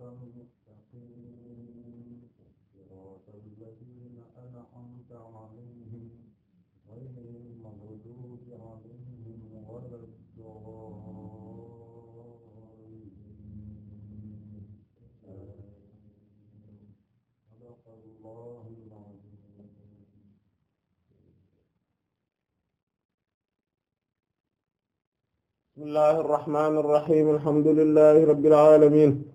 المستقيم صراط الذين أنعمت عليهم غير المغضوب عليهم ولا الضالين صدق الله العظيم بسم الله الرحمن الرحيم الحمد لله رب العالمين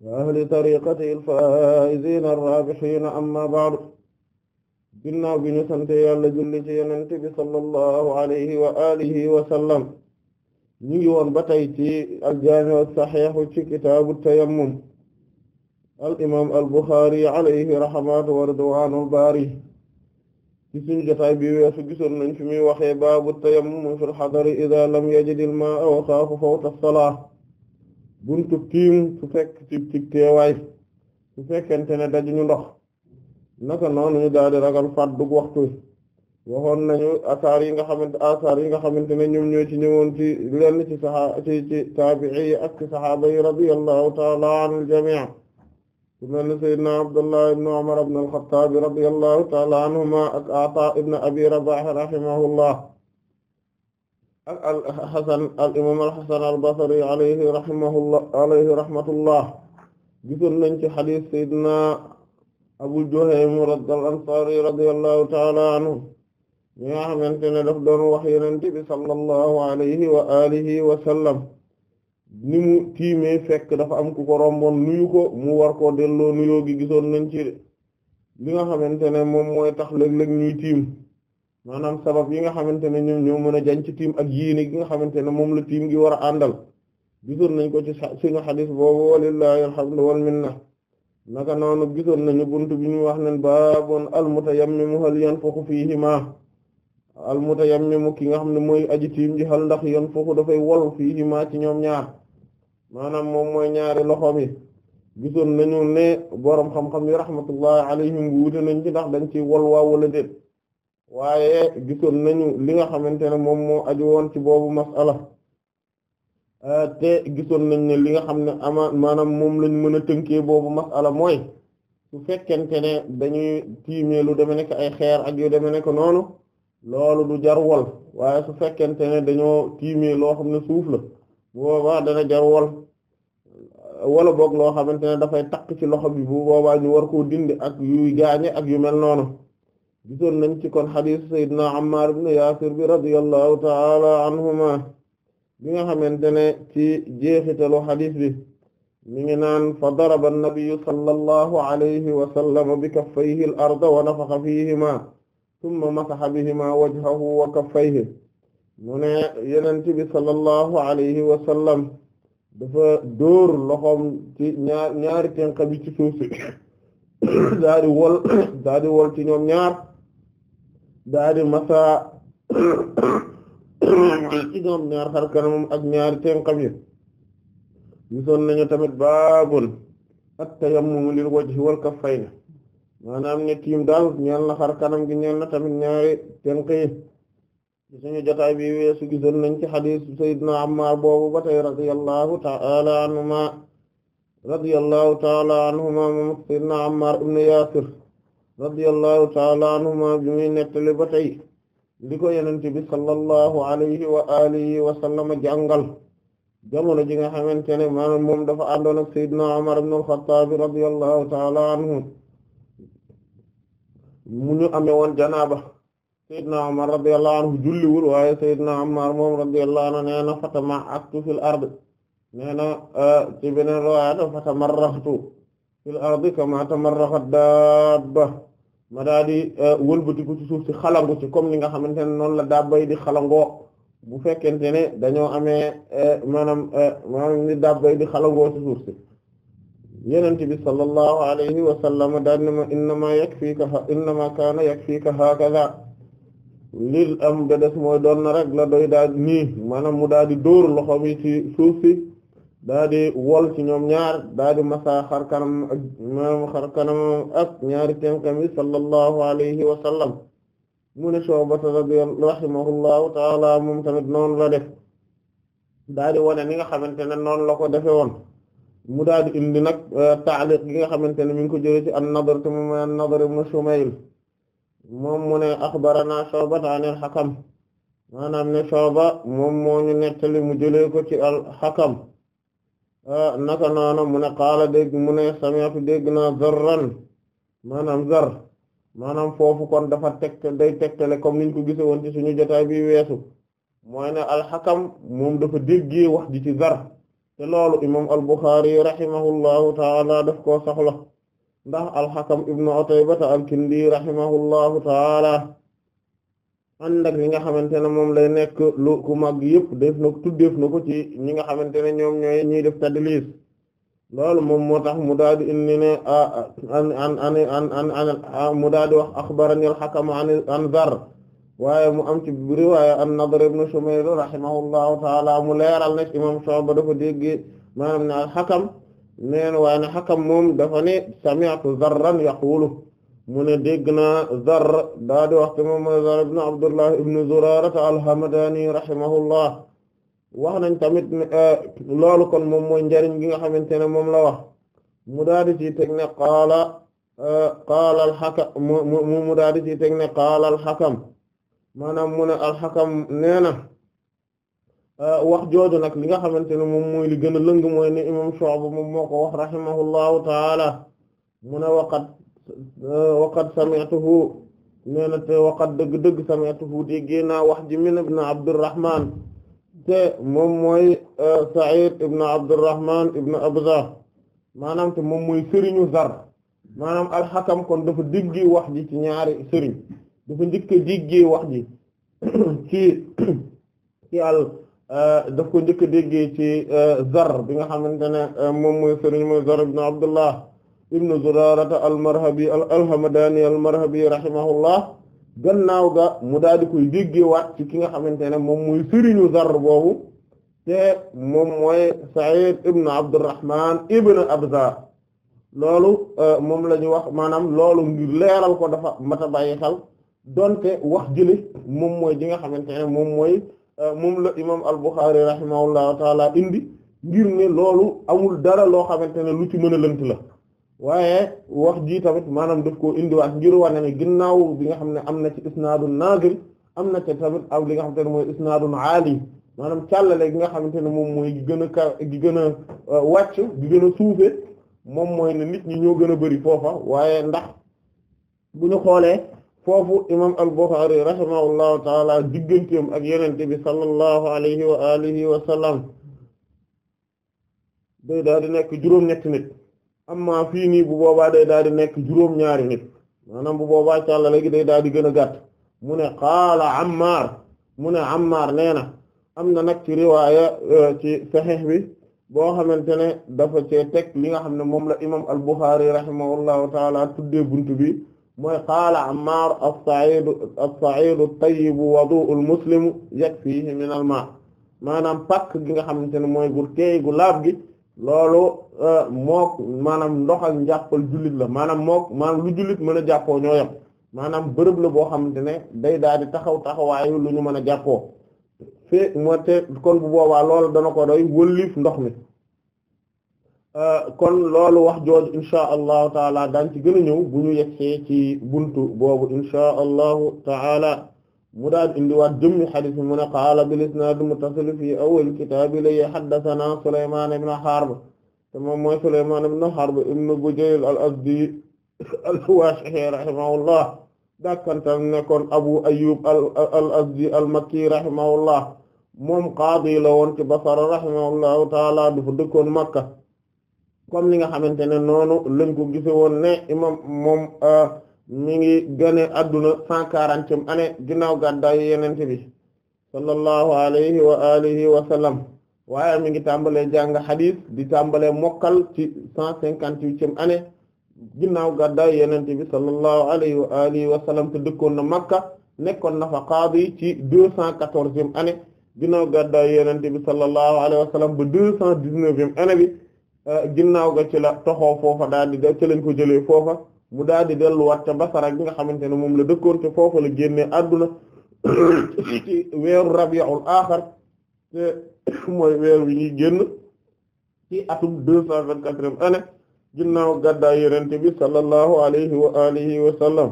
wa ahli tariqati al-faa'iziina ar-raabihiina amma ba'du ginnaaw bi ñu sante yàlla julli ci yonent bi sallallahu alayhi wa alihi wa sallam ñu ngi woon ba tey ci al-jaami' as-sahiih ci kitaabu tayammum al-imaam al-Buxaari alayhi rahmatu wa ridwaanul baari ci suñu jotaay bi weesu gisoon nañ fi muy waxee baabu tayammum fil hadari idaa lam yajidi al-maa'a wa xaafa fawta as-salaah buntu tiim su fekk ci ci teewaay su fekkente ne dajuñu ndox naka noonu ñu daal di ragal fàddug waxtu waxoon nañu asaar yi nga xamante asaar yi nga xamante ne ñoom ñoo ci ñëwoon ci lenn ci saxaa ci ci taabi'i ak ci saxaaba yi radiyallahu ta'ala anil jami' su mel ni sayyidina Abdullah ibn Umar ibn al-Khattab radiyallahu ta'ala anhuma ak Ata ibn Abi Rabah rahimahullah al Hasan al imaam al Hasan al Basri alayhi rahmatullah gisoon nañ ci xadiis Seydina Abu Juhaym al Ansaari radiyallahu ta'ala anhu mi nga xamante ne daf doon wax Yonent bi sallallahu alayhi wa alihi wa sallam ni mu tiimee fekk dafa am ku ko romboon mu war koo delloo nuyoo gi gisoon nañ ci nga xamante ne moom mooy tax léeg-léeg ñuy tiim. maanaam sabab yi nga xamante ne ñoom ñoo mën a jañ ci tiim ak yéene gi nga xamante ne moom la tiim gi war a àndal gisoon nañ ko ci suñu xadis boobu walillahi alhamdu wal minna naka noonu gisoon nañu bunt bi ñu wax al ne baabon almutayammimu hal yanfuxu fiihima almutayammimu ki nga xam ne mooy aji tiim ji xal ndax yanfuxu dafay wol fiihima ci ñoom ñaar maanaam moom mooy ñaari loxoom yi gisoon nañu ne boroom xam-xam yi rahmatullahi alayhim wuute nañ ci ndax dañ ci wol waa wala déet waaye gisoon nañu li nga xamante ne moom moo aju woon ci boobu masala euh, te gisoon nañ ne li nga xam ne ama maanaam moom lañ mën a tënkee boobu masala mooy su fekkente ne dañuy tiimee lu deme nekk ay xeer ak yu deme nekk noonu loolu du jar wol waaye su fekkente ne dañoo tiimee loo xam ne suuf la boobaa dana jar wol wala boog loo xamante ne dafay takk ci loxo bi bu boobaa ñu war ko dindi ak yuy gaañe ak yu mel noonu gisoon nañ ci kon xadiis sayyidina Ammaar ibn Yaasir bi radiyallahu ta'ala anhuma bi nga xamante ne ci jeexitalu xadiis bi mi ngi naan fa daraba an-nabiyyu sallallahu alayhi wa sallam bi kaffayhi al-arda wa nafaxa fiihima thumma masaxa bihima wajhahu wa kaffayhi mu ne yenent bi sallallahu alayhi wa sallam dafa dóor ñaar ñaari tenqa bi ci suuf si wol daal ci ñoom ñaar daa di masa ci ñoom ak ñaari tenqam yi gisoon nañu tamit baabun at-tayammum lil wajhi wal kaffayni maanaam ne tiim daal ñeel na gi ñeel na tamit ñaari tenq bi weesu gisoon nañ xadiis sayyidina Ammaar boobu ba tey ta'ala anhuma radiyallahu ta'ala anhuma moom Ammaar ibn Yaasir radiyallahu taala anhuma bi muy nettali ba tey li ko yenente bi sallallahu alayhi wa alihi wa sallama jàngal jamono ji nga xamante ne ma moom dafa àndoon ak sayyidina Umar ibn al-Khattab radiyallahu taala anhu mu ñu amee woon janaaba sayyidina Umar radiyallahu anhu julliwul waaye sayyidina Umar moom radiyallahu anhu nee na fatamaa aktu fil ard nee na ci beneen riwaaya fatamarraxtu fil ardi kama tamarraxat daabba ma daa di eh, wëlbatiku ci suuf si xalangu ci comme ni nga xamante ne noonu la dabba di xalangoo bu fekkente ne dañoo amee eh, maanaam eh, maanaam ni dabba yi di xalangoo ci suuf si yenente bi sallallahu alayhi wa sallam daan ne ma innama yakfiika innama kaana yakfiika hakaza lil am da des mooy doon na rek la doy daal nii maanaam mu daal di dóor loxo mi ci suuf si daa di wol ci ñoom ñaar daa di masa xar kanam ak kanam ak ñaari tànkam yi sallallahu alayhi wa mu ne Shu'bata rahimahullahu taala moom tamit noonu la def daa di wane ni nga xamante ne noonu la ko defe woon mu daa di indi nag euh, taaliq gi nga xamante ne mi ngi ko jëlee ci an-Nadr te moom an-Nadr ibn Shumayl moom mu ne axbarana Shu'bata an al-Hakam maanaam ne Shu'ba moom moo ñu nettali mu jëlee ko ci al-Hakam Ah, naka noonu mu ne qaala dégg mu ne sami'tu dégg naa zarran maanaam zar maanaam foofu kon dafa teg day tegtale comme niñ ko gise woon ci suñu jotaay bi weesu mooy ne alxakam moom dafa déggee wax ji ci zar te loolu imam al-Bukhari rahimahullahu taala daf koo soxla ndax alxakam ibnu Utaybata al-Kindi rahimahullahu taala ànd ak li nga xamante ne moom lay nekk lu ku mag yëpp def na ko tuddeef ci ñi nga xamante ne ñoom ñooy ñiy def tadlis loolu moom moo tax mu daal di indi mu daal di wax axbarani al-Hakam an an waaye mu am ci riwaaya an-Nadr ibn Shumayl rahimahullahu taala mu leeral na imam Shu'ba dafa dégg maanaam ne al-Hakam neen waaye ne Hakam moom dafa ne sami'tu Zarran yaqulu mu ne dégg naa Zarr daa wax te moom mooy Zarr ibn Abdullah ibn Zurara al rahimahullah wax nañ tamit euh, loolu kon moom mooy njariñ gi nga xamante ne moom la wax mu daa di ci teg ne qaala euh, qaala mu mu daa di ci teg ne qaala al-Hakam maanaam mu ne nee na euh, wax jooju nag li nga xamante ne moom mooy li gën lëng mooy ne imam Shu'ba moom moo ko wax rahimahullahu taala mu ne waqat waqad sami'tuhu nee na te waqad dëgg-dëgg sami'tuhu déggee naa wax ji min ibn Abdurrahman te moom mooy euh, Sa'id ibn Abdurrahman ibn Abza maanaam te moom mooy sëriñu Zar maanaam al-Hakam kon dafa déggee wax ji ci ñaari sëriñ dafa njëkk a déggee wax ji ci ci al euh, daf ko njëkk a déggee ci euh, Zar bi nga xamante ne moom mooy sëriñ mooy Zar ibn Abdullah ibn Zurarata al-Marhabi al-Hamdani al-Marhabi rahimahullah gannaaw ga mu daal di koy déggewaat ci ki nga xamante ne moom muy sëriñu Zarr boobu te moom mooy Sa'id ibn Abdurrahman ibn abda loolu euh, moom la ñu wax maanaam loolu ngir leeral ko dafa mat a bàyyi xel donte wax jële moom mooy ji nga xamante ne moom mooy euh, moom la imam al-Bukhari rahimahullahu taala indi ngir ne loolu amul dara loo xamante ne lu ci mën a lënt la waaye wax jii tamit maanaam daf koo indiwaat ngir wane ne ginnaaw bi nga xam ne am na ci isnaadun naazil am na ci tamit aw li nga xam xamante ne mooy isnaadun aali maanaam càllale gi nga xamante ne moom mooy gi gën a ka gi gën euh, wàcc gën a suufe moom mooy ne nit ñi ñëw gën a bari foofa waaye ndax bu ñu xoolee foofu imam al-Bukhari rahimahullahu taala digganteem ak yenente bi sallallahu alayhi wa alihi wa sallam day daal di nekk juróom-ñetti nit amma fii nii bu boobaa day daal di nekk juróom-ñaari nit maanaam bu boobaa càlla léegi day daal di gën a gàtt mu ne qaala Ammaar mu ne Ammaar nee na am na nag ci riwaaya euh, ci Sahih bi boo xamante ne dafa cee teg li nga xam ne moom la imam al-Bukhari rahimahullahu taala tuddee bunt bi mooy qaala Ammaar as-sa'iid as-sa'iid at-tayyib wadu'u al-muslim yakfihi min al-maa maanaam pakk gi nga xamante ne mooy gu teey gu laab gi loolu euh, mook maanaam ndox ak njàppal jullit la maanaam mook maanaam lu jullit mën a jàppoo ñoo yem maanaam bërëb la boo xamante ne day daal di taxaw taxawaayu lu ñu mën a jàppoo fee moo te kon bu boobaa loolu dana ko doy wëllif ndox mi euh, kon loolu wax jooju insha allahu taala daan ci gën a ñëw bu ñu yegsee ci buntu boobu insha allahu taala mu daal indiwaat jëmmi xadis bi mu ne qaala bil isnaad muttasil fi awwal kitaab li haddathana Sulaymaan ibn Harb te moom mooy Sulaymaan ibn Harb ibn Bujayl al-Azdi al-Washihi rahimahullah dàkkantal nekkoon Abu Ayyub al-Azdi al-Makki rahimahullah moom qaadi la woon ci Basra rahimahullahu taala dafa dëkkoon Makka comme li nga xamante ne noonu lañ ko gise woon ne imam moom mi ngi gane adduna cent quarantième année ginnaaw gàddaayu yenente bi sallallahu alayhi wa alihi wa sallam waaye mi ngi tàmbalee jàng xadis di tàmbalee mokkal ci cent cinquante-huitième année ginnaaw gàddaayu yenente bi sallallahu alayhi wa alihi wa sallam te dëkkoon na Makka nekkoon na fa qaadi ci deux cent quatorzième année ginnaaw gàddaayu yenente bi sallallahu alayhi wa sallam ba deux cent dix-neuvième année bi euh, ginnaaw ga ci la toxoo foofa daal di ci lañ ko jëlee foofa mu daal di delluwaat ca Basra bi nga xamante ne moom la dëkkoon te foofu la génnee adduna ci weeru rabiul axir mooy weer wi ñuy génn ci atum deux cent vingt ginnaaw gàddaay Yonent bi sallallahu alayhi wa alihi wa sallam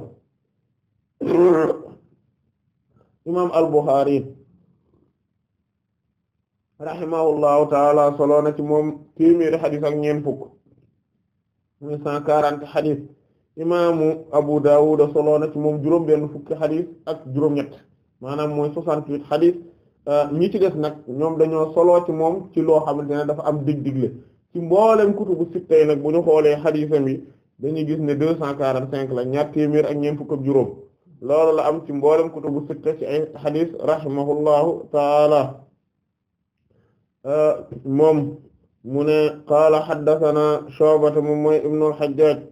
imam al-Bukhari rahimahullahu taala solo na ci moom téeméeri xadis ak ñeent fukk cent quarante xadis imaamu Abu Dawud solo na ci moom juróom-benn fukki xadis ak juróom-ñett maanaam mooy 68 xadis euh, ñi ci des nag ñoom dañoo solo ci moom ci loo xamante ne dafa am dig ci mboolem kutubu nag bu ñu xoolee xadisam yi dañuy gis ne 245 la ñaar téeméer ak ñeen fukk ak juróom loolu la am ci mboolem kutubu sitta ci ay xadis rahimahullahu taala euh, moom mu ne qaala haddathana Shu'ba moom mooy ibnul Hajjaj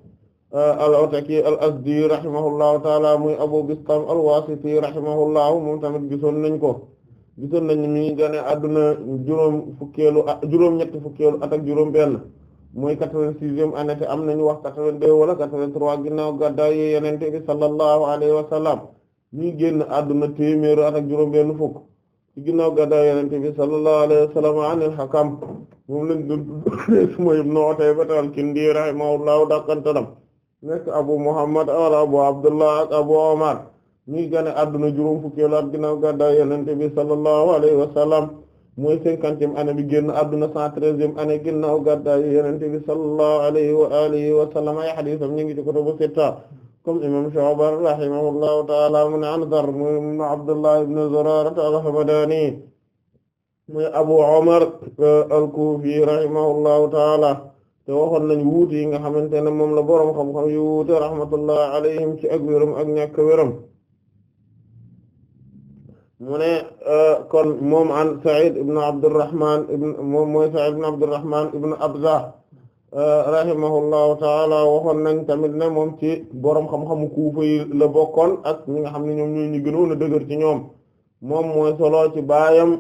Euh, al-Ataki al-Azdi rahimahullahu taala muy Abu Bistam al-Wasiti rahimahullahu moom tamit gisoon nañ ko gisoon nañ mi ngi gane adduna juróom fukkeelu juróom ñetti fukkeelu at ak juróom benn muy quatre-vingt-sixième année te am nañu wax quatre-vingt-deux wala quatre-vingt-trois ginnaaw gàddaay Yonent bi sallallahu alayhi wa sallam mi génn adduna téeméeru at juróom benn fukk ci ginnaaw gàddaay Yonent bi sallallahu alayhi wa sallam an al-Hakam moom lañ doon suma Ibnu Utayba nekk abu muhammad wala abu abdullah ak abu omar ñi gane adduna juróom fukkeelu at ginnaaw gàddaay yonent bi sallallahu alayhi wa sallam mooy cinquantième année bi génn sallallahu alayhi wa ay hadiisam ñi ngi ci kutubu sitta comme imam Shu'ba rahimahullahu ta'ala mu ne an Dharr mu ne al-Hamdani muy abu omar euh, al-Kufi rahimahullahu ta'ala te waxoon nañ wuute yi nga xamante ne moom la boroom xam-xam yu wuute rahmatullah alayhim ci ak wéram ak ñàkk wéram mu ne euh, kon moom an Sa'id ibn Abdurrahman ibn moom mooy Sa'id ibn Abdurrahman ibn Abza euh, rahimahullahu taala waxoon nañ tamit ne moom ci boroom xam-xamu Kuufa yi la bokkoon ak ñi nga xam ne ñoom ñooy ñu gënoon a dëgër ci ñoom moom mooy solo ci baayam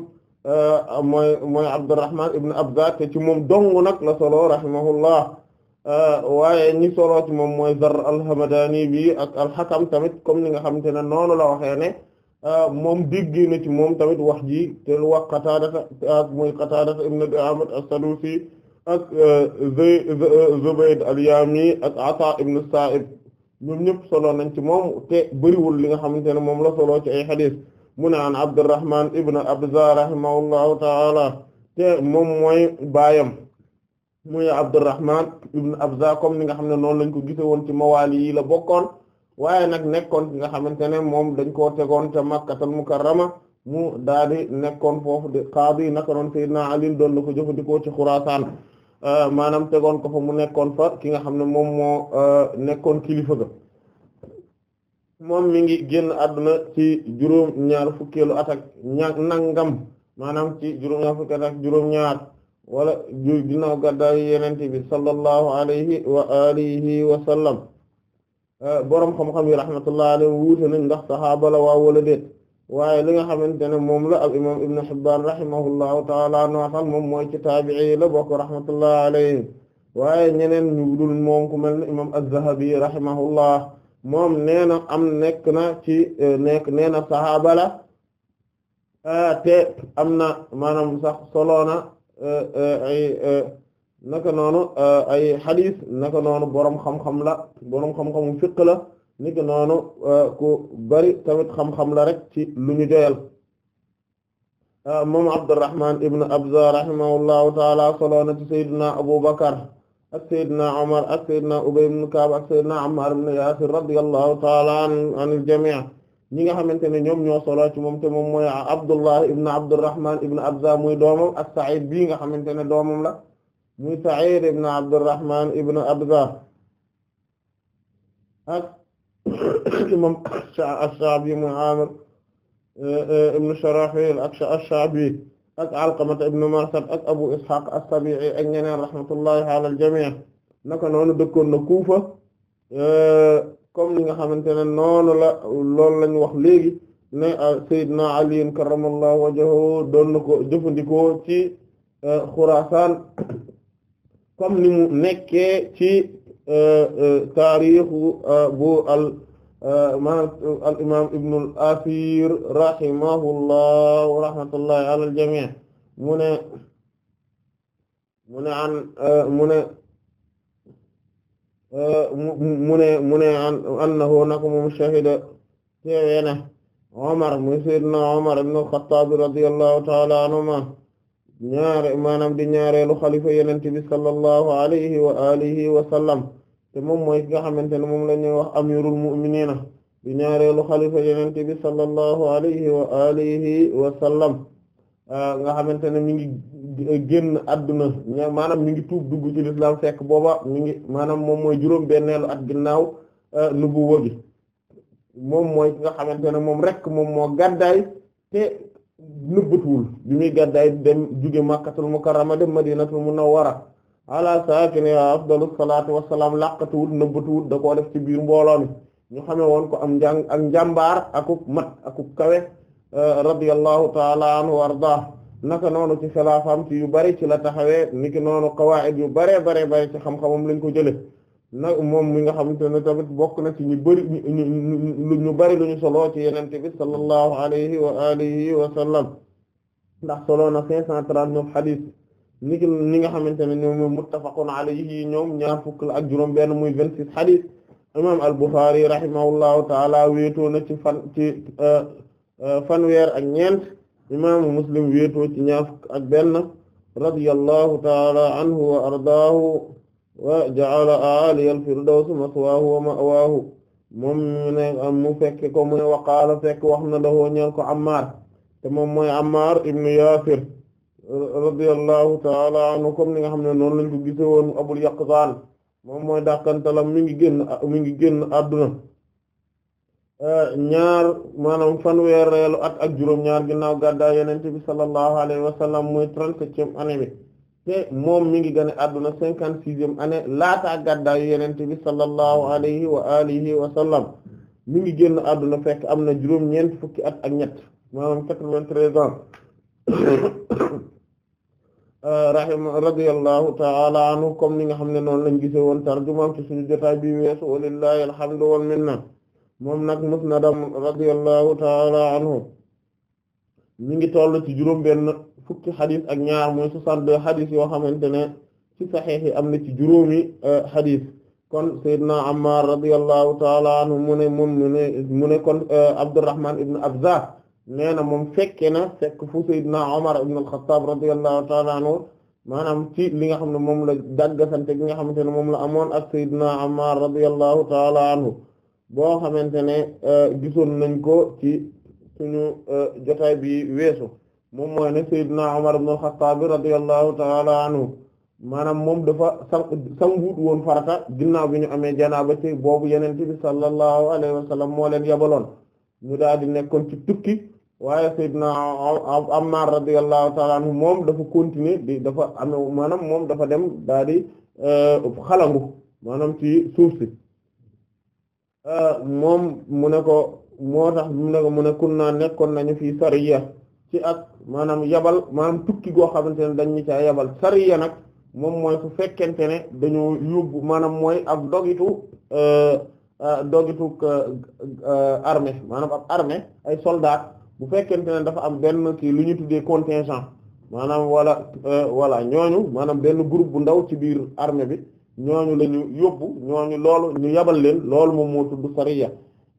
Euh, mooy mooy Abdurrahman ibn Abza te ci moom dong nag la solo rahimahullah euh, waaye ñi solo ci moom mooy Zarr al-Hamadani bi ak al-Hakam tamit comme ni nga xamante ne noonu la waxee euh, moom dégg na ci moom tamit wax te lu wax Qataada ak mooy Qataada ibn Di'aamat as-Sadusi ak Zubayd al-Yami ak Ataa ibn Saa'ib ñoom ñëpp solo nañ ci moom te bëriwul li nga xamante ne moom la solo ci ay xadiis mu ne an Abdurrahman ibn Abza rahimahullahu ta'ala te moom mooy baayam muy Abdurrahman ibn Abza comme ni nga xam ne noonu lañ ko gise woon ci mawaali yii la bokkoon waaye nag nekkoon ki nga xamante ne moom dañ koo tegoon ca Makkatal Mukarrama mu daal di nekkoon foofu di qaadi naka noon Seydina Ali doon na ko jëfandikoo ci Xuraasaan maanaam tegoon ko fa mu nekkoon fa ki nga xam ne moom moo euh, nekkoon kilifa ga moom mi ngi génn àdduna ci juróom ñaar fukkeelu at ña nangam maanaam ci juróom ñaar fukki at juróom ñaar wala ju ginnaaw gàddaayu Yonent bi sallallahu alayhi wa alihi wa sallam euh, borom xam-xam yi rahmatullahi alayhi wuute ndax saxaaba waa wala déet waaye li nga xamante ne moom la al imaam Ibn Hibbaan rahimahullahu ta'ala nootal moom mooy ci taabi'i la bokk rahmatullahi alayhi waaye ñeneen ñu dul moom ku mel ne imaam Az-Zahabi rahimahullah moom nee na am nekk na ci eh, nekk nee na saxaaba eh, te am na maanaam sax solo na eh, ay naka noonu ay xadiis naka noonu boroom xam-xam la boroom xam-xamu fiq la naka noonu ku bari tamit xam-xam la rek ci lu ñu doyal moom Abdurrahman ibn Abza rahimahullahu taala solo na ci Seydina Abu Bakar ak Seydina Omar ak Seydina Ubay ibn Ka'b ak Seydina Ammar ibn Yasir radiyallahu ta'ala anil jami' ñi nga xamante ne ñoom ñoo solo ci moom te moom mooy Abdullah ibn Abdurrahman ibn Abza muy doomam ak Sa'id bii nga xamante ne doomam la muy Sa'id ibn Abdurrahman ibn Abza ak imam Ash-Sha'bi muy Amir eh, eh, ibn Sharahil ak Ash-Sha'bi ak alqamata ibnu marsad ak abu ishaq as-sabi'i ak rahmatullahi ala al naka noonu dëkkoon na kuufa euh, comme ni nga xamante ne noonu la loolu lañ wax léegi ne euh, sayyidina ali karramallahu wajhahu doon na ko jëfandikoo ci euh, xuraasaan comme ni mu nekkee ci taarixu bu Euh, maanaam euh, al imaam Ibn al-Athir rahimahullah wa rahmatullahi ala al-jami' mu ne mu ne an euh, mu ne mu ne mu ne an annahu nako moom shahida teeweena Omar muy sayyidina Omar ibn al-Khattab radiyallahu ta'ala anhuma ñaare maanaam di ñaareelu xalifa Yonent bi sallallahu alayhi wa alihi wa sallam te moom mooy ki nga xamante ne moom la ñuy wax amirul mu'minina di ñaareelu xalifa yenente bi sallallahu alayhi wa alihi wa sallam ah, nga xamante ne mi ngi génn adduna maanaam mi ngi tuub dugg ci lislaam fekk booba mu ngi maanam moom mooy juróom benneelu at ginnaaw ah, nubuwa gi moom mooy ki nga xamante ne moom rek moom moo gàddaay te nëbbatuwul bi muy gàddaay dem jóge makkatul mukarrama dem madinatul munawwara ala saakiniha afdalu salaatu wassalaam làqatuwut nëbbatuwut da koo def ci biir mbooloo mi ñu xamee woon ko am njàng ak njàmbaar akub mat akub kawe euh, radiyallahu taala anhu wa ardah naka noonu ci xilaafaam ci yu bari ci la taxawee niki noonu qawaa'id yu baree bare bari ci xam-xamam lañ ko jële nag moom mi nga xamante ne tamit bokk na ci ñu bari ñu ñu bari lu ñu ci yenente bi sallallahu alayhi wa alihi wa sallam ndax soloo na cinq cent trente-neuf hadith ni ki nga xamante ne ñoom moom muttafaqun alayhi ñoom ñaar fukk la ak juróom benn muy vingt-six xadis imam al-Bukhari rahimahullahu taala wéetoo na ci euh, euh, fanweer ak ñeent imaamu Muslim wéetoo ci ñaar fukk ak benn radiyallahu taala anhu wa ardaahu wa ja'ala a'aliyal firdaws maswaahu wa ma'waahu moom mu ne mu ko mu ne waqaala fekk wax na dawoo ñeel ko Ammaar te moom mooy Ammaar ibnu Yaasir radiyallahu taala anhu comme ni nga xam ne noonu lañ ko gise woon Abul Yaqzaan moom mooy dàqantalam mi ngi génn mi ngi génn àdduna ñaar maanaam fanweer reelu at ak juróom-ñaar ginnaaw gàddaay yenente bi sallallahu mooy trente-septième année bi moom mi ngi gane àdduna cinquante-sixième année laataa gàddaayu yenente bi sallallahu alayhi wa alihi wa sallam mi ngi génn àdduna fekk am na juróom-ñeent fukki at ak ñett maanaam quatre-vingt-treize ans rahima radiyallahu ta'ala anhu comme ni nga xam ne noonu lañ gise woon tarjumaam ci suñu jotaay bi weesu walillahi alhamdu wal minna moom nag musnadam radiyallahu ta'ala anhu mi ngi toll ci juróom benn fukki xadis ak ñaar mooy soixante-deux xadis yoo xamante ne ci saxiix am na ci juróomi euh, xadis kon sayyidina Ammar radiyallahu ta'ala anhu mu ne moom mu ne mu ne kon euh, Abdurrahman ibn Abza nee na moom fekke na fekk fu Seydina Omar ibn al-Khattab ta'ala anhu maanaam ci linga xam ne moom la dàggasante bi nga xamante ne moom la amoon ak Seydina Ammar radiyallahu ta'ala anhu boo xamante ne euh, gisoon nañ ko ci suñu euh, jotaay bi weesu moom mooy ne Seydina Omar ibn al-Khattab radiyallahu ta'ala anhu maanaam moom dafa sanguut woon farata ginnaaw bi ñu amee janaaba te boobu yenente bi sallallahu alayhi wa moo leen yabaloon mu daal di nekkoon ci tukki waaye Seydina Ammar radiyallahu ta'ala moom dafa continuer di dafa am maanaam moom dafa dem daal di euh, xalangu maanaam ci suuf si euh, moom mu ne ko moo tax mu ne ko mu ne kunna nekkoon nañu fi sariya ci ak maanaam yabal maanaam tukki goo xamante ne dañ ñu caa yabal sariya nag moom mooy su fekkente ne dañu yóbbu maanaam mooy ab dogitu euh, dogitu armée maanaam ab armée ay soldats bu fekkente ne dafa am benn kii lu ñu tuddee contingent maanaam wala euh, voilà ñooñu maanaam benn groupe bu ndaw ci biir armée bi ñooñu lañu ñu yóbbu ñooñu loolu ñu yabal leen loolu moom moo tudd sariya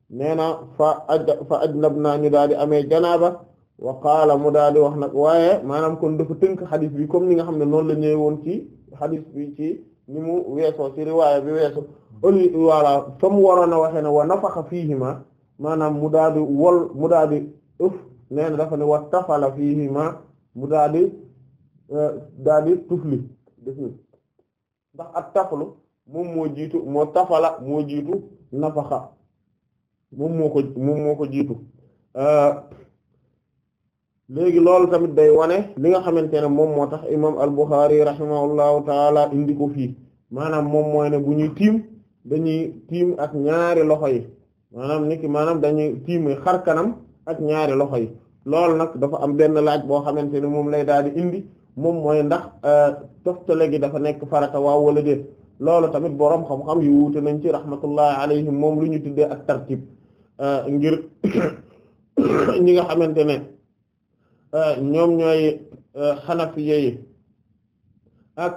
nee na fa aj fa na naa ñu daal di amee janaaba wa kaala mu daal di wax nag waaye maanaam kon dafa tënk xadis bi comme ni nga xam ne noonu la ñëwee woon ci xadis bi ci ni mu weesoo ci riwaaya bi weesu ëlli voilà fa waroon a waxee ne wa nafaxa fiihima maanaam mu daal di wol mu daal di ëf nee na dafa ne wa tafala fiihima mu daal di euh, daal di tufli def ndax ak tafalu moom moo jiitu moo tafala moo jiitu nafaxa moom moo ko moom moo ko jiitu euh, léegi loolu tamit day wane li nga xamante ne moom moo tax imam al-Bukhari rahimahullahu taala indi ko fii maanaam moom mooy ne bu ñuy tiim dañuy tiim ak ñaari loxo yi maanaam niki maanaam dañuy tiime xar kanam ak ñaari loxo yi loolu nag dafa am benn laaj boo xamante ne moom lay daal di indi moom mooy ndax euh, toftale gi dafa nekk farata waaw wala déet loolu tamit boroom xam-xam yu wuute nañ ci rahmatullahi alayhim moom lu ñu tuddee ak tartib euh, ngir ñi nga xamante ne euh, ñoom ñooy xanafiye yi ak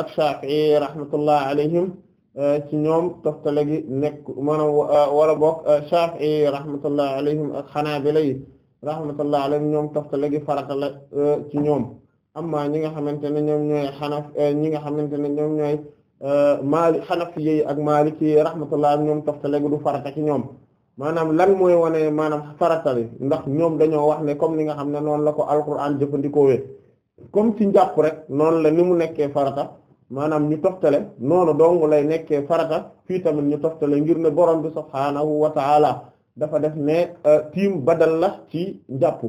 ak Shafi'i rahmatullahi alayhim Euh, ci ñoom toftale gi nekk maanaam euh, wala bokk euh, Shafi'i rahmatullah alayhim ak Hanabila yi rahmatullah alayhim ñoom toftale gi farata la ci ñoom amma ñi nga xamante ne ñoom ñooy ñi nga xamante ne ñoom ñooy maali xanaf yi ak maaliki yi rahmatullah ñoom toftale gi du farata ci ñoom maanaam lan mooy wane maanaam farata li ndax ñoom dañoo wax ne comme li nga xam ne noonu la ko alquran jëfandikoo wee comme ci njàpp rek noonu la ni mu nekkee farata maanaam ñu toftale noonu dong lay nekkee farata fii tamit ñu toxtale ngir ne borom bi subhaanahu wa taala dafa def ne euh, tiim badal la ci njàpp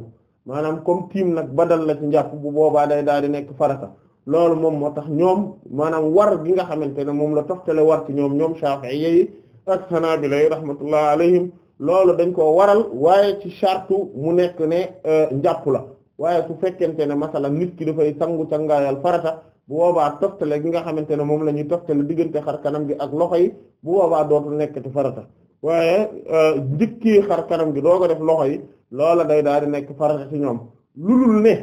maanaam comme nag badal la ci bu boobaa day daal di nekk farata loolu moom moo tax ñoom maanaam war gi nga xamante ne moom la toftale war ci ñoom ñoom Shafi'i yi ak Hanabila yi rahmatullah alayhim loolu dañ koo waral waaye ci chartu mu nekk ne euh, njàpp la waaye su fekkente ne masala nit ki dafay sangu sangaayal farata bu boobaa toftale gi nga xamante ne moom la ñuy toftale diggante xar kanam gi ak loxo yi bu boobaa dootul nekkati farata waaye euh, njëkkee xar kanam gi doo ko def loxo yi loola day daal di nekk farata ci ñoom lu lulul ne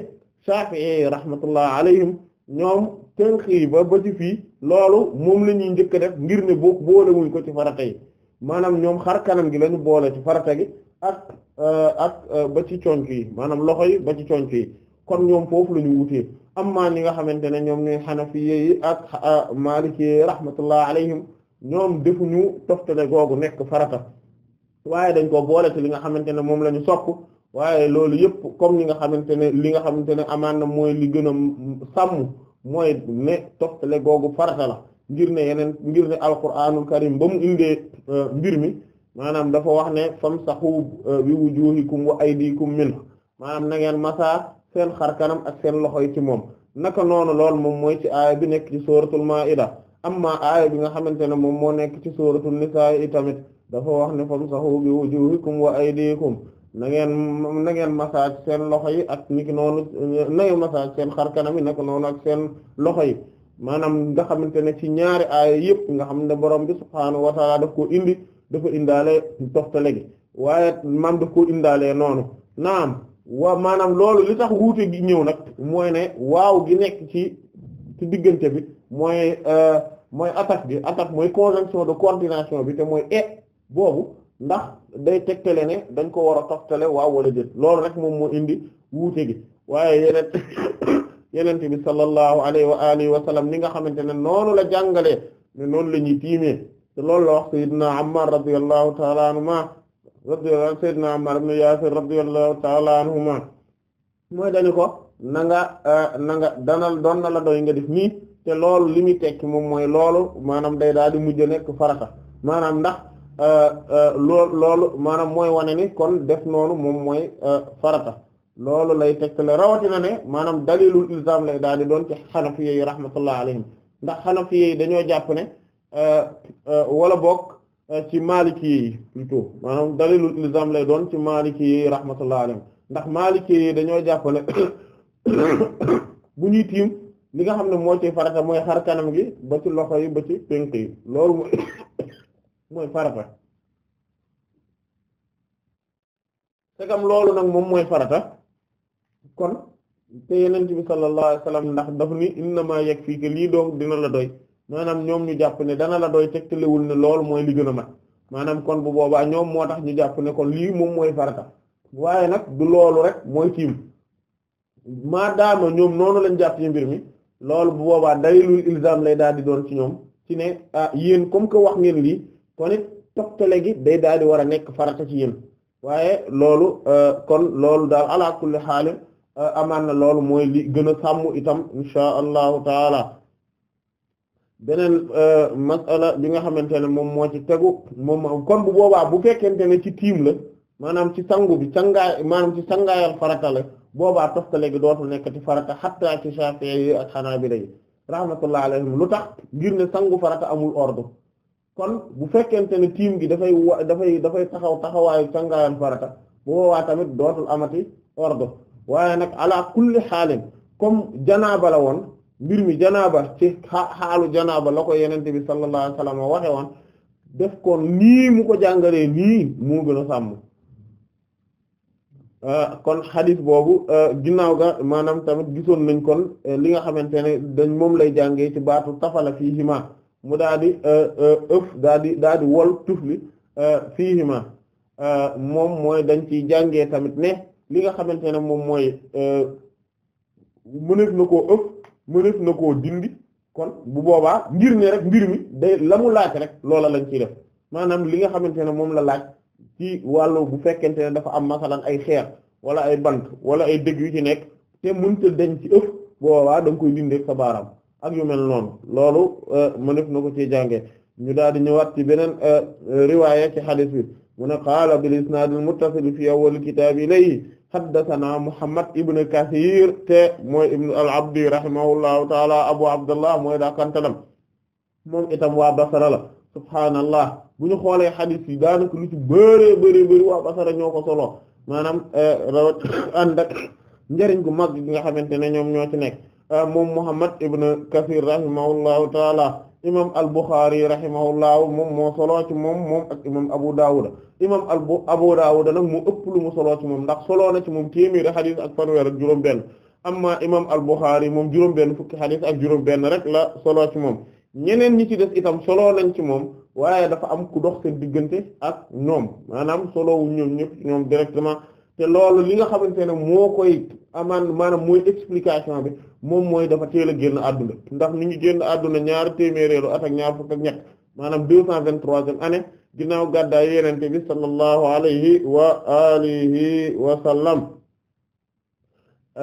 Shafi'i rahmatullah alayhim ñoom tenxi ba ba ci fii loolu moom la ñuy njëkk def ngir ne boo boolewuñ ko ci farata yi maanaam ñoom xar kanam gi lañu boole ci farata gi ak euh, ak euh, ba ci conc yi maanaam loxo yi ba ci conc yi kon ñoom foofu la ñu wutee amma ñi nga xamante ne ñoom ñooy xanafiye yi ak maliki rahmatullah alayhim ñoom defuñu toftale googu nekk farata waaye dañ ko boole ci li nga xamante ne moom lañu ñu sopp waaye loolu yëpp comme li nga xamante ne li nga xamante ne amaan na mooy li gën a sàmm mooy ne toftale googu farata la ngir ne yeneen ngir ne alquraanul karim ba mu indee e, mbir mi maanaam dafa wax ne saxu e, bi wujuhikum wa aydikum min maanaam na masaa seen xar kanam ak seen loxo yi ci moom naka noonu lool moom mooy ci aaya bi nekk ci suratul am amma aaya bi nga xamante ne moom moo nekk ci suratul nisaa yi tamit dafa wax ne famsahu bi wujuhikum wa aydikum na ngeen na ngeen massage seen loxo yi ak niki noonu na ngeen massage seen xar kanam yi naka noonu ak seen loxo yi maanaam nga xamante ne ci ñaari aaya yëpp nga xam ne borom bi subhaanahu wa taala daf koo indi dafa indaale toftale gi waaye maam daf koo indaale noonu naam wa maanaam loolu li tax wuute gi ñëw nag mooy ne waaw gi nekk ci ci diggante bi mooy euh, mooy attaque bi attaque mooy conjonction de coordination bi te mooy e boobu ndax day tegtale ne dañ ko war a toftale waaw wala jël loolu rek moom moo indi wuute gi waaye yeneen yenente bi sallallahu alayhi wa alihi wa sallam ni nga xamante ne noonu la jàngalee ne noonu la ñuy tiimee te loolu la wax sayyidina Ammar radiyallahu ta'ala anhu radiyallahu anhu sayyidina Ammar ibn Yasir radiyallahu ta'ala anhuma mooy dañu ko na nga eh, na nga danal doon na la doy nga def nii te loolu li muy tekki moom mooy loolu maanaam day daal di mujj nekk farata maanaam ndax eh, eh, lool loolu maanaam mooy wane ni kon def noonu moom mooy farata loolu lay tegtale rawatina ne maanaam dalilul ilzam lay daal di doon ci xanafi yi rahmatullah alayhim ndax xanafi yi dañoo jàpp ne wala boog Euh, ci maliki yi plutôt maanaam dalilul ilzam lay doon ci maliki yi rahmatullah ndax maliki yi dañoo jàpp ne bu ñuy tiim li nga xam ne moo ci farata mooy xar kanam gi ba ci loxo yi ba ci penk yi loolu mooy mooy farata segam loolu nag moom mooy farata kon te yeneen bi sallallahu alayhi ndax daf ni innama yakfika lii doom dina la doy maanaam ñoom ñu jàpp ne dana la dooy doy tegtalewul ne loolu mooy li gën a mat maanaam kon bu boobaa ñoom moo tax ñu jàpp ne kon lii moom mooy farata waaye nag du loolu rek mooy tiim maadaama ñoom noonu lañ jàpp ci mbir mi loolu bu boobaa dalilul ilzam lay daal di doon ci ñoom ci ne ah yéen comme que wax ngeen lii kon it toftale gi day daal di war a nekk farata ci yéen waaye loolu euh, kon loolu daal ala kulli xaal euh, amaan na loolu mooy li gën a sàmm itam insha allahu taala beneen euh, masala bi nga xamante ne moom moo ci tegu moom kon bu boobaa bu fekkente ne ci tiim la maanaam ci sangu bi sangaay maanaam ci sangaayal farata la boobaa toftale ko dootul nekk ci farata xatta ci Shafi'i yi ak Hanabila yi rahmatullahi alayhim lu tax ngir ne sangu farata amul ordre kon bu fekkente ne tiim gi dafay wa dafay dafay taxaw taxawaayu sangaayal farata bu boobaa tamit dootul amati ordre waaye nag ala kulli xaalin comme la woon mbir mi janaaba ci xaalu janaaba la ko yenente bi sallallahu alayhi wasallam waxe woon def kon nii mu ko jàngalee nii moo gën a sàmm euh, kon xadis boobu euh, ginnaaw ga maanaam tamit gisoon nañ kon euh, li nga xamante ne dañ moom lay jàngee ci baatu tafala fii hima mu daa di ëf daa di daa di wol tufli fii moom mooy dañ ciy jàngee tamit ne li nga xamante ne moom mooy mënef na ko ëf mënees na koo dindi kon bu boobaa ngir mi rek mbir mi day la mu laaj rek loola lañ ciy def maanaam li nga xamante ne moom la laaj ci wàllu bu fekkente ne dafa am masalan ay xeer wala ay bant wala ay dëgg yu ci nekk te mënta denc ci ëpp boobaa da nga koy dindi ak sa baaraam ak yu mel noonu loolu euh, mënees na ko ci jànge ñu daal di ñëwaat ci beneen euh, riwaaya ci xadiis bi mu ne qaala bil isnaadil muttasil fi awwal kitaab ilayhi haddasanaa Muhammad ibn Kathir te mooy ibn al-Abdi rahimahullahu taala Abu Abdullah mooy daa kantalam moom itam waa Basra la bu ñu xoolee xadiis yi daanaka lu ci bëree bëri bëri waa ñoo ko solo maanaam eh, rawat ànd ak gu mag gi nga xamante ne ñoom ñoo ci nekk eh, moom Muhammad ibn Kathir rahimahullahu taala imam al-Bukhari rahimahullahu moom moo solo ci moom moom ak imam Abu Dawud imam al Abu Dawud nag mu ëpp lu mu solo ci moom ndax solo na ci moom téeméeri xadis ak fanweer ak juróom-benn amma imam al-Bukhari moom juróom-benn fukki xadis ak juróom-benn rek la solo ci moom ñeneen ñi ci des itam solo lañ ci moom waaye dafa am ku dox diggante ak ñoom maanaam solo wu ñoom ñëpp ñoom directement. te loolu li nga xamante ne moo koy amaan maanaam mooy explication bi moom mooy dafa teel a génn àdduna ndax mi ngi génn àdduna ñaar téeméeréelu at ak ñaar fukk ñett maanaam deux cent vingt-troisième année ginnaaw gàddaay yenente bi sallallahu alayhi wa alihi wa sallam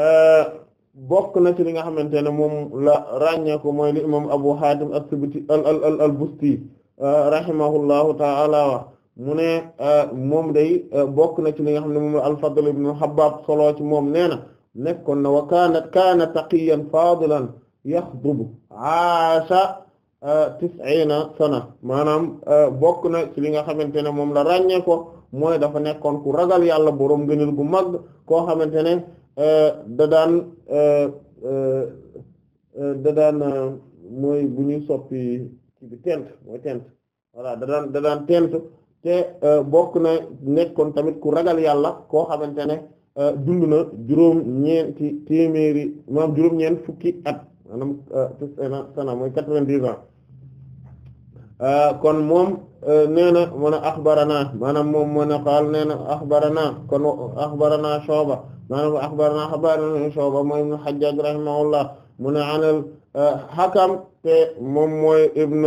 euh, bokk na ci li nga xamante ne moom la ràññee mooy li imam Abu Hatim as al al al Busti euh, rahimahullahu ta'ala mu ne euh, moom day euh, bokk na ci li nga xam ne moom al-Fadl ibn Habab solo ci moom nee na nekkoon na wa kaana kaana taqiyan fadilan yaxdubu aasha euh, tis'iina sana maanaam bokk na ci li nga xamante ne moom la ràññee ko mooy dafa nekkoon ku ragal yàlla boroom gënal gu mag koo xamante ne da daan da bu ñuy soppi ci bi tent mooy tent da daan da tent te e, bokk na nekkoon tamit ku ragal yàlla koo xamante ne e, dund na juróom ñeenti téeméeri maanaam fukki at maanaam e, sana sana mooy quatre-vingt-dix ans kon moom nee na mu ne axbarana maanaam moom mu ne nee na axbarana kon axbarana Shu'ba maanaam axbarana axbarana Shu'ba mooy ibn Hajjaj rahimahullah mu ne anal Hakam te moom mooy ibn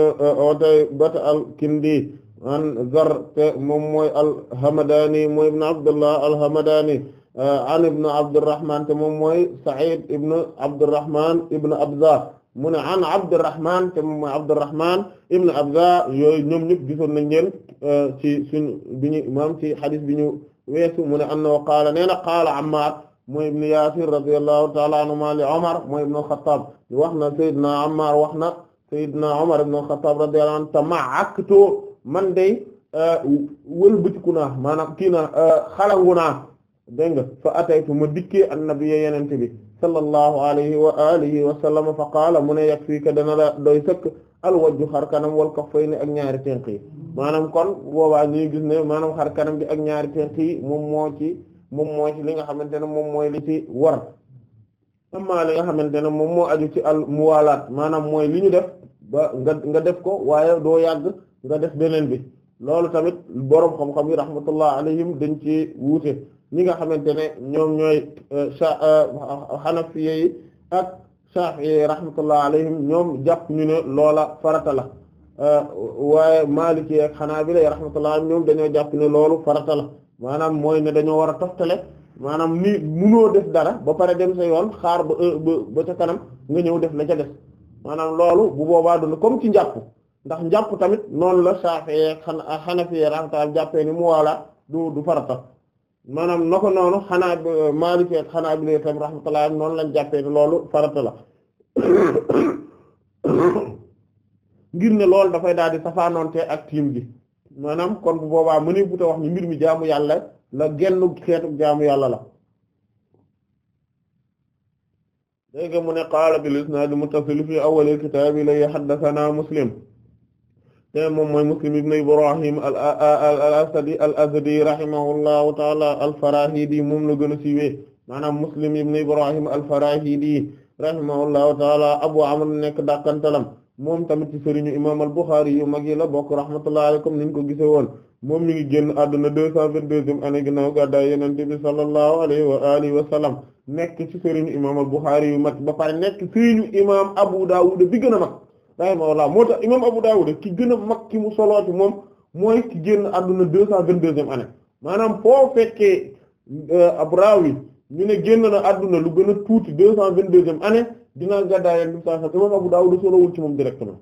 Utaybah al-Kindi an Zarr te moom mooy al-Hamadani mooy ibn Abdullah al-Hamadani euh, an ibn Abdurrahman te moom mooy Sa'id ibn Abdurrahman ibn Abza mu ne an Abdurrahman te moom mooy Abdurrahman ibn Abza yooyu ñoom ñëpp gisoon nañ leen euh, ci suñu bi ñu maam ci xadis bi ñu weesu mu ne annahu qaala nee na qaala Ammar mooy ibn Yasir radiyallahu ta'ala anhuma li Omar mooy ibn al-Khattab wax na Seydina Ammar wax na Seydina Omar ibn al-Khattab radiyallahu anhu tama'aktu man day euh, wëlbatiku naa maanaam kii naa euh, xalangu naa dégg nga fa ataytu ma dikkee annabiyya yenente bi sallallahu alayhi wa alihi wa sallam fa qaala mu ne yakfiika dana la doy sëkk alwajju xar kanam wal kaffayni ak ñaari tenq yi maanaam kon boobaa ñuy gis ne maanaam xar kanam bi ak ñaari tenq yi moom moo ci moom moo ci li nga xamante ne moom mooy li ci war amma li nga xamante ne moom moo aju ci al muwaalaat maanaam mooy li ñu def ba nga nga def ko waaye doo yàgg nga def beneen bi loolu tamit boroom xam-xam yi rahmatullah alayhim dañ ci wuute ñi nga xamante ne ñoom ñooy xanafiye euh, euh, yi ak shafiye rahmatullah alayhim ñoom jàpp ñu ne loola farata la euh, waaye maliki ak xanaabila yi rahmatullah ñoom dañoo jàpp ne loolu farata la maanaam mooy ne dañoo war a toftale maanaam ni munoo def dara ba pare dem sa yoon xaar ba ca kanam nga ñëw def la ca def maanaam loolu bu boobaa dund comme ci njàpp ndax njàpp tamit noonu la Shafi'i xanaa Hanafi rahmatullah jàppee ni mu wala du du farata maanaam na noonu xanaa Maliki ak Hanbali tam rahmatullah noonu lañ jàppee ni loolu farata la ngir ne loolu dafay daal di safaanoonte ak tiim gi maanaam kon bu boobaa mu ne bu wax ni mbir mi jaamu yàlla la genn xeetu jaamu yàlla la léegi mu ne qaala bil mu muttasil fi awwal kitaab ilay haddathana Muslim moom mooy Muslim ibn Ibrahim al al asadi al azdi rahimahullahu taala al di moom la gën a siiwee maanaam Muslim ibn Ibrahim al farahidi rahimahullahu taala Abu Amr nekk dàqantalam moom tamit ci sëriñu imaam al Bukhari yu mag yi la bokk rahmatullahi alayhi comme niñ ko gisee woon moom mi ngi génn àdduna deux cent vingt-deuxième année ginnaaw gàddaay Yonent bi sallallahu alayhi wa alihi wa nekk ci sëriñu imaam al Bukhari yu mag ba pare nekk sëriñu imaam Abu gën a rahimahullah moo tax imam Abu Dawud ki gën a mag ki mu soloo ci moom mooy ki génn àdduna deux cent vingt deuxième année maanaam foo fekkee euh, ab raawi ñu ne génn na adduna lu gën a tuuti deux cent vingt deuxième année dinaa gàddaay ak lim saa sax imam Abu Dawud solowul ci moom directement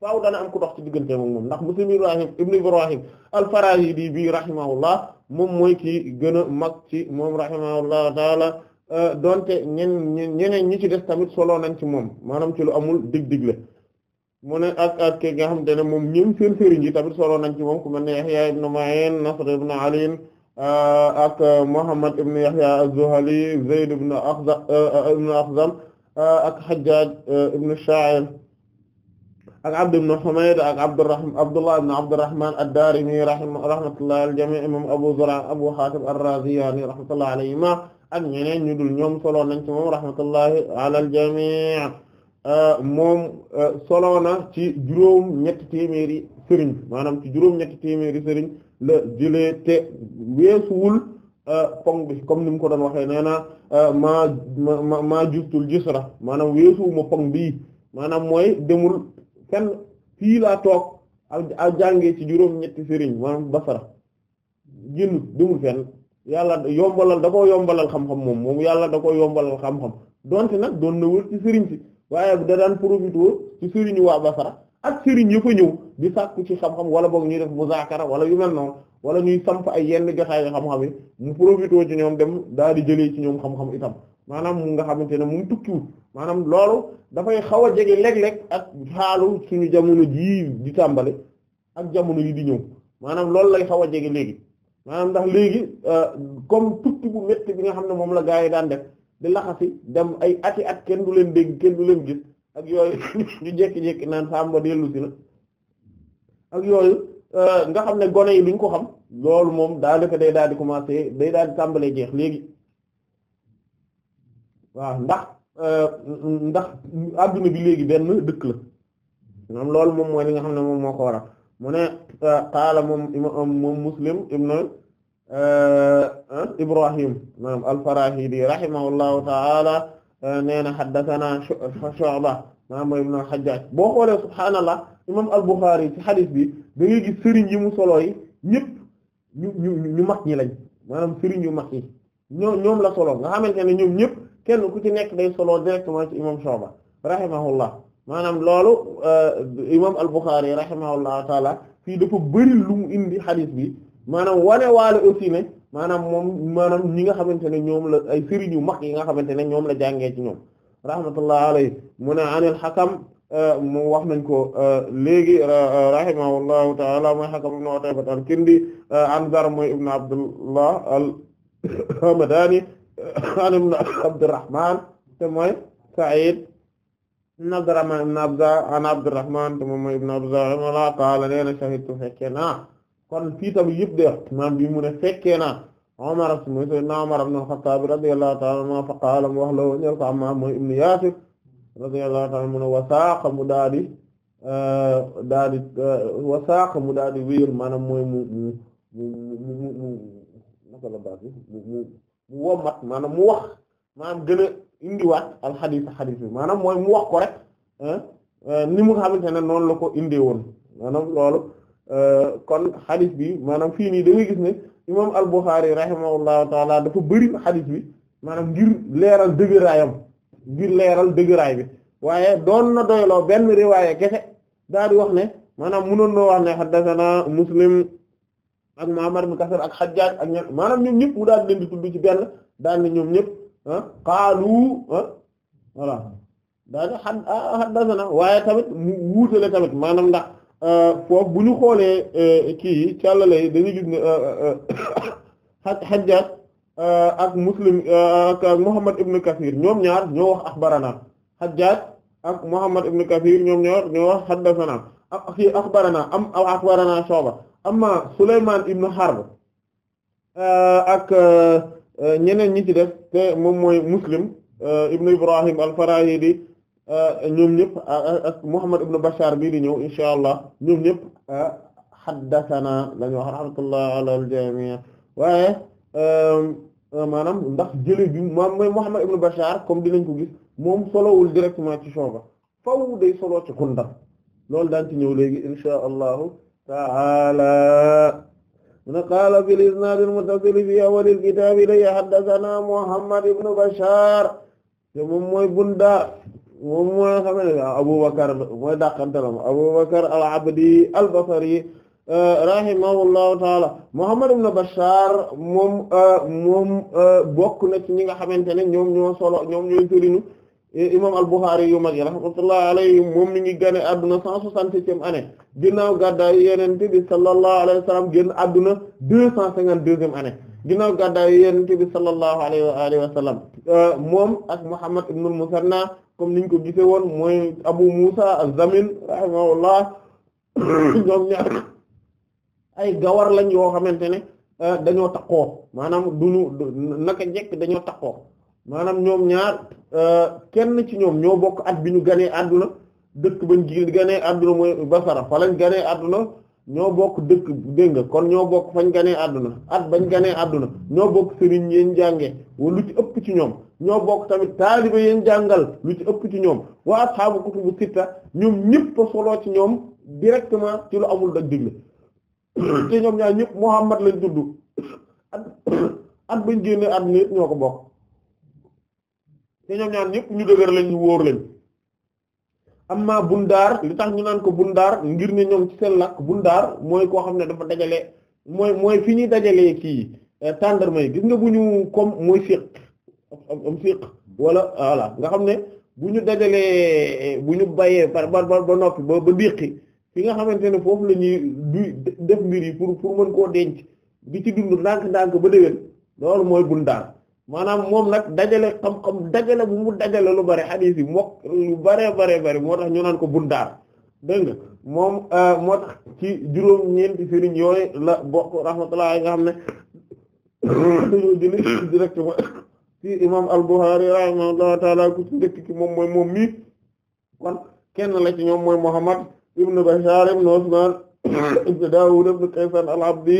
faaw dana am ku dox ci diggante moom moom ndax muslim Ibrahim ibn Ibrahim al-Farahidi bi rahimahullah moom mooy ki gën a mag ci moom rahimahullah taala euh, donte ñen ñeneen ñi ci des tamit solo nañ ci moom maanaam ci lu amul dig-digle mu ne ak ak ki nga xamante ne moom ñoom seen sëriñ yi solo nañ ci moom ku mel ne Yahya ibn Ma'in Nasr ibn Ali uh, ak Muhammad ibn Yahya az-Zuhali Zayd ibn uh, Akhzam uh, ak Hajjaj ibn Sha'ir ak Abd ibn Humayd ak Abdurrahman Abdullah ibn Abdurrahman ad-Darimi rahmatullahi al jami' Abu Zur'a Abu Hatim ar-Raziyani rahmatullahi alayhima ak ñeneen ñu dul ñoom solo nañ ci moom rahmatullahi ala al jami' Euh, moom euh, solo na ci juróom ñetti téeméeri sëriñ maanaam ci juróom ñetti téeméeri sëriñ la jëlee te weesuwul euh, pong bi comme ni ko doon waxee nee na maa ma maa justul jisra maanaam weesuwuma pong bii maanaam mooy demul fenn fii laa toog a jàngee ci juróom ñetti sëriñ maanaam basara génn demul fenn yàlla yombalal da ko yombalal xam-xam moom moom yàlla da ko yombalal xam-xam donte nag doon sëriñ si waaye da daan profité ci sëriñu waa Basra ak sëriñ ya fa ñëw di sàkku ci xam-xam wala boog ñuy def muzaakara wala yu mel noonu wala ñuy samp ay yenn jotaay nga xam-xam yi mu profité ci ñoom dem daal di jëlee ci ñoom xam-xam itam maanaam mu nga xamante ne mu tukkiwul maanaam loolu dafay xaw a jege léeg-léeg ak xaalu suñu jamono jii di tàmbale ak jamono yi di ñëw maanaam loolu lay xaw a jege léegi maanaam ndax léegi euh, comme tukki bu métti bi nga xam ne moom la gaa yi daan def di laxasi dem ay ati at kenn du leen dégg kenn du leen gis ak yooyu ñu jékki-jékki naan sàmba dellu si na ak yooyu euh, nga xam ne gone yi duñ ko xam loolu moom daanaka day daal di commencer day daal di tàmbalee jeex léegi waaw ndax euh, ndax àdduna bi léegi benn dëkk la moom loolu moom mooy li nga xam ne moom moo ko waral mu ne euh, qaala moom moom muslim ibn Euh, Ibrahim maanaam al-Farahidi rahimahullahu ta'ala euh, nee na haddathana Shu'ba maanaam mooy ibn al boo xoolee subhaanallah imam al-Bukhari ci xadis bi da ngay sëriñ yi mu solo yi ñëpp ñu ñu ñu mag ñi lañ maanaam sëriñ yu mag yi ñoo ñoom la solo nga xamante ne ñoom ñëpp kenn ku ci nekk day solo directement ci imam Shu'ba rahimahullah maanaam loolu euh, imam al-Bukhari rahimahullahu ta'ala fii dafa bëri lu mu indi xadis bi. maanaam wane waale aussi ne maanaam moom maanaam nga xamante ne ñoom la ay sëriñ yu mag yi nga xamante ne ñoom la jàngee ci ñoom rahmatullah alayhi mu ne anil xakam euh, mu wax nañ ko euh, léegi euh, rahimahullahu taala mooy xakam ibn Utayba al-Kindi an Zar mooy ibn Abdullah al-Hamadani an ibn Abdurrahman te mooy Sa'id ibn Abdurrahman ibn Abza an Abdurrahman te moom mooy ibn Abza rahimahullah qaala nee na shahidtu fekke naa kon fii tamit yëpp de maam bi mu ne fekkee naa Umar mooy mu wax la ñel ko amma mooy ibn mu ne wasaaqa mu daa di euh, euh, mu daa maanaam mooy mu mu la baat bi mu mu mu maanaam mu wax maanaam gën a indiwaat alxadis xadis bi maanaam mooy mu wax ko rek euh, ni mu xamante ne noonu la ko indee woon maanaam loolu Euh, kon xadis bi maanaam fii nii da ngay gis ne imam al-Bukhari rahimahullahu taala dafa bëri xadis bi maanaam ngir leeral dëgëraayam ngir leeral dëgëraay bi waaye doon na doyloo benn riwaaya kese daal di wax ne maanaam munoon noo wax ne haddathana Muslim ak Ma'mar ibn Kasir ak Hajjaj ak ña maanaam ñoom ñëpp mu daal di leen di tudd ci benn daal ne ñoom ñëpp ah qaalu ah voilà daal ah, waaye tamit mu wuutale tamit maanaam ndax. Euh, foofu bu ñu xoolee euh, kii càllale dañuy gis ne euh, Hajjaj ak Muslim ak Muhammad ibn Kathir ñoom ñaar ñoo wax axbarana Hajjaj ak Muhammad ibn Kathir ñoom ñaar ñoo wax haddathana ak fi axbarana am aw axbarana Shuba amma Sulayman ibn Harb ak ñeneen ñi ci def te moom mooy Muslim ibn Ibrahim al-Farahidi Euh, ñoom ñëpp ah, ah, ak Muhammad ibn Bashar bii di ñëw insha allah ñoom ñëpp ah, haddathana lañu wax rahmatullah ala al waaye euh, euh, maanaam ndax jële bi moom mooy Muhammad ibn Bashar comme dinañ ko gis moom solowul directement ci Shu'ba faw day solo ci Kunda loolu daan ci ñëw léegi insha allahu taala na qaala fil isnaad al-muttasil fi awwal al-kitaab ilay haddathana Muhammad ibn Bashar te mooy Bunda moom moo nga xamante ne Abubakar mooy dàqantalam Abubakar al-Abdi al-Basri euh, rahimahullahu taala Muhammad ibn Bashar moom euh, moom euh, bokk na ci ñi nga xamante ne ñoom ñoo solo ñoom ñooy sëriñu imam al-Bukhari yu mag yi rahmatullahi alayhi moom mi ngi gane adduna cent soixante-septième année ginnaaw gàddaay Yonent bi sallallahu alayhi wa sallam génn adduna deux cent cinquante-deuxième année ginnaaw gàddaay Yonent bi sallallahu alayhi wa alihi moom ak Muhammad ibn al-Musanna comme niñ ko gisee woon mooy Abu Musa az-Zamin rahimahullah ñoom ñaar ay gawar lañ yoo xamante ne euh, dañoo takkoo maanaam duñu naka njëkk dañoo takkoo maanaam ñoom ñaar euh, kenn ci ñoom ñoo bokk at bi ñu ganee àdduna dëkk bañ jigéen ganee àdduna mooy Basara fa lañ ganee àdduna ñoo bokk dëkk dégg nga kon ñoo bokk fañ ganee àdduna at bañ ganee àdduna ñoo bokk sëriñ yéen jànge wa lu ci ëpp ci ñoom ñoo bokk tamit taaliba yéen jàngal lu ci ëpp ci ñoom waa ashaabu kutubu sitta ñoom ñëpp a soloo ci ñoom directement ci lu amul daj digle te ñoom ñaar ñëpp Muhammad lañ tudd at at bañ génnee àdduna yëpp ñoo ko bokk te ñoom ñaar ñëpp ñu dëgër lañ ñu wóor lañ am amma bundaar li tax ñu naan ko bundaar ngir ñu ñoom ci seen lakk bundaar mooy koo xam ne dafa dajale mooy mooy fi ñuy dajalee kii eh, tàndarma yi gis nga bu ñu comme mooy fiq am fiq wala voilà nga xam ne bu ñu dajalee bu ñu bayee ba ba noppi ba ba diqi fi nga xamante ne foofu la ñuy du def mbir yi pour pour mën koo denc bi ci dund ndànk-ndànk ba déwén loolu mooy bundaar maanaam moom nag dajale xam-xam dajale bu mu dajale lu bari xadiis yi mook lu baree baree bari moo tax ñu naan ko bun dégg nga moom euh, moo tax ci juróom-ñeenti sëriñ yooyu la bokk rahmatullah nga ne dañoo jëli directement ci imam ku ci ndëkk ki moom mooy moom mii kon kenn la ci ñoom mooy Muhammad ibn Bashar ibn Usman ibn Dawud ibn Kaysan al-Abdi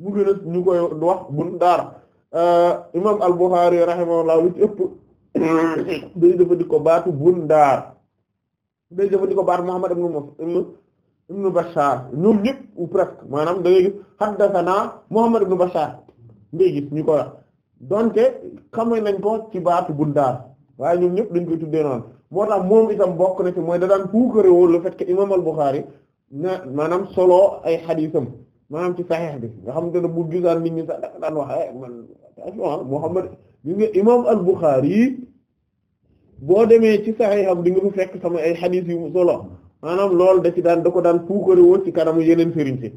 mu gën a ñu koy wax bundaar Euh, imam al-Bukhari rahimahullah lu ci ëpp day jëfandikoo baatu Bundaar day jëfandikoo baatu Muhammad ibn Muslim ibn Bashar ñoom ñëpp ou presque maanaam da ngay gis haddathana Muhammad ibn Bashar ngay gis ñu ko wax donte xamee nañ ko ci baatu Bundaar waaye ñoom ñëpp dañ koy tuddee noonu moo tax moom itam bokk na ci mooy da daan puukarewoo le fait que imam al-Bukhari na maanaam solo ay xadiisam maanaam ci saxiix bi nga xamante ne bu gisaan nit ñi sax dafa daan wax eh, man attention ah, Muhammad gis nga imaam al-Bukhari boo demee ci saxiixam di nga fa fekk sama ay xadiis yu solo maanaam loolu da ci daan da ko daan puukare woo ci kanamu yeneen sëriñ si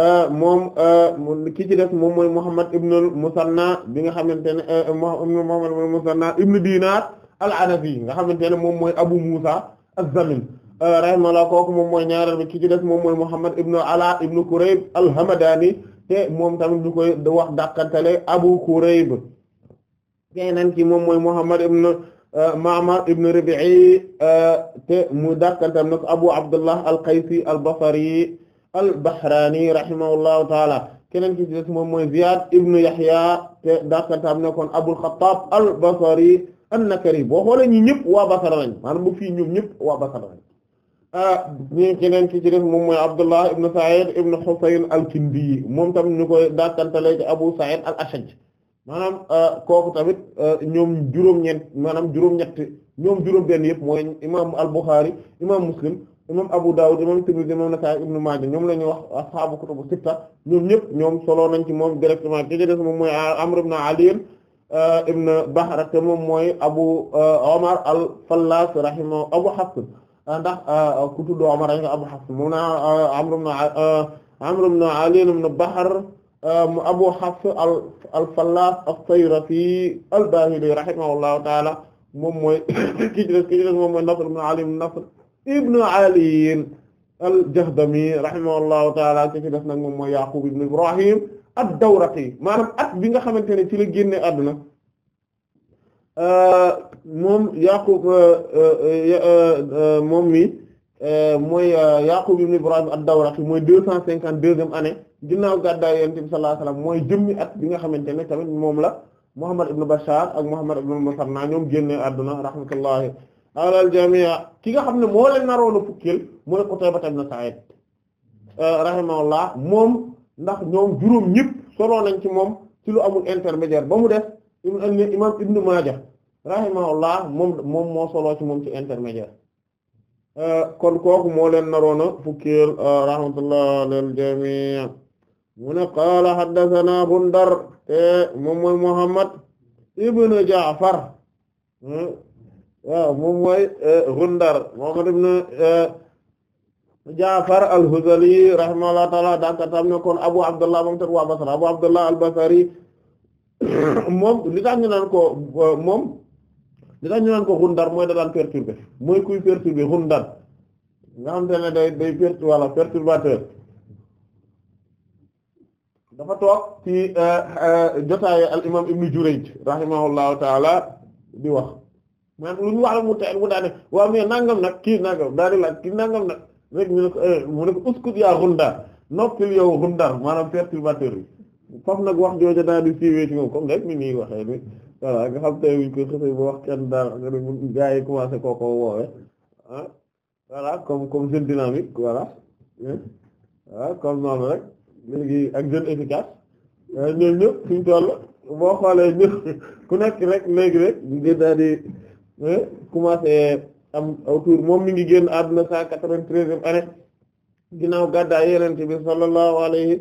euh, moom euh, ki ci def moom mooy Muhammad ibn al-Musanna bi nga xamante ne euh, Muhammad ibn al-Musanna ibn Dinar al nga xamante ne moom mooy Abu Musa az-Zamin Euh, rahimahullah kooku moom mooy ñaareel bi ki ci des moom mooy Muhammad ibnu Ala ibnu Kurayb al-Hamadani te moom tamit du koy wax dàqantale Abu Kurayb keneen ki moom mooy Muhammad ibnu euh, Ma'mar ibnu Rabi'i euh, te mu dàqantam nag Abu Abdullah al-Qaysi al-Basri al-Bahrani rahimahullahu ta'ala keneen ki ci des moom mooy Ziyad ibnu Yahya te dàqantam ne kon Abul Khattab al-Basri an-Nakari boo xoolee ñi ñëpp waa Basra lañ maanaam bu fii ñoom ñi ah, keneen ki ci def moom mooy Abdullah ibn Sa'id ibn Husayn al-Kindi moom tamit ñu koy dàkkantale ci Abu Sa'id al-Ashaj maanaam ah, kooku tamit ah, ñoom juróom ñeen maanaam juróom-ñett ñoom juróom-benn yëpp mooy imaam al-Bukhari imaam Muslim imam Abu Dawud imam Tirmidhi imam Nasa'i ibn Majah ñoom la ñuy wax ashaabu kutubu sitta ñoom ñëpp ñoom solo nañ ci moom directement ki ci des moom mooy Amr ibn Ali ibn Bahr te moom mooy Abu Omar al-Fallas rahimahu Abu Hafs Ah, ndax ah, ku tudd Umar rek Abu Hafs mu na ah, Amr ibn Amr ibn Ali ibn Bahr mu Abu Hafs al-Fallas as-Sayrafi al-Bahili rahimahullahu ta'ala moom mooy ki ci des ki ci des moom mooy Nasr ibn Ali ibn Nasr ibn Ali al-Jahdami rahimahullahu ta'ala ki ci des nag moom mooy Yaqub ibn Ibrahim ad-Dawraqi maanaam at bi nga xamante ne ci la génne àdduna Euh, moom Yaqub euh, euh, moom mi mooy Yaqub ibn Ibrahim ad-Dawraqi mooy deux cent cinquante deuxième année ginnaaw gàddaay Yonent bi sallallahu alayhi wasallam mooy jëmmi at bi nga xamante ne tamit moom la Muhammad ibn Bashar ak Muhammad ibn naa ñoom génne àdduna rahmatullahi ala al-jamii ki nga xam ne moo leen naroon a fukkeel mooy Qutayba ibn Sa'id rahimahullah moom ndax ñoom juróom ñëpp solo nañ ci moom ci lu amul intermédiaire ba mu def imam Ibn Maaja rahimahullah moom moom moo soloo ci moom ci intermédiaire euh, kon kooku moo leen naroona fukkeel euh, rahmatullah lil jamii mu ne qaala haddathana Bundar te moom mooy Muhammad ibn Ja'far hmm? waaw moom mooy euh, Bundar Muhammad ibn Jaafar al-Huzali rahimahullah taala daan ka tam ne kon Abu Abdullah moom tam waa Basra Abu Abdullah al-Basri moom li tax ñu naan ko moom li tax ñu naan ko xundar mooy da daan perturbé mooy kuy perturbé xundar nga xam te ne day day pert walla perturbateur dafa toog ci euh, euh, jotaaye al imam ibnu Jurayj rahimahullahu taala di wax man lu ñu wax mu teel mu daane nag kii nangam daa di laaj kii nangam nag rek ñu ne ko euh, mu uskut yaa xundar noppil yow xundar maanaam perturbateur bi foofu nag wax jooja daal di siiwee ci moom comme rek nii waxee ni voilà nga xam tey buñ ko xësee ba wax kenn daal gaa yi commencé koo ko woowe ah voilà comme comme jeune noonu rek léegi ak jeune efficace euh, ñoom ñëpp suñ toll boo xoolee ku nekk rek léegi rek di daal di commencé am autour moom mi ngi génn àdduna cent quatre-vingt-treizième année ginnaaw gàddaay Yonent bi sallallahu alayhi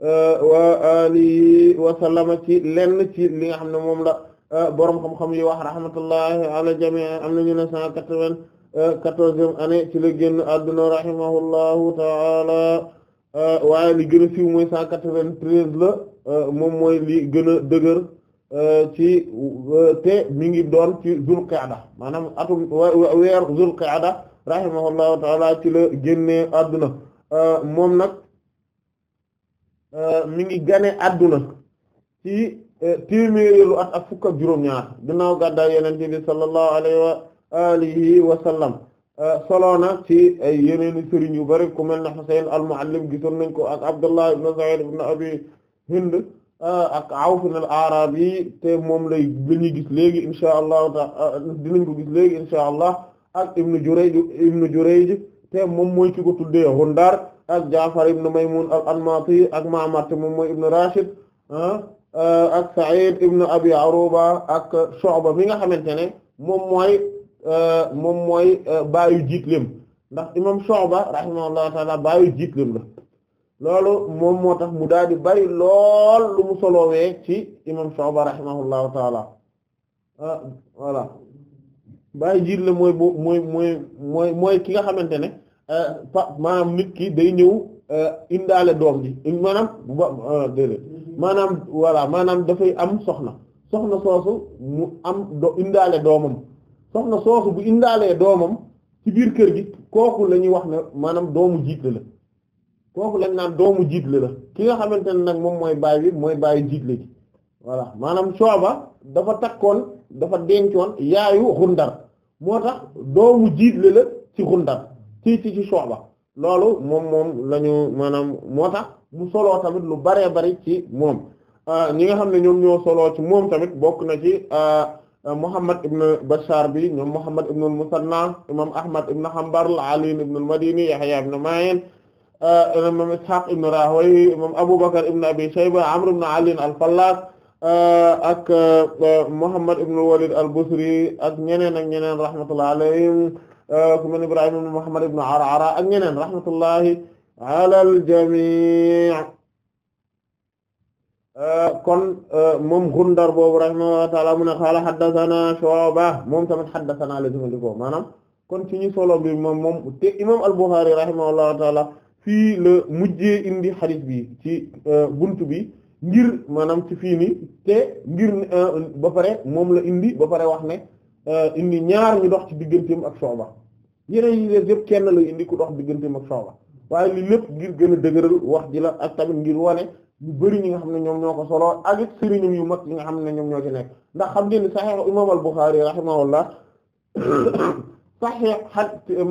wa alihi wa sallama ci lenn ci li nga xam ne moom la euh, borom xam-xam yi wax rahmatullahi ala jami' am na ñu ne cent quatre-vingt-quatorzième année ci la génn adduna rahimahullahu taala euh, waaye li gën a siiw mooy cent quatre-vingt-treize la euh, moom mooy li gën dëgër ci te mi ngi doon ci zulqaada maanaam atum weer zulqaada rahimahullahu taala ci la génnee adduna moom nag Euh, mi ngi gane adduna ci euh, téeméeréelu at ak fukk ak juróom-ñaar ginnaaw gàddaay yenente bi sallallahu alayhi wa alihi wa sallam euh, solo na ci ay yeneeni sëriñ yu bari ku mel ne Husayn al-Muallim gisoon nañ ko ak Abdullah ibn Sa'id ibn Abi Hind ak Awf arabi te moom lay lañuy gis léegi insha allah dinañ ko gis allah ak Ibn Jurayj Ibn Jurayj te moom mooy ki ko tuddee Ghundar ak Jaafar ibn Maymun al-Anmati ak Ma'mar moom mooy ibn Rashid ah, eh, ak Sa'id ibn Abi Aruba ak Shu'ba mi nga xamante ne moom mooy eh, moom mooy eh, baayu Jiitlem ndax imam Shu'ba rahimahullahu ta'ala baayu Jiitlem la loolu moom moo tax mu daal di bari lool lu mu solowee ci imam Shu'ba rahimahullahu ta'ala ah, voilà bàyyi jiit la mooy bo mooy mooy mooy mooy ki nga xamante ne euh, pa maanaam nit ki day ñëw euh, indaale doom ji maanaam ba euh, mm-hmm. maanaam voilà maanaam dafay am soxna soxna soosu mu am do indaale doomam soxna soosu bu indaalee doomam ci biir kër gi kooku la ñuy wax ne maanaam doomu jiitle la kooku lañ naan doomu jiitle la ki nga xamante ne nag moom mooy baay mooy baayu jiitle gi voilà maanaam sooba dafa takkoon dafa dencoon yaayu Xundar moo tax doomu jiitle la ci Xundar ci ci ci Shu'ba loolu moom moom lañu ñu maanaam moo tax mu soloo tamit lu baree bari ci moom euh, ñi nga xam ne ñoom ñoo soloo ci moom tamit bokk na ci euh, euh, Muhammad ibn Bashar bi ñoom Muhammad ibn al-Musanna imam Ahmad ibn Hanbal Ali ibn al-Madini Yahya ibn Ma'in imam Ishaq ibn Rahwayh imam Abu Bakr ibn Abi Shayba Amr ibn Ali al-Fallas Euh, ak euh, Muhammad ibn Walid al-Busri ak ñeneen ak ñeneen rahmatullahi alayhim euh, ku mel Ibrahim ibn Muhammad ibn Ar'ara ak ñeneen rahmatullahi ala al kon moom Gundar boobu rahimahullah ta'ala mu ne qaala haddathana Shu'ba moom tamit haddathana la jëfandikoo maanaam kon ci ñu solo bi mo moom te imam al-Bukhari rahimahullah ta'ala fii la mujjee indi hadith bi ci buntu bi ngir maanaam ci fii nii te ngir euh, ba pare moom la indi ba pare wax ne euh, indi ñaar ñi dox ci digganteem ak sooba yeneen yi des yëpp kenn la indi ku dox digganteem ak Shu'ba waaye lii lépp ngir gën a dëgëral wax ji la ak tamit ngir wane ñu bëri ñi nga xam ne ñoom ñoo ko solo ak sëriñam yu mag yi nga xam ne ñoom ñoo ci nekk ndax xam ngeen ni Sahih imam al-Bukhari rahimahullah Sahih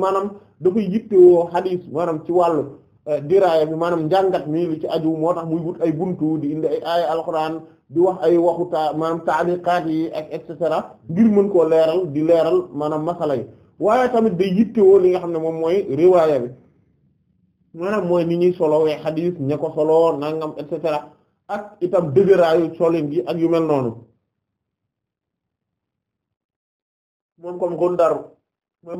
maanaam dafay yittewoo hadith maanaam ci wàllu Euh, diraaya bi maanaam njàngat mi li ci aju moo tax muy wut ay buntu di indi ay aaya alxuraan di wax ay waxu ta maanaam yi ak et cetera ngir mën koo leeral di leeral maanaam masala waaye tamit day yittewoo li nga xam ne moom mooy riwaaya bi maanaam mooy ni ñuy solo wee xadiis ña ko solo nangam et cetera ak itam dëgëraayu solin gi ak yu mel noonu moom comme kon daru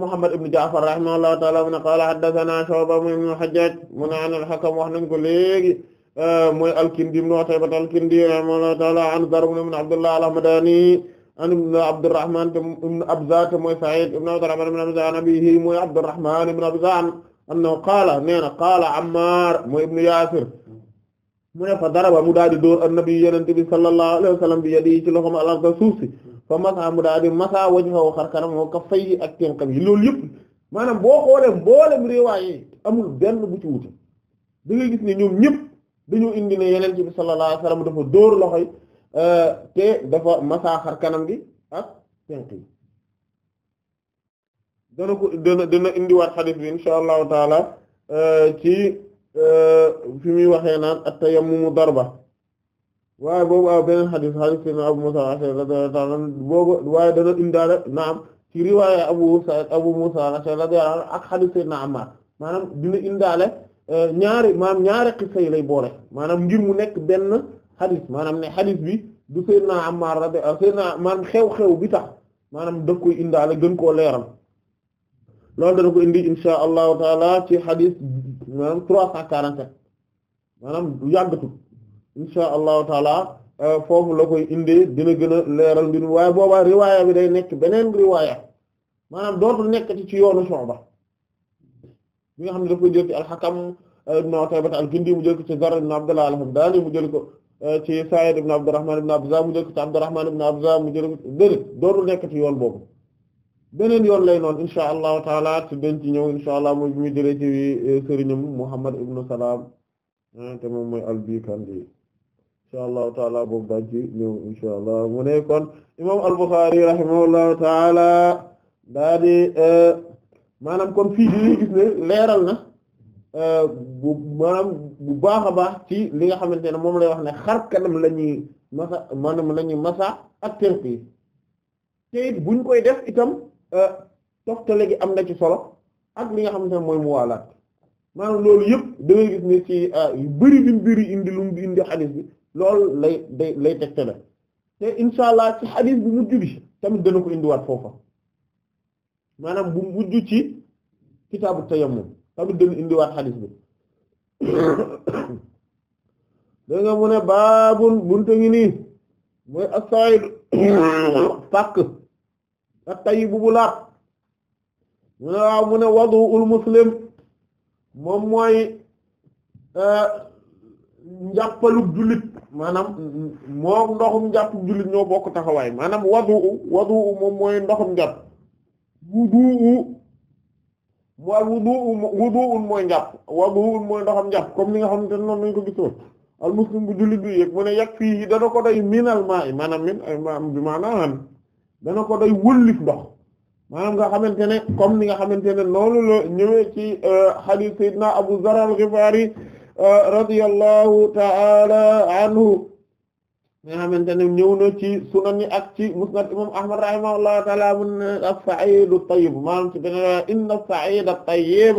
Muhammad ibn Ja'far rahimahullahu ta'ala mu ne qaala haddathana Shu'ba ibn al-Hajjaj mu ne an al-Hakam wax nañ ko léegi eh, mooy al-Kindi ibn Utaybah al-Kindi rahimahullahu ta'ala an Zarr ibn Abdullah al-Hamdani an ibn Abdurrahman ibn Abza mooy Sa'id ibn Abdurrahman ibn Abza an abiihi mooy Abdurrahman ibn Abza annahu qaala nee na qaala Ammar mooy ibn Yasir mu ne fa daraba mu daal di dóor an-nabi yonent bi sallallahu alayhi wa sallam bi yadihi ci loxoom al-ard suuf si fa masa mu daal di masa wajhahu xar kanam moo ka fay ak tenkam yi loolu yëpp maanaam boo xoolee mboolem riwaaye amul benn bu ci wuti da gis ne ñoom ñëpp dañoo indi ne yeneen ci bi sallallahu alayhi wasallam dafa dóor loxoy euh, kanam gi yi dana ko indiwaat xadis bi insha allahu taala euh, ci euh, fi muy waxee naan at dar ba waaye boobu a beneen xadis xadis seen Abu Musa al-Ash'ari boobu waaye dana indaale naam ci riwaaya Abu Musa al-Ash'ari radiyallahu anhu ak xadis maanaam dina indaale eh, ñaari maanaam lay boole maanaam ngir mu nekk benn xadis maanaam ne xadis bi du Seydina Ammar radiyallahu Seydina maanaam xew-xew bi tax maanaam daf koy indaale gën koo leeral loolu dana ko indi insha allahu taala ci xadis maanaam 347 maanaam yàggatul insha allahu taala euh, foofu la koy indee dina gën a leeral mbir mi waaye boobaa riwaaya bi day nekk beneen riwaaya maanaam dootul nekkati ci yoonu Shu'ba bi nga xam ne daf koy jël ci al-Hakam euh, ibn Utaybah mu jël ko ci Zarr ibn Abdullah al mu jël ko euh, ci Sa'id ibn Abdurrahman ibn Abza mu jël ko ci mu jël ko déedéet yoon boobu beneen yoon lay noonu insha allahu taala te dañ ñëw insha allah muy jële ci sëriñam Muhammad ibn Salam te moom mooy al-Bikandi insha allahu taala boobu daan ci ñëw insha allah mu ne kon imam al-Bukhari rahimahullahu taala daa e, maanaam kon fii di gis ne leeral na e, bu maanaam bu baax a baax ci li nga xamante ne moom lay wax ne xar kanam la ñuy masa maanaam la ñuy masa ak terp yi te it buñ koy def itam e, toftale gi am na ci solo ak li nga xamante ne mooy mu waalaat maanaam loolu yëpp da gis ne ci yu bëri bi bëri indi lum mu indi xadiis bi lool lay day lay tegtale te insha allah ci xadis bu mujj bi tamit dana ko indiwaat foofa maanaam bu mujj ci kitaabu tayammum tamit dana indiwaat xadis bi da mu ne baabul buntu ngi nii mooy as-sa'id pàkk at-tayyib bu laab mu ne waaw mu ne wadu'ul muslim moom mooy eh, njàppalu jullit maanaam moom ndoxum njàpp jullit ñoo bokk taxawaay maanaam wadu u wadu u moom mooy ndoxum njàpp wudu u mooy wudu u wudu un mooy njàpp wadu un mooy ndoxum njàpp comme li nga xamante ne noonu nañ ko gisoon al muslim bu ko maanaam min ay maam bi maanaam dana ko doy wëllif nga xamante ne comme ni nga xamante ne noonu la ñëwee ci euh, hadith sayyidina Abu Zar al radiyallahu ta'ala anhu nga xamante ne ñëw na ci sunan yi ak ci musnad imam ahmad rahimahullahu ta'ala mun as-sa'idu at-tayyib maanaam ci beneen inna as-sa'ida at-tayyib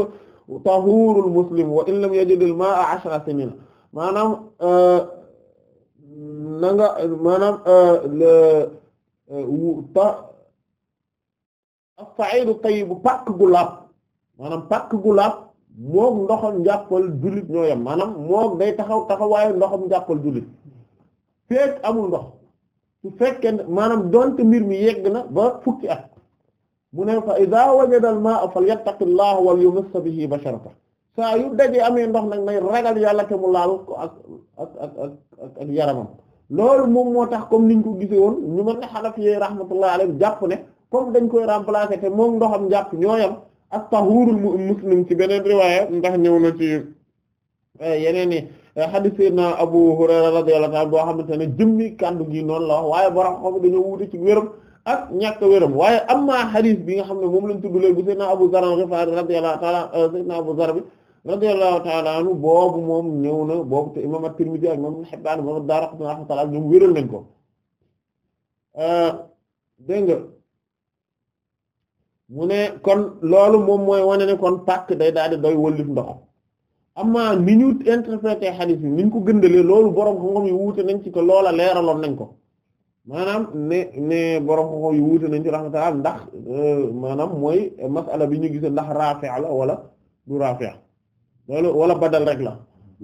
tahurul muslim wa in lam yajid al-ma'a 'ashra sinin maanaam euh, na nga maanaam euh, euh, as-sa'idu at-tayyib pàkk gu laab maanaam pàkk gu laab moom ndoxam njàppal jullit ñoo maanaam moom day taxaw taxawaayu ndoxam njàppal jullit fekk amul ndox su fekkee maanaam donte mbir mi yegg na ba fukki at mu ne fa iza wajada al ma'a falyattaqillaha wal yumassa bihi basharata saa yu dajee amee ndox nag nay ragal yàlla te mu laal ko ak ak ak yaramam loolu moom moo tax comme niñ ko gisee woon ma mën a xalaf yee rahmatullahi alayhi jàpp ne comme dañ koy remplacer te moom ndoxam jàpp ñoo ak tahurul muslim ci beneen riwaaya ndax ñëw na ci eh, yeneen i hadith sayyidina Abu Hurayra radiyallahu anhu boo xamante ne jëmmi kàddu gi noonu la wax waaye borom xam dañoo wuute ci wéram ak ñàkk wéram waaye amaa hadith bi nga xam ne moom lañ tudd léegi bu sayyidina Abu Zarr al-Ghifari radiyallahu ta'ala eh, sayyidina Abu Zarr bi radiyallahu ta'ala anhu boobu moom ñëw na boobu te imam at-Tirmidhi ak imam Ibn Hibban moom Daraqutni rahimahullah ñoom wéral nañ ko eh, nga mu ne kon loolu moom mooy wane ne kon pàcc day daal di doy wëllif ndox amma ni ñu interprété xadiis bi ni ñu ko gëndalee loolu borom xam-xam yi wuute nañ ci ko loola leeraloon nañ ko maanaam ne ne borom xam-xam yi wuute nañ ci rahmatullah ndax euh, maanaam mooy masala bi ñu gisee ndax raafi' la wala du raafi' loolu wala badal rek la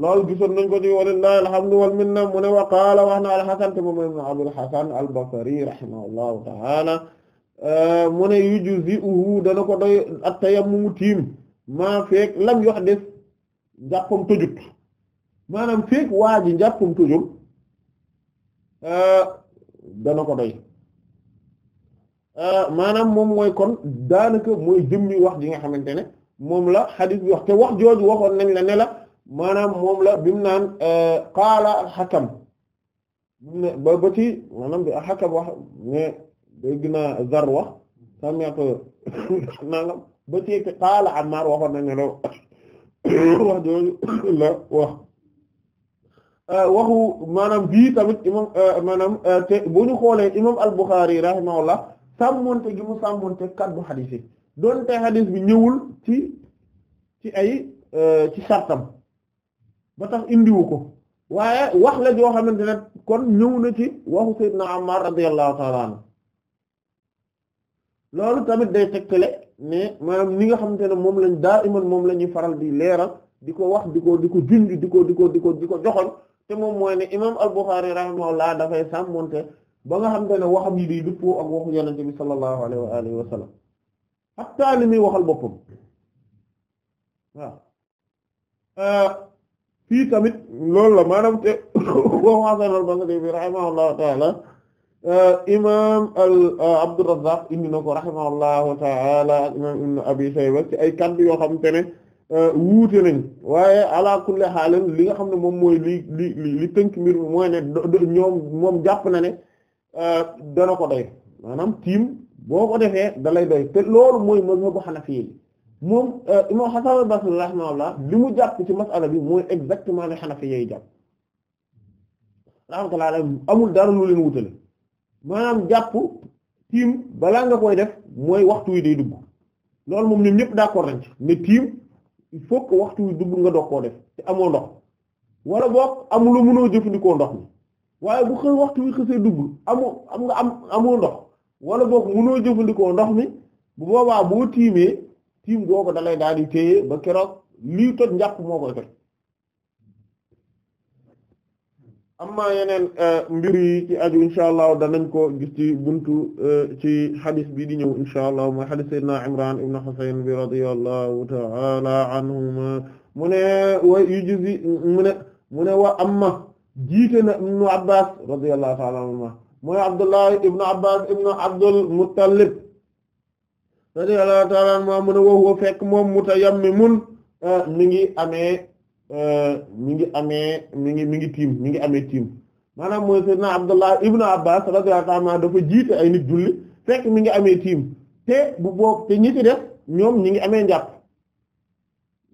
loolu gisoon nañ ko ci walillahi alhamdu wal minna mu ne wa qaala wax na al-Hasan te moom ibn Abul Hasan al-Basri rahimahullahu ta'ala Euh, mu ne yujzi'uhu dana ko doy at-tayammumu tiim maa feek lam yox def njàppam tojut maanaam feek waa ji njàppam euh, dana ko doy euh, maanaam moom mooy kon daanaka mooy jëmmi wax ji nga xamante ne moom la xadis bi wax te wax jooju waxoon nañ la ne la maanaam moom la bi mu naan qaala al-Hakam ba ba ci maanaam bi al-Hakam wax dégg naa Zar wax sami'tu ba ci qaala Ammar waxoon na ne wax jooju euh, waxu maanaam bii tamit imam euh, maanaam euh, boo ñu xoolee imam al-Bukhari rahimahullah sàmmonte gi mu sàmmonte kaddu xadiis yi donte xadiis bi ñëwul ci ci ay ci sartam ba tax indiwu ko waaye wax la joo xamante ne kon ñëw na ci waxu Seydina Ammar radiyallahu ta'ala loolu tamit day tegtale mais maanaam ni nga xamante ne moom lañ daa iman moom la ñuy faral di leeral di ko wax di ko di ko junj di ko di ko di ko di ko joxoon te moom mooy ne imam al-Bukhari rahimahullah dafay sàmmonte ba nga xam te ne waxam yi day dëppoo ak waxu yonent bi sallallahu alayhi wa alihi wa sallam hatta li muy waxal boppam waaw euh, fii tamit loolu la maanaam te Euh, imaam euh, Abdurrazzaq indi na ko rahimahullahu ta'ala imaam Ibn Abi Shayba ci ay kaddu yoo xamante ne euh, wuute nañ waaye ala kulli xaalin li nga xam ne moom mooy li li li tënk mbir mi mooy ne ñoom moom jàpp na ne dana ko doy maanaam tiim boo ko defee da lay doy te loolu mooy mazhabu Hanafiyyi moom imaam Hasan al-Basri rahimahullah li mu jàpp ci mas'ala bi mooy exactement li Hanafiyyi jàpp rahmatullahi alayhim amul dara lu leen wutale maanaam jàpp tiim balaa nga koy def mooy waxtu wi day dugg loolu moom ñun ñëpp d'accord nañ ci ne tiim il faut que waxtu wi dugg nga dox koo def te amoo ndox wala boog amu lu mënoo jëfandikoo ndox mi waaye bu waxtu wi xësee dugg amu am nga am amoo ndox wala boog mënoo jëfandikoo ndox mi bu boobaa boo tiimee tiim googu da lay daal di téye ba keroog lii toj njàpp moo koy toj amma yeneen eh, mbir yi ci aju insha allah danañ ko gis ci buntu eh, ci xadis bi di ñëw insha allah mooy xadis sayyidina imran ibn husayn bi radiyallahu ta'ala anhuma mu ne wa yujizi mu ne mu ne wa amma jiite na ibnu abbas radiyallahu ta'ala anhuma mooy abbas ibnu abdul muttalib radiyallahu ta'ala anhuma mu ne wa huwa fekk moom mutayammimun eh, mi ngi amee Euh, mi ngi amee mu ngi mi ngi tiim mi ngi amee tiim maanaam mooy sayyidina Abdullah ibnu Abbas radiyallahu anhu dafa jiite ay nit julli fekk mi ngi amee tiim te bu boob te ñi ci def ñoom ñi ngi amee njàpp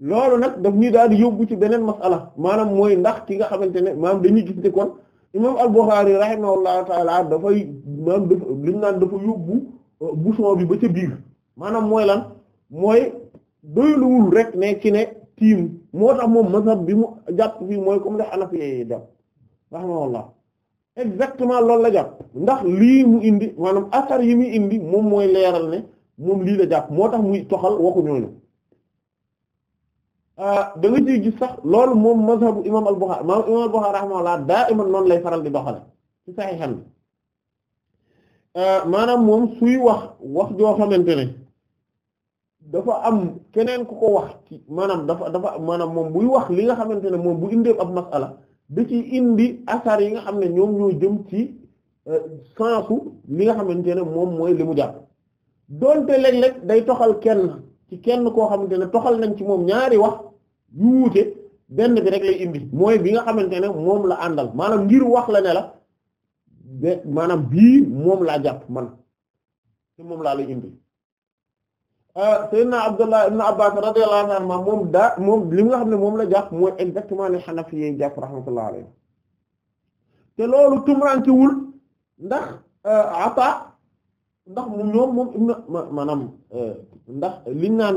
loolu nag daf ñuy daal di yóbbu ci beneen masala maanaam mooy ndax ki nga xamante ne maanaam dañuy gis ne kon imam al-Bukhari rahimahullahu ta'ala dafay maanaam dafa liñ naan dafa yóbbu euh, bouchon bi ba ca biir maanaam mooy lan mooy doyluwul rek ne ki ne tiim moo tax moom mazhab bi mu jàpp fii mooy comme la Hanafi yi jàpp rahimahullah exactement loolu la jàpp ndax lii mu indi maanaam asar yi muy indi moom mooy leeral ne moom lii la jàpp moo tax muy toxal waxu ñooñu ah, da nga gis sax loolu moom mazhabu imam al-Bukhari maanaam imam al-Bukhari daa iman noonu lay faral di doxale ci saxiixam bi ah, maanaam moom suy wax wax joo xamante ne dafa am keneen ku ko wax ci maanaam dafa dafa maanaam moom buy wax li nga xamante ne moom bu indee ab masala da ci indi asar yi nga xam ne ñoom ñoo jëm ci euh, sensu li nga xamante ne moom mooy li mu jàpp donte léeg-léeg day toxal kenn ci kenn koo xamante ne toxal nañ ci moom ñaari wax yu wuute benn bi rek lay indi mooy bi nga xamante ne moom la àndal maanaam ngir wax la ne la manam maanaam bii moom laa jàpp man te moom laa lay indi Euh, Seydina Abdullah ibn Abbas radiyallahu anhuma moom daa moom li nga xam ne moom la jàpp mooy exactement li Hanafi yi jàpp rahmatullahi alayhi te loolu tumuraankewul ndax euh, Ata ndax mu ñoom moom ibn maanaam euh, ndax liñ naan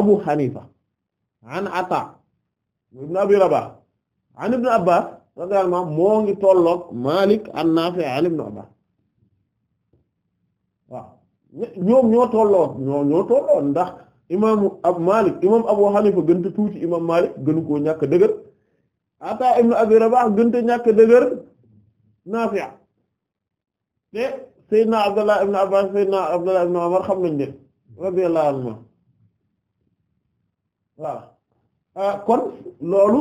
Abu Hanifa an Ata ibn Abi Rabah an ibn Abbas radiyallahu anhuma moo ngi tolloog Malik an Nafi' an ibn Abbas ñoom ñoo tolloo ñoo ñoo tolloo ndax imaamu ab Malik imam Abu Hanifa gën tuuti imam Malik gënu koo ñàkk dëgër Ata ibn Abi Rabah gën te ñàkk dëgër Nafi' te Seydina Abdullah ibn Abbas Seydina Abdullah ibn Umar xam nañ ne radiyallahu anhu waaw ah, kon loolu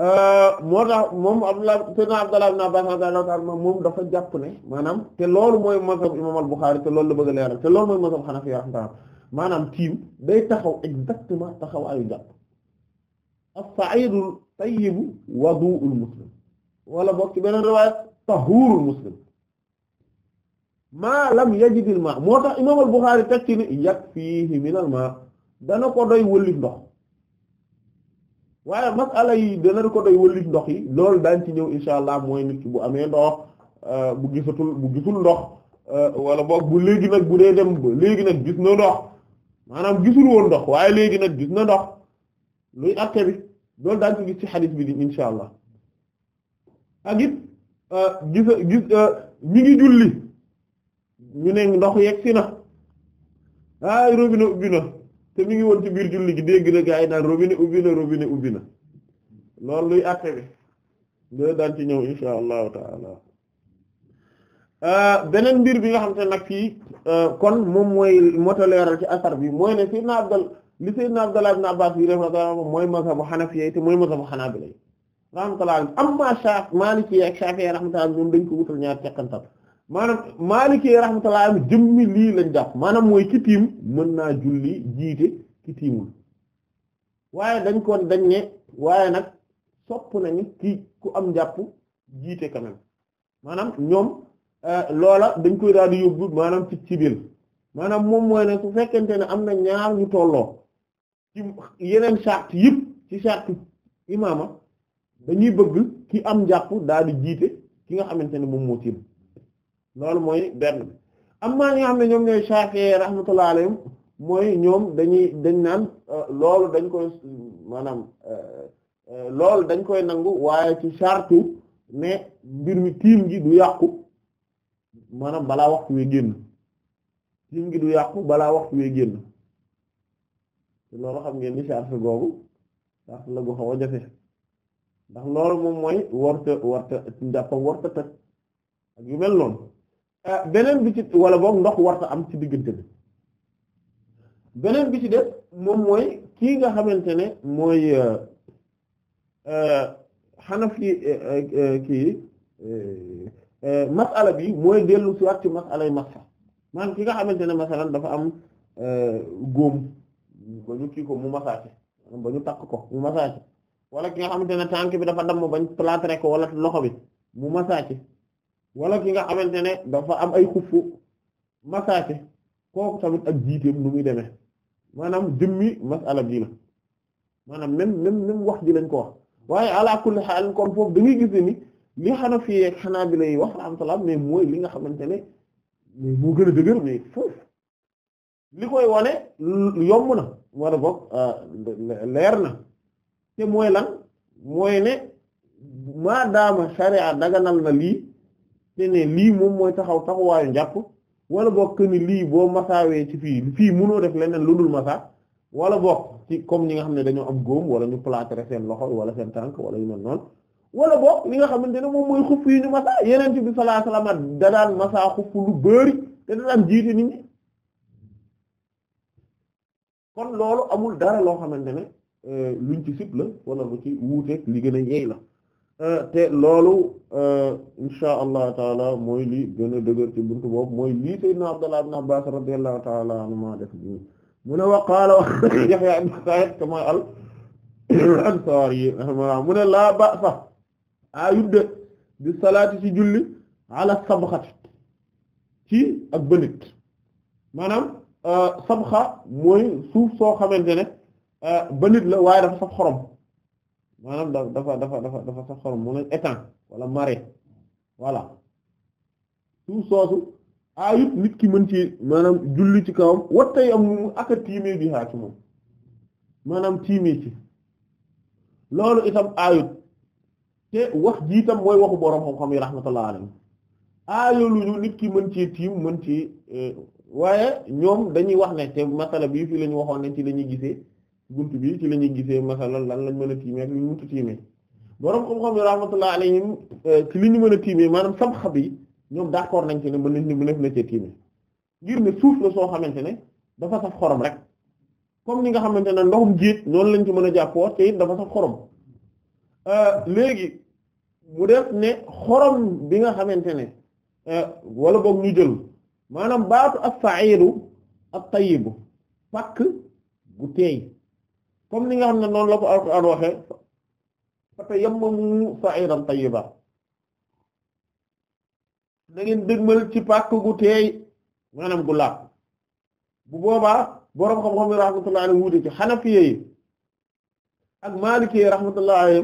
Euh, moo tax moom Abdullah sayyidina Abdullah ibn Abbas radiyallahu ta'ala moom dafa jàpp ne maanaam te loolu mooy mazhab imam al te loolu la bëgg a leeral te loolu mooy mazhab Hanafi rahimahullah maanaam tiim day taxaw exactement taxawaayu jàpp as-sa'idul tayyibu wudu'ul muslim wala boog ci beneen riwaaya tahurul muslim maa lam yajidil maa moo tax imam al-Bukhari teg ci ne yakfihi minal maa dana ko doy wëlli ndox waaye masala yi dana ko doy wëllit ndox yi loolu daañ ci ñëw insha allah mooy nit ki bu amee ndox euh, bu gisatul bu gisul ndox euh, wala boog bu léegi nag bu dee dem léegi nag gis na ndox maanaam gisul woon ndox waaye léegi nag gis na ndox luy atte bi loolu daañ ko gis ci xadis bi di insha allah ak it euh, gis ñi ngi julli ñu ne ndox yegg si na ay robinet ubbi na te mi ngi woon ci biir julli gi dégg na gaa yi naan robinet ubbi na robinet ubbi na loolu luy àtte bi loolu daan ci ñëw insha allahu taala euh, beneen mbir bi nga xam te nag fii euh, kon moom mooy mota leeral ci asar bi mooy ne sayyidna Abdal li sayyidna Abdallah ibn Abbas bi raxmatullah mooy mazhabu Hanafiyya te mooy mazhabu Hanabila raxmatullah amma Shafi'i Maliki ak Shafi'i raxmatullah ñoom dañ ko wutal ñaar teqantal maanaam Maliki rahmatullah jëmmi lii lañ jàpp maanaam mooy ki tiim mën naa julli jiite ki tiimul waaye dañ ko dañ ne waaye nag sopp nañu ki ku am jàpp jiite quand même maanaam ñoom euh, loola dañ koy daal di yóbbu maanaam ci ci biir maanaam moom mooy ne su fekkente ne am na ñaar ñu tolloo ci yeneen charte yëpp ci charte imaama dañuy bëgg ki am jàpp daal di jiite ki nga xamante ne moom moo tiim loolu mooy benn bi amma ñi nga xam ne ñoom ñooy Shafi'i rahmatullahi alayhim mooy ñoom dañuy dañ naan euh, loolu dañ koy maanaam euh, euh, loolu dañ koy nangu waaye ci chartu ne mbir mi tiim gi du yàqu maanaam balaa waxtu wee génn tiim gi du yàqu balaa waxtu wee génn loolu xam ngeen ni charte googu charte la gu xaw a jafe ndax loolu moom mooy warta warta njàppam warta tëj ak yu mel noonu Euh, beneen bi ci wala boog ndox warta am ci diggante bi beneen bi ci def moom mooy kii nga xamante ne mooy xanaf euh, euh, yi kii masala bi mooy dellu ci waat ci masala yi nga xamante ne masalan dafa am góom ba ñu kii ko mu massage ba ñu takk ko mu massage wala ki nga xamante ne tànk bi dafa damm bañ plâtré ko wala loxo bi mu ci wala ki nga xamante ne dafa am ay xuffu masaake kooku tamit ak jiiteem nu muy demee maanaam jëmmi masala bii la maanaam même même wax ji lañ ko wax waaye ala kulli xaal kon foofu da ngay gis ni li Hanafi ak Hanabila yi wax rahmatullah mais mooy li nga xamante ne mais moo gën a dëgër mais li koy wane yomb na war a bokk euh, leer na te mooy lan mooy ne maadaama sharia daganal na lii te lii moom mooy taxaw taxawaayu njàpp wala boog que ni lii boo masaawee ci fii fii munoo def leneen lu dul masa wala boog ci comme ñi nga xam ne dañoo am góom wala ñu plâtré seen loxo wala seen tànk wala yu mel noonu wala boog li nga xamante ne moom mooy xuf yi ñu masa yeneen ci bi sallallahu alayhi wasallam da daan masa xuf lu bëri te da daan jiite nit ñi kon loolu amul dara loo xamante ne euh, luñ ci sib la wala lu ci wuuteeg li gën a yeey la Euh, te loolu euh, insha allah taala mooy li gën a dëgër ci buntu boobu mooy lii sayyidina Abdullah ibn Abbas radiyallahu taala anhuma def bi mu ne wa qaala Yahya ibn Sa'id kama al ansari rahimahullah mu ne laa ba'sa ayudde bi salaati ci julli ala sabxati ci ak bënit maanaam euh, sabxa mooy suuf soo xamante ne bënit la waaye dafa saf xorom maanaam dafa dafa dafa dafa sax xorom mu ne étang walla marais voilà suuf soosu ayut nit ki mën ci maanaam julli ci kawam wattay am mu aka tiimee bi haa ci moom maanaam tiimee ci loolu itam ayut te wax jiitam itam mooy waxu boroom xam-xam yi rahmatullah alayhi aayoluñu nit ki mën ci tiim mën ci eh, waaye ñoom dañuy wax ne te masala bii fii la ñu waxoon ne ci la ñuy gisee bunt bi ci la ñuy gisee masalan lan lañ mën a tiimee ak li ñu mënta tiimee borom xam-xam yi rahmatullah alayhim euh, ci li ñu mën a tiimee maanaam samxa yi ñoom d'accord nañ ci ne mën nañ ni mën na cee tiimee ngir ne suuf la soo xamante ne dafa saf xorom rek comme ni nga xamante ne ndoxum jiit noonu lañ ci mën a jàppoo te it dafa saf xorom euh, léegi mu def ne xorom bi nga xamante ne euh, wala boog ñu jël maanaam baatu as-sa'idu at-tayyibu pàkk gu teey comme ni nga xam ne noonu la ko alquran waxee fatayammamu sa'idan tayyiba da ngeen dëgmal ci pàkk gu teey maanaam gu laab bu boobaa boroom xam-xam yi rahmatullahi alayhi wuute ci xanafiye ak maliki yi rahmatullahi alayhi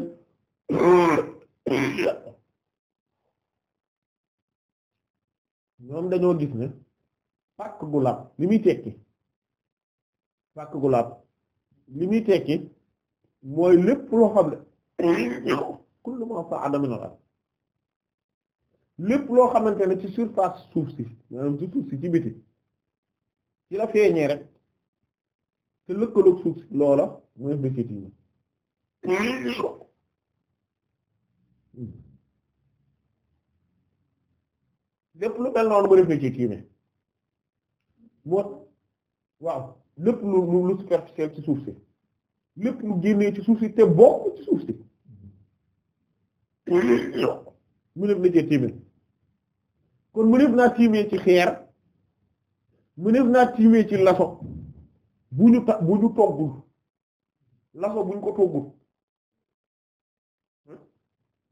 ñoom dañoo gis ne pàkk gu laab li muy tekki pàkk gu laab li muy tekki mooy lépp loo xam ne kullu ma sa'ada min al-ard lépp loo xamante ne ci surface suuf si maanaam ci suuf si ci biti ci la feeñee rek te lëkkaloog suuf si loola mooy bëccëg yi lépp lu mel noonu mu def bëccëg moo waaw. lépp lu lu superficiel ci suuf si lépp lu génnee ci suuf si te bokk ci suuf si mu na cee tiimee kon mu nekk naa tiimee ci xeer mu nekk naa ci laso bu ñu ta bu ñu toggul laso bu ñu ko toggul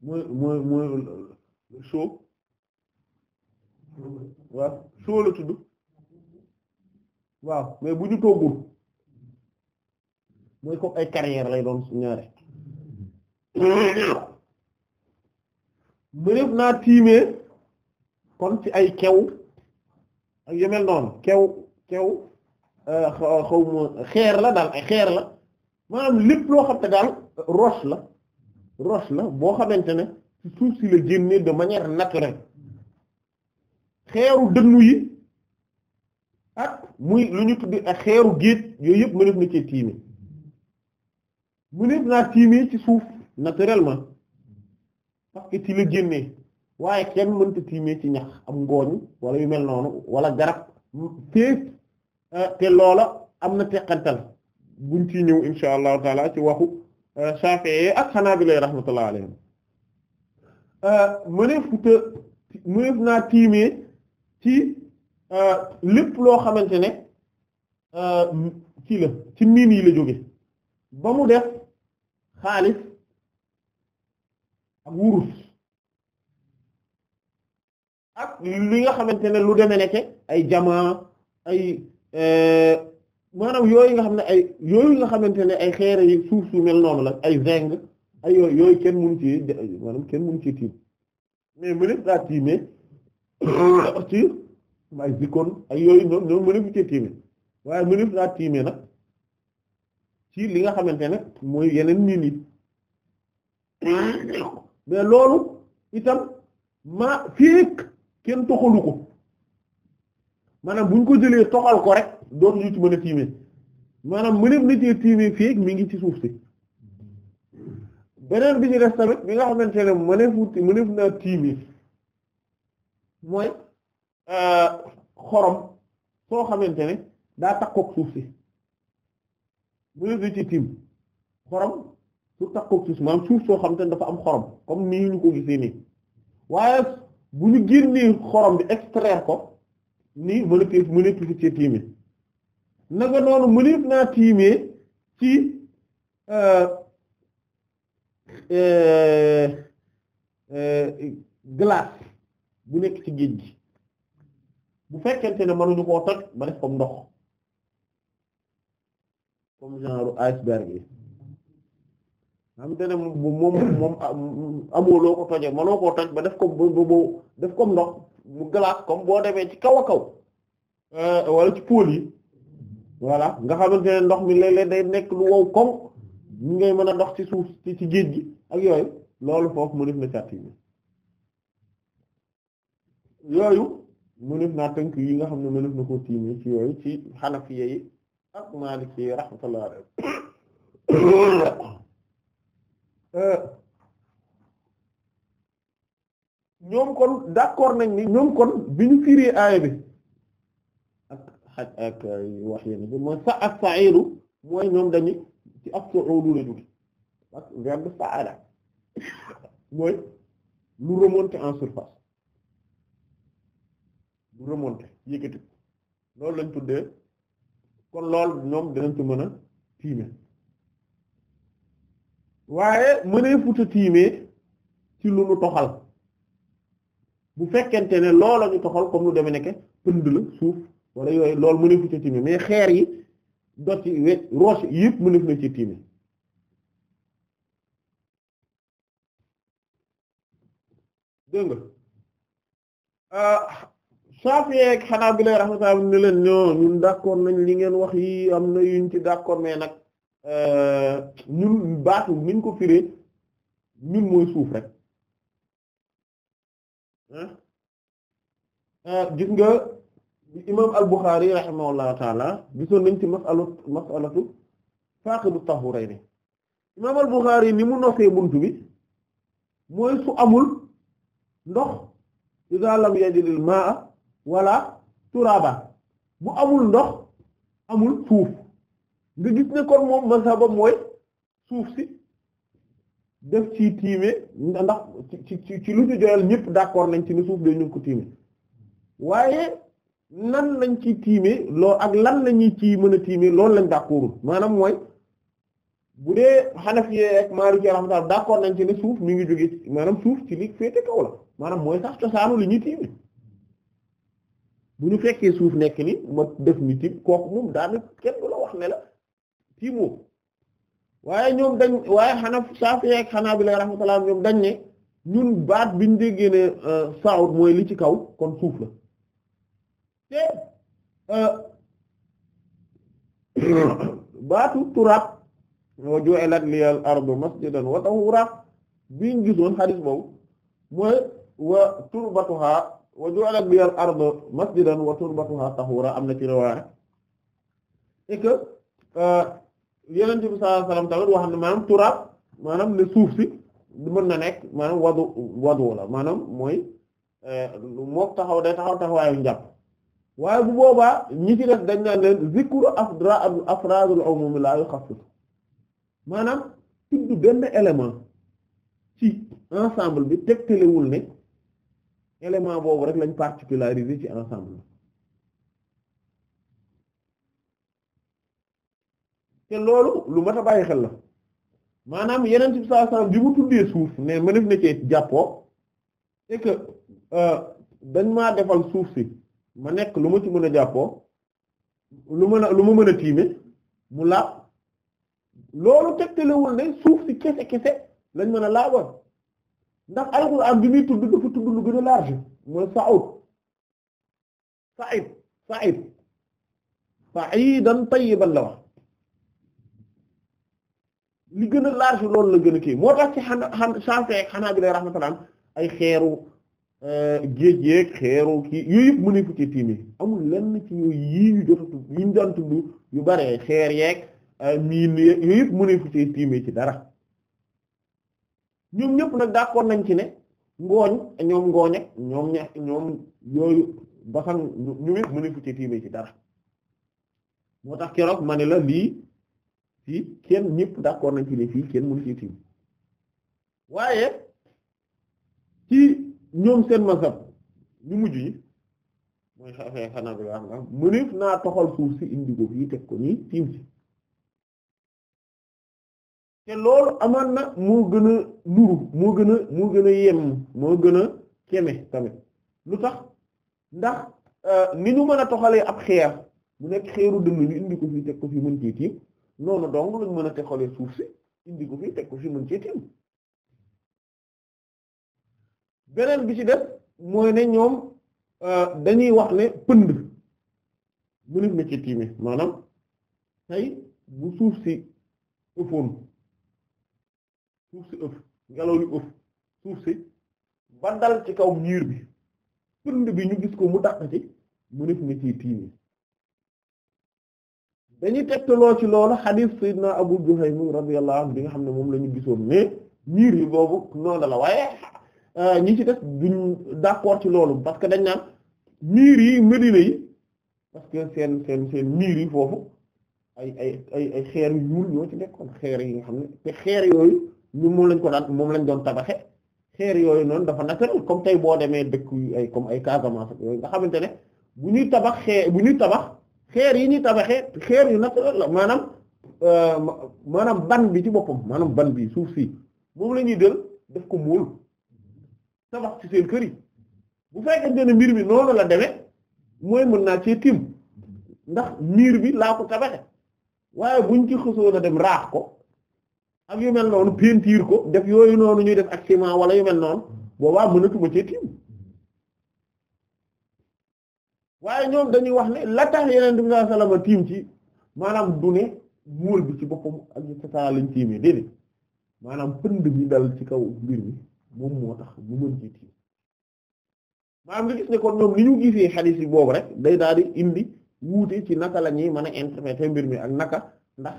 mooy mooy mooy soo waa la tudd waaw mais bu ñu toggul mooy ko ay carrière lay doon su ñaare mëneef naa tiimee kon ci ay kew ak yemel noonu kew kew euh, xaw xeer la daal ay xeer la maanaam lépp loo xam te daal roche la roche la boo xamante ne ci suuf si la génnee de manière naturelle xeeru dënnu yi muy lu ñu tuddi ak xeeru géej yooyu yëpp mëneef na cee tiimi mëneef naa tiimi ci suuf naturellement parce que ci la génnee waaye kenn mënta tiimee ci ñax am ngooñ wala yu mel noonu walla garab féeg euh, te loola am na teqantal buñ ci ñëw insha allahu taala ci waxu euh, Shafi'i ak xanaa rahmatullah alayhim euh, mëneef te mëneef naa tiimee ci Euh, lépp loo xamante ne ci euh, la ci miin yi la jóge ba mu def xaalis ak wurus ak li nga xamante ne lu deme nekke ay jamaa ay euh, maanaam yooyu nga xam ne ay yooyu nga xamante ne ay xeere yi suuf su mel noonu la ay zinc ay yooyu yooyu kenn mun ci kenn tiim mais mu def daa tiimee ay zikkoon ay yooyu ñoom ñoom mënefu cee tiime waaye mënef naa tiime nag ci li nga xamante ne mooy yeneen nit ñi mais loolu itam maa fiig kenn toxalu ko maanaam buñ ko jëlee toxal ko rek doon ñu ci mën tiime maanaam mënef na cee tiime fiig mi ngi ci suuf si beneen bi ñu def tamit bi nga xamante ne mënefu mënef naa tiime mooy Euh, xorom soo xamante ne daa takkook suuf si mënees ci tiim xorom su takkook suuf si maanaam suuf soo xamante ne dafa am xorom comme nii ñu ko gisee nii waaye bu ñu génnee xorom bi extraire ko nii mën a tiim mën a tiim ci tiimee naka noonu mënees naa tiimee ci euh, euh, glace bu nekk ci géej gi bu fekkente ne mënuñu koo toj ba def comme ndox comme genre iceberg yi xam te ne moom moom ah, amoo loo ko tojee mënoo koo toj ba def comme boobu def comme ndox mu glace comme boo demee ci kaw a kaw euh, wala ci pôle yi voilà nga xamante ne ndox mi léeg-léeg day nekk lu wow koŋ ñu ngay mën a ndox ci suuf ci ci géej gi ak yooyu loolu foofu mu def na càtt yi yooyu mënef naa tënk yi nga xam ne mënef na koo tiimee ci yooyu ci xanafiya yi ak maaliki yi rahmatullah ñoom kon d'accord nañ ni ñoom kon bi ñu firi bi ak xaj ak wax mooy ñoom dañu ci ak su'udu la jóge ak verbe sa'ada mooy lu remonter en surface du remonter yëkkati loolu lañ tuddee kon lool ñoom dinañ ko mën a tiime waaye mënee futa ci lu nu toxal bu fekkente ne loola ñu toxal comme lu demee nekke pënd la suuf wala yooyu loolu mënee tiime mais xeer yi dot yi we roche yëpp mëneef ci tiime dégg Shafi'i ak Hanabila rahmatullah ne leen ñoo ñun d'accord nañ li ngeen wax yi am na yuñ ci d'accord mais nag euh, ñun baatu niñ ko firee ñun mooy suuf rek euh, gis nga imaam al-Bukhari rahimahullahu taala gisoon nañ ci mas'alatu mas'alatu faaqidu tahurayni imaam al-Bukhari ni mu nosee buntu bi mooy su amul ndox iza lam yajidil ma'a wala turaba bu amul ndox amul suuf nga gis ne kon moom masaba mooy suuf si def ci tiime ndax ci ci ci lu ñu joyal ñëpp d'accord nañ ci ne suuf day ñu ko tiime waaye nan lañ ci tiime lool ak lan lañuy ci mën a tiime loolu lañ d'accordul maanaam mooy bu dee Hanafiyye ak Maliki rahmatullah d'accord nañ ci ne suuf mi ngi jóge maanaam suuf ci ni féete kaw la maanaam mooy sax cosaanu li tiime bu ñu fekkee suuf nekk ni ma def ni tiim kooku moom daanaka kenn du la wax ne tiimoo waaye ñoom dañ waaye xanaa Saafi ak Xanaabila rahmatullah ñoom dañ ne ñun baat biñ déggee ne euh, saawut mooy li ci kaw kon suuf la te euh, baatu turaab wa ju'ilat liyal ardu masjidan wa tahura biñ gisoon xadiis boobu mooy wa turbatuha wa ju'alat bi al ardu masjidan wa turbatuha tahura am na ci riwaaya et que euh, yeneen bi sallallahu tamit wax na maanaam turaab maanaam ne suuf si mën na nekk maanaam wadu wadu maanaam mooy euh, mook taxaw day taxaw taxawaayu njàpp waaye bu boobaa ñi ci def dañ naan leen zikru afra afraadul umum la yuxaffif maanaam tudd benn élément ci ensemble bi tegtalewul ne élément boobu rek lañ particularisé ci ensemble te loolu lu mat a bàyyi xel la maanaam yeneen ci saa saa bi mu tuddee suuf ne mën def na ci jàppoo c'est que euh, suuf si ma nekk lu ma ci mën a jàppoo lu mën a lu ma mën a tiime mu laab loolu tegtalewul ne suuf si kese kese lañ mën a laabal ndax alxuraan bi muy tudd dafa lu gën a large mooy saud said said sa'idan tayyiban la wax li gën a large loolu la gën a moo tax ci xana xan Shafi'i xanaa bi lay rahmatullah ay xeeru euh, géej yeeg xeeru kii yooyu yëpp mënefu ci tiimi amul lenn ci yooyu yii ñu jotatu yi yu bare xeer yeek euh, miin yeeg yooyu yëpp mënefu ci tiimi ci dara ñoom ñëpp nag d'accord nañ ci ne ngooñ ñoom ngooñ ak ñoom ñax ñoom yooyu basan ñu it ci tiimee ci dara moo tax keroog ma ne la lii fii kenn ñëpp d'accord nañ ci ne fii kenn mënu ci tiim waaye ci ñoom seen masab ñu mujj yi mooy xanaa bi nga xam nga mëneef naa toxal suuf si indi ko fii teg ko nii tiim si te loolu amaan na moo gën a nuru moo gën a moo gën a yem moo gën a keme tamit lu tax ndax euh, ni ñu mën a toxalee ab xeer mu nekk xeeru dënn ñu indi ko fii teg ko fi mën cee tiim mën a toxalee suuf si indi ko teg ko fi mën cee beneen bi ci def mooy ne ñoom euh, dañuy wax ne pënd mënef na ci tiime maanaam tey bu suuf si ëppoon suuf si ëf ngelaw li ëf suuf si ba dal ci kaw miir bi pënd bi ñu gis ko mu daq ci mu nit ñi ciy tiimi dañuy tegtaloo ci loolu xadiis sayyidina Abu Juhaym radiyallahu anhu bi nga xam ne moom la ñu gisoon mais miir yi boobu noonu la waaye euh, ñi ci def duñ d'accord ci loolu parce que dañ naan miir yi Medina yi parce que seen seen seen miir yi foofu ay ay ay ay xeer yu ñuul ñoo ci nekkoon xeer yi nga xam ne te xeer yooyu ñu moom lañ ko daan moom lañ doon tabaxe xeer yooyu noonu dafa naturel comme tey boo demee dëkk yu ay comme ay Casamance yooyu nga xamante ne bu ñuy tabax xeer bu ñuy tabax xeer yi ñuy tabaxee xeer yu naturel la maanaam euh, maanaam ban bi ci boppam maanaam ban bi suuf si moom la ñuy jël def ko muul tabax ci seen kër yi bu fekkente ne mbir bi noonu la demee mooy mën naa ci tim ndax miir bi laa ko tabaxe waaye buñ ci xësoon a dem raax ko ak yu mel noonu pentiir ko def yooyu noonu ñuy def ak ciment wala yu mel noonu boobaa mënatuma cee tiim waaye ñoom dañuy wax ne la tax yeneen bi sallallahu alayhi tiim ci maanaam du ne muul bi ci boppam ak saa lañ tiimee déedéet maanaam pënd bi dal ci kaw mbir mi moom moo tax mu mën ci tiim maanaam nga gis ne kon ñoom li ñu gisee xadiis yi boobu rek day daal di indi wuute ci naka lañuy ñuy mën a interpréter mbir mi ak naka ndax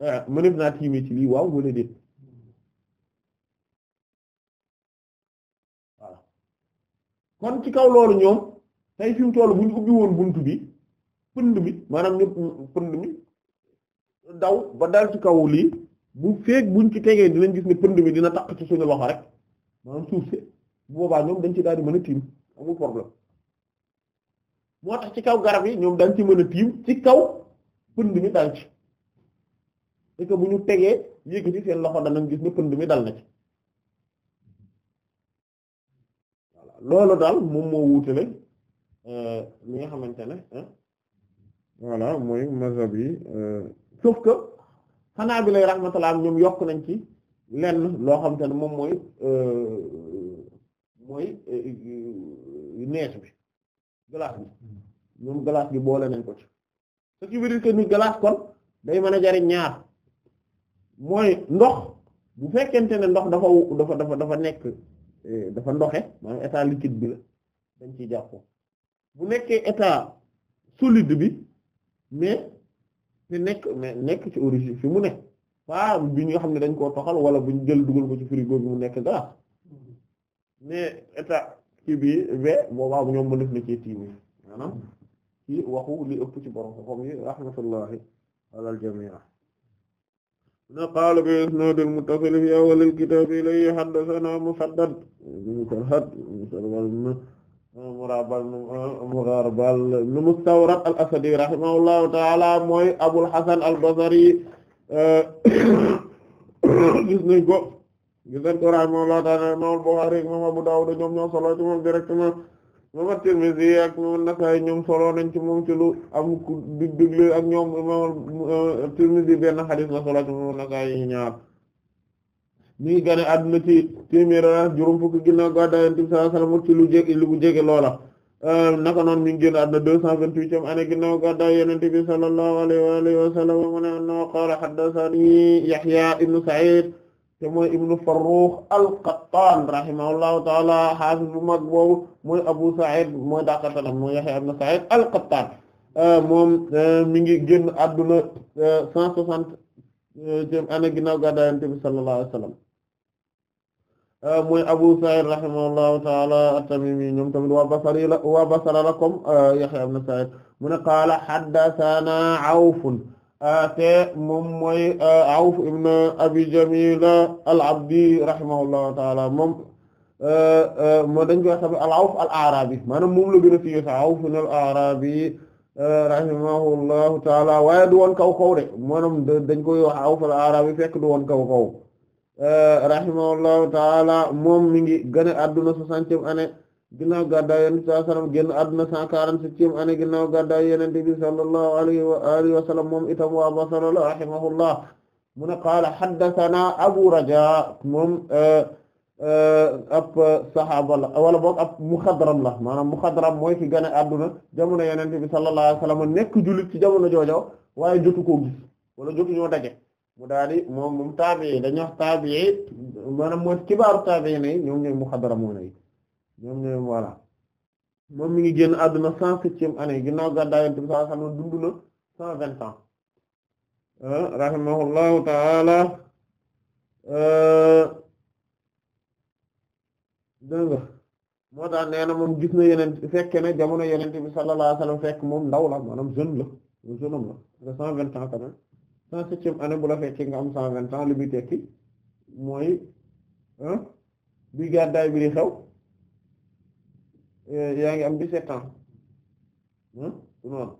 Ah, mënef naa tiimee ci lii waaw wala déet voilà kon ci kaw loolu ñoom tey fi mu toll bu ñu ubbi woon buntu bi pënd mi maanaam ñëpp pënd mi daw ba dal ci kaw lii bu feeg buñ ci tegee dinañ gis ne pënd mi dina takk ci suñu loxo rek maanaam suuf si boobaa ñoom dañ ci daal di mën a tiim amul problème moo tax ci kaw garab yi ñoom dañ ci mën a tiim ci kaw pënd mi dal ci et que bu ñu tegee yéegiti seen loxo danañ gis ne pënd mi dal na ci voilà loolu daal moom moo wuutale euh, li nga xamante ne mooy mazhab bi euh, sauf que xanaa bi lay rahmatullah ñoom yokk nañ ci lenn loo xamante ne moom mooy euh, mooy neex bi glace bi ñoom glace bi boole nañ ko ci ce qui veut ko ni glace kon day mën a jariñ ñaar mooy ndox bu fekkente ne ndox dafa dafa dafa dafa nekk eh, dafa ndoxe maanaam état liquide bi la dañ ciy jàppoo bu nekkee état solide bi mais te nekk mais nekk ci origine fi mu ne waaw bi ñu xam ne dañ koo toxal wala bu ñu jël dugal ko ci frigo bi mu nekk glace mais état kii bi ba moo bu ñoom mënef na cee tiimi maanaam ci waxu li ëpp ci borom ko xam yi rahmatullahi alal jamia na qaala bi isnaadil muttasil fi awwalil kitaab ilayhi haddasanaa Musaddad ibn Farhad Mugharbal ibn Mustawrad al-Asadi rahimahullahu ta'aala mooy Abul Hasan al-Basri eh, gis ko gis nañ ko Abu Daawud ñoom ñoo solo ci moom directement imam Tirmidhi ak imam Nasa'i ñoom solo nañ ci moom ci lu ak ñoom imam euh, Tirmidhi benn xadis la solo ci imam Nasa'i ñaar mi ngi gane ci téeméer ak juróom fukki ginnaaw gàddaay Yonent bi sallallahu alayhi wasallam ci lu jege bu jege loola euh, naka noonu mi ngi génn àdduna deux cent vingt-huitième année ginnaaw gàddaay Yonent bi sallallahu alayhi wa alihi wa sallam mu ne qaala Yahya ibn Sa'id te mooy ibnu farrukh al-qattan rahimahullahu taala hafiz bu mag boobu mooy abu sa'id mooy daakatanam mooy yahya ibn sa'id al-qattan euh, moom euh, mi ngi génn adduna euh, cent soixante jëm ana ginnaaw gàddaay yonent bi sallallahu alayhi wasallam mooy abu sa'id rahimahullahu taala at-tamimi ñoom tamit waa basari la waa basara la comme yahya ibn sa'id mu ne qaala haddathana awfun te moom mooy euh, Awf ibn Abi Jamila al-Abdi rahimahullahu taala moom euh, euh, dañ koy maanaam moom la gën a fiye sa Awf arabi rahimahullahu taala waaye du woon kaw kaw de maanaam dañ koy wax Awf al-Arabi fekk du woon kaw kaw rahimahullahu taala moom mi gën adduna soixantième année ginnaaw gàddaay yonent bi sallallahu alayhi wa sallam génn àdduna cent quarante-septième année ginnaaw gàddaay yonent bi sallallahu alayhi wa alihi wa sallam moom itam waa Basra la rahimahullah mu ne qaala haddathana Abu Raja moom euh, euh, ab saxaaba la wala boog ab muxadram la maanaam muxadram mooy ki gane àdduna jamono yonent bi sallallahu alayhi nekk jullit ci jamono joojo waaye jotu koo wala jotu ñoo daje mu daal di moom moom taabi'i dañuy wax taabi'i maanaam mooy kibaaru taabi'i ne ñoom ñooy muxadram ñoom ñooy voilà moom mi ngi génn àdduna cent septième année ginnaaw gàddaay Yonent bi sallallahu alayhi wa sallam dund na cent vingt ans euh, rahimahullahu taala euh, dégg nga moo tax nee na moom gis na yeneen fekk na jamono Yonent bi sallallahu alayhi wa sallam fekk moom ndaw la maanaam jeune la jeune homme la cent vingt ans quand même cent septième année bu la fekkee nga am cent vingt ans li muy tekki mooy bi gàddaay bi di xew yaa ngi am 17 ans noonu hmm?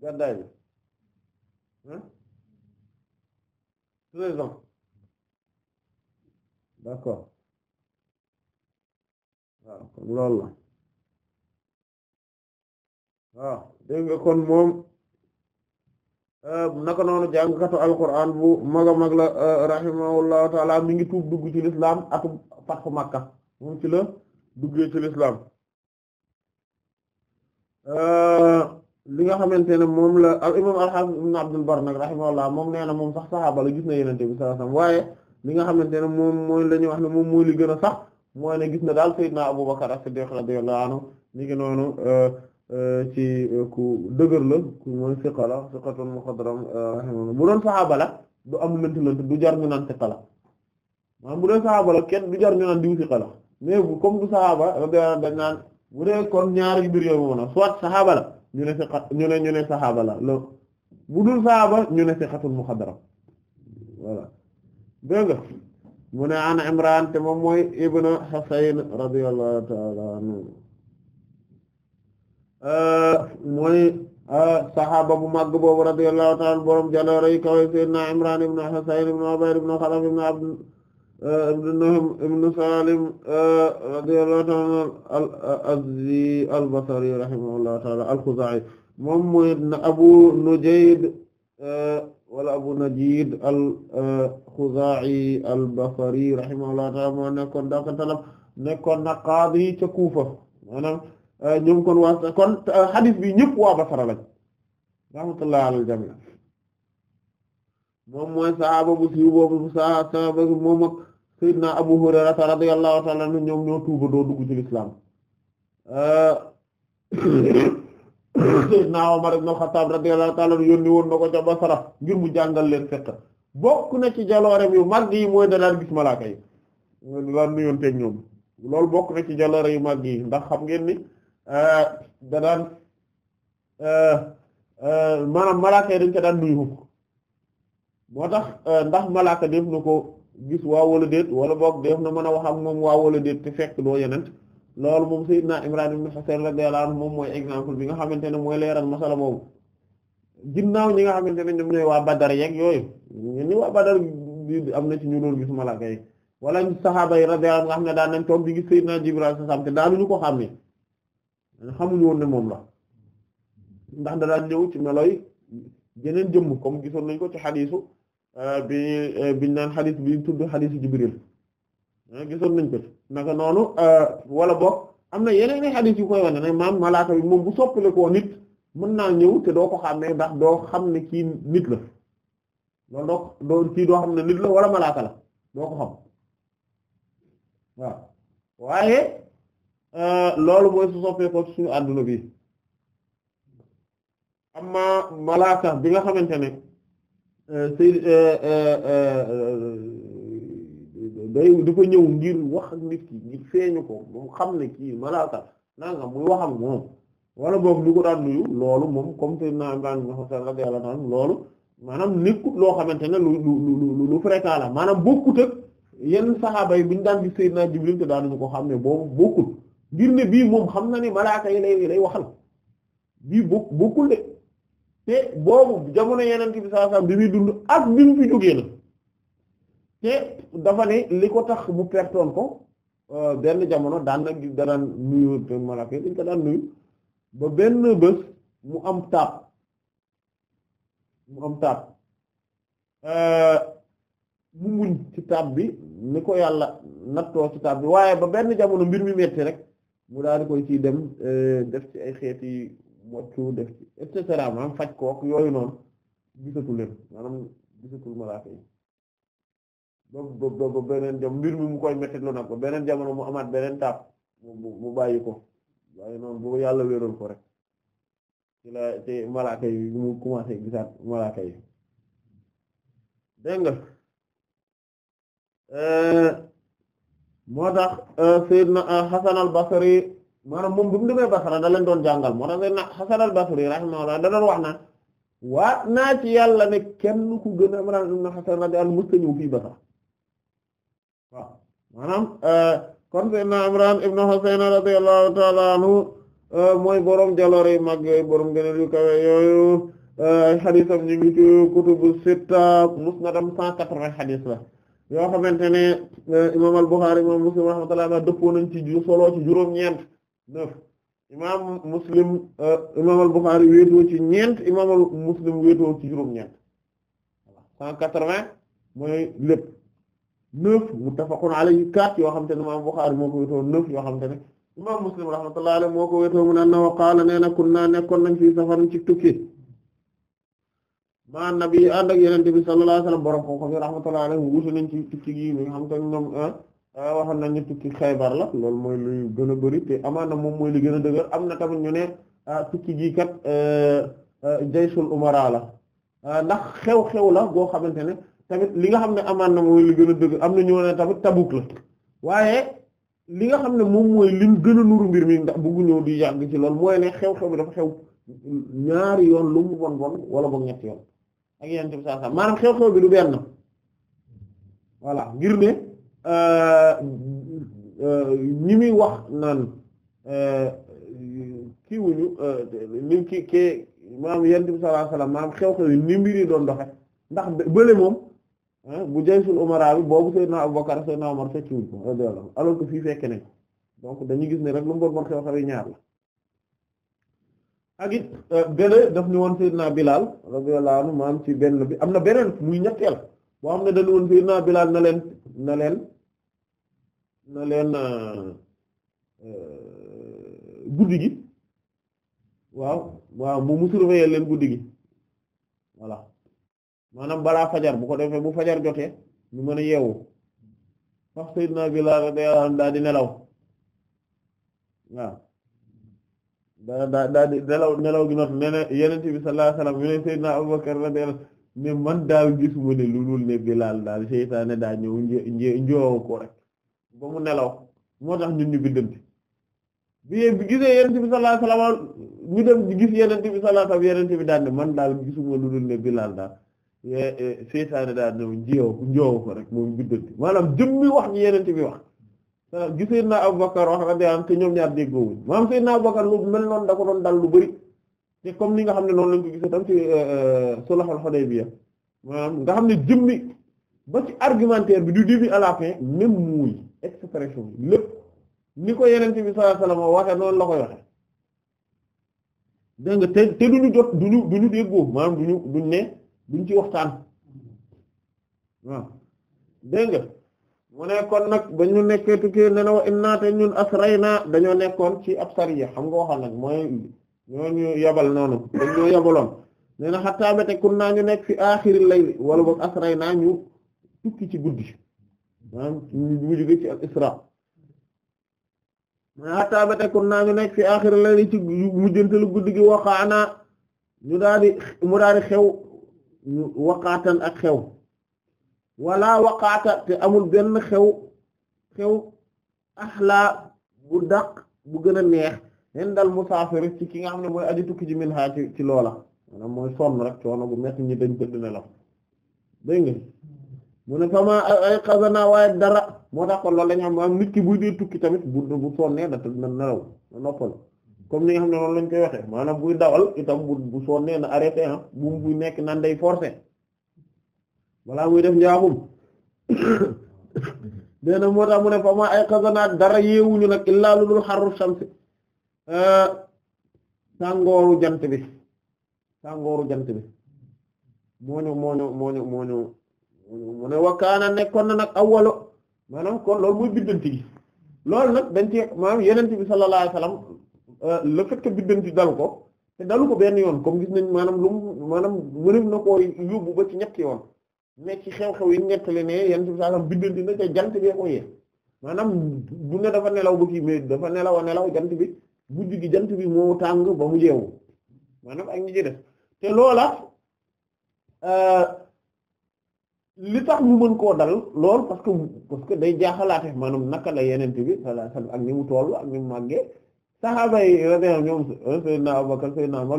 gàddaay bi 13 hmm? ans d'accord waaw kon loolu la waaw dégg nga kon moom euh, naka noonu jàngkatu alquran bu maga mag la euh, rahimahullahu taala mi ngi tuub dugg ci fatxu Makka moom ci la duggee ci lislaam euh, li nga xamante ne moom la al imam al-Hafiz ibn Abdul Barr nag rahimahullah moom nee na moom sax saxaaba la gis na yenente bi sallallahu waaye li nga xamante ne moom mooy la wax ne moom mooy li gën a sax mooy ne gis na daal Seydina Abu Bakar as-Siddiq radiyallahu anhu ni ngi noonu euh, euh, ci ku dëgër la ku mooy siqa la siqatun muxadram rahimahullah bu doon saxaaba la du am lënt lënt du jar ñu naan siqa maanaam bu dee saxaaba la kenn du jar ñu naan diw siqa la mais bu comme du saxaaba radiyallahu dañ naan bu dee kon ñaari mbir yooyu moom nag soit saxaaba la ñu ne siqa ñu ne ñu ne saxaaba la la bu mu ne an Imraan te moom mooy ibn Husayn radiyallahu ta'ala anhu mooy saxaaba bu màgg boobu radiyallahu ta'ala borom jaloore yi kaw Sayyidina Imraan ibn Husayn ibn Ubayd ibn Xalaf ibn ibn Salim eh, radiyallahu ta'ala al-Azzi al-Basri rahimahullahu ta'ala al-Khuzaa'i moom mooy Abu Nujayd eh, wala Abu Najid al-Khuzaa'i eh, al-Basri rahimahullahu ta'ala moo nekkoon dakantalam nekkoon na qaadi ca Kuufa maanaam ñoom kon waa kon hadith bi ñëpp waa Basra lañ rahmatullahi ala al-jamii' moom mooy sahaaba bu siiw boobu moom ak Seydina Abu Hurayrata radiyallahu ta'ala anhu ñoom ñoo tuuba doo dugg ci lislaam euh, Seydina Umar ibn al-Khattab radiyallahu yónni woon na ko ca Basra ngir mu jàngal leen fiqh bokk na ci jaloorem yu mag yi mooy da daan gis malaaka yi daan bokk na ci jaloore yu màgg yi ndax xam ngeen euh, da daan euh, maanaam malaaka yi dañ ko daan nuyu moo tax ndax malaaka def na ko gis waaw wala déet wala boog def na mën a wax ak moom waaw wala déet te fekk doo yenent loolu moom Seydina Imran ibn Husayn radiyallahu anhu moom mooy exemple bi nga xamante ne mooy leeral masala boobu ginnaaw ñi nga xamante ne ñoom ñooy waa Badar yeeg yooyu ñun ni waa Badar bi am na ci ñu doon gis malaaka yi wala saxaaba yi radiyallahu anhu nga xam ne daan nañ toog di gis Seydina Jibril sa sam te ko xam ne xamuñu woon ne moom la ndax da daan ñëw ci melooy yeneen jëmm comme gisoon nañ ko ci xadiisu Euh, bi euh, biñ naan xadis bi tudd xadisu Jibril euh, gisoon nañ ko naka noonu wala boog am na yeneen i xadis yu koy wane ne maam malaaka bi moom soppalekoo nit mën naa ñëw doo ko xàmmee ndax doo xam ne kii nit la loolu doo doo xam ne nit la wala malaaka la doo ko xam waaw suñu àdduna bi amma malaaka bi nga xamante ne Euh, Seydou euh, day euh, dafa ñëw ngir wax ak nit ki ngir feeñu ko moom xam ne kii malaaka nanga muy wax ak moom wala boog lu ko daan nuyu loolu moom comme daan Imraan ibn Husayn radiyallahu anhu loolu maanaam nekkut loo xamante ne lu lu lu lu fréquent la maanaam bokkut ak yenn saxaaba yi bu ñu daan di Seydina Jibril te daanuñu ko xam ne boobu bokkul ngir ne bii moom xam na ne malaaka yi lay lay waxal bii bokk bokkul de. te boobu jamono yeneen bi saa saa bi muy dund ak bi mu fi jógee la te dafa ne li ko tax mu pertoon ko euh, benn jamono daan nag da daan nuyu malaaka ba benn bés mu am taab mu am taab euh, mu muñ ci taab bi ni ko yàlla nattoo ci taab bi waaye ba benn jamono mbir mi metti rek mu daal di koy ciy dem euh, def ci ay xeeti wàccu def ci et cetera maanaam faj kook yooyu noonu gisatu leen maanaam gisatul malaaka yi ba ba ba ba beneen jamono mu amaat beneen taab mu bàyyi ko waaye noonu bu yàlla wéeral ko rek ci la malaaka yi mu commencé gisaat malaaka yi dégg euh, moo tax euh, Seydina Hasan maanaam moom bu mu demee Basra da leen doon jàngal moo tax na Hasan al-Basri rahimahullah naa ci yàlla ne kenn ku gën a Imraan ibn Hasan radiyallahu anhu mësta ñëw fii Basra waaw maanaam euh, kon euh, euh, ne dëppoo nañ ci solo ci juróom-ñeent neuf imaam muslim euh, imaam al-Bukhari wéetoo ci ñeent imaam muslim wéetoo ci juróom-ñeent cent quatre-vingt mooy lépp neuf muttafaqun alayhi quatre yoo xam te ne imaam Bukhari moo ko yoo xam te ne imaam muslim rahmatullahi alayhi moo ko wéetoo mu ne na wa qaala nee na kunna nekkoon nañ safarin ci tukki ma nabi ànd ak yonent bi sallallahu alayhi wasallam borom ko ko rahmatullahi alayhi wuute nañ ci tukki gi nga xam te ñoom ah, Ah, waxoon nañu tukki xaybar la loolu mooy gën a bëri moom mooy li gën a dëgër am na tamit ñu ne ah, tukki ji kat eh, eh, jaysul umara la ah, ndax xew-xew la goo xamante ne tamit li nga xam ne amaana mooy li gën a dëgër am na ñu ne tamit tabuk la waaye li nga xam ne moom mooy lim gën a nuru mbir mi ndax bëggu ñëw di yàgg ci loolu mooy ne xew-xew bi dafa xew ñaari yoon lu mu bon bon wala boog ñetti yoon ak yeneen ci saa saa maanaam xew-xew bi du benn voilà ngir ne. Euh, ñi muy wax naan euh, kii wuñu li euh, ki kii maam yonent bi sallallahu alayhi wasallam maam xew-xew yi ni mbiri doon doxe ndax bële moom ah, bu jaysul umara bi boobu Seydina Abubakar Seydina Umar fekk wuñ ko radiyallahu alors que fii fekk nañ donc dañuy gis ne rek lu mu bon bon xew-xew yi ñaar la ak bële daf ni woon Seydina Bilal radiyallahu anhu maam ci benn bi am na beneen muy ñetteel boo xam ne dañu woon Seydina Bilaal na leen na leen na leen euh, euh, guddi gi waaw waaw mu mu surveiller leen guddi gi voilà maanaam balaa fajar bu ko defee bu fajar jotee ñu mën a yeewu sax Seydina Bilaal radiyallahu daal di nelaw waaw daa daa di nelaw nelaw gi not nee na Yonent bi sallallahu alayhi wasallam yu ne Seydina Abubakar radiyallahu ne man daal gisuma ne lu dul ne Bilaal daal seytaane daa ñëw një njëw ko rek ba mu nelaw moo tax ñun ñu biddanti bi bi gisee yenente bi sallallahu alayhi wasallam ñu dem gis yenente bi sallallahu bi daal ne man daal gisuma lu dul ne Bilaal daal eh, eh, seytaane daal ñëw njëw njëw ko rek moom biddanti maanaam mi wax ñi yenente bi wax gisee naa Abubakar wax radiyallahu anhu te ñoom ñaar déggoo wuñ maanaam Seydina Abubakar lu mel noonu da ko doon lu bari te comme ni nga xam ne noonu lañ ko gisee tam ci euh, euh, sulhul Hudaybiya maanaam nga xam ne jëmmi ba ci argumentaire bi du début à la fin même muy expression lépp ni ko yeneen bi sallallahu alayhi wasallam waxe noonu la koy waxe nga te te du ñu ñu du ñu déggoo ci waxtaan waaw dégg nga mu ne nag ba ñu nekkee na wa inna te ñun asrayna dañoo nekkoon ci ab sariya xam nga waxal nag mooy. ñooñu yabal noonu dañ yabaloon nee na xattaa ba te kun naa ñu nekk fi aaxiril layli wala boog asray naa ñu tukki ci guddi maanaam mu jóge ci al isra mais xattaa ba te kun naa ñu nekk fi aaxiril layli ci mujjantalu guddi gi waqaanaa mu daal xew ñu waqaatan ak xew wala waqaata te amul benn xew xew axlaa bu dàq bu gën a neex. indal musaafir ci ki nga xam ne mooy aji tukki ji min haa ci ci loola maanaam mooy sonn rek coono bu metti ñi dañ bëgg ne la nga mu ne dara moo tax kon loolu lañ xam maanaam nit ki buy dee tukki tamit bu bu sonnee na na nelaw na noppal comme ni nga xam ne noonu lañ koy waxee maanaam buy dawal itam bu bu sonnee na arrêté ah bu buy nekk nan day forcé balaa muy def njaaxum dén moo tax mu ne fama ay xasana dara yeewuñu nag illaa lu dul xarru shamsi sàngooru jant bi sàngooru jant bi moo ñu moo ñu moo ñu moo ne wakkaana nekkoon na nag awwalu maanaam kon lool mooy biddanti gi loolu nag dañ ci maanaam yenent bi sallallahu alayhi wasallam euh, le fait que biddanti dal ko te dalu ko benn yoon comme gis nañ maanaam lu mu maanaam mënef na koo yóbbu ba ci ñetti yoon mais ci xew-xew yi ñettali ne yenent bi sallallahu alayhi wasallam biddanti na ca jant bee ko yee maanaam du ne dafa nelaw ba kii mais dafa nelaw a nelaw jant bi guddi gi jant bi moo tàng ba mu jeewu maanaam ak ñi ci def te loola euh, li tax mu mën koo dal lool parce que parce que day jaaxalaate maanaam naka la yeneen bi ni mu tollu ak mu màggee saxaaba yi radiyallahu ñoom euh, sayyidina Abubakar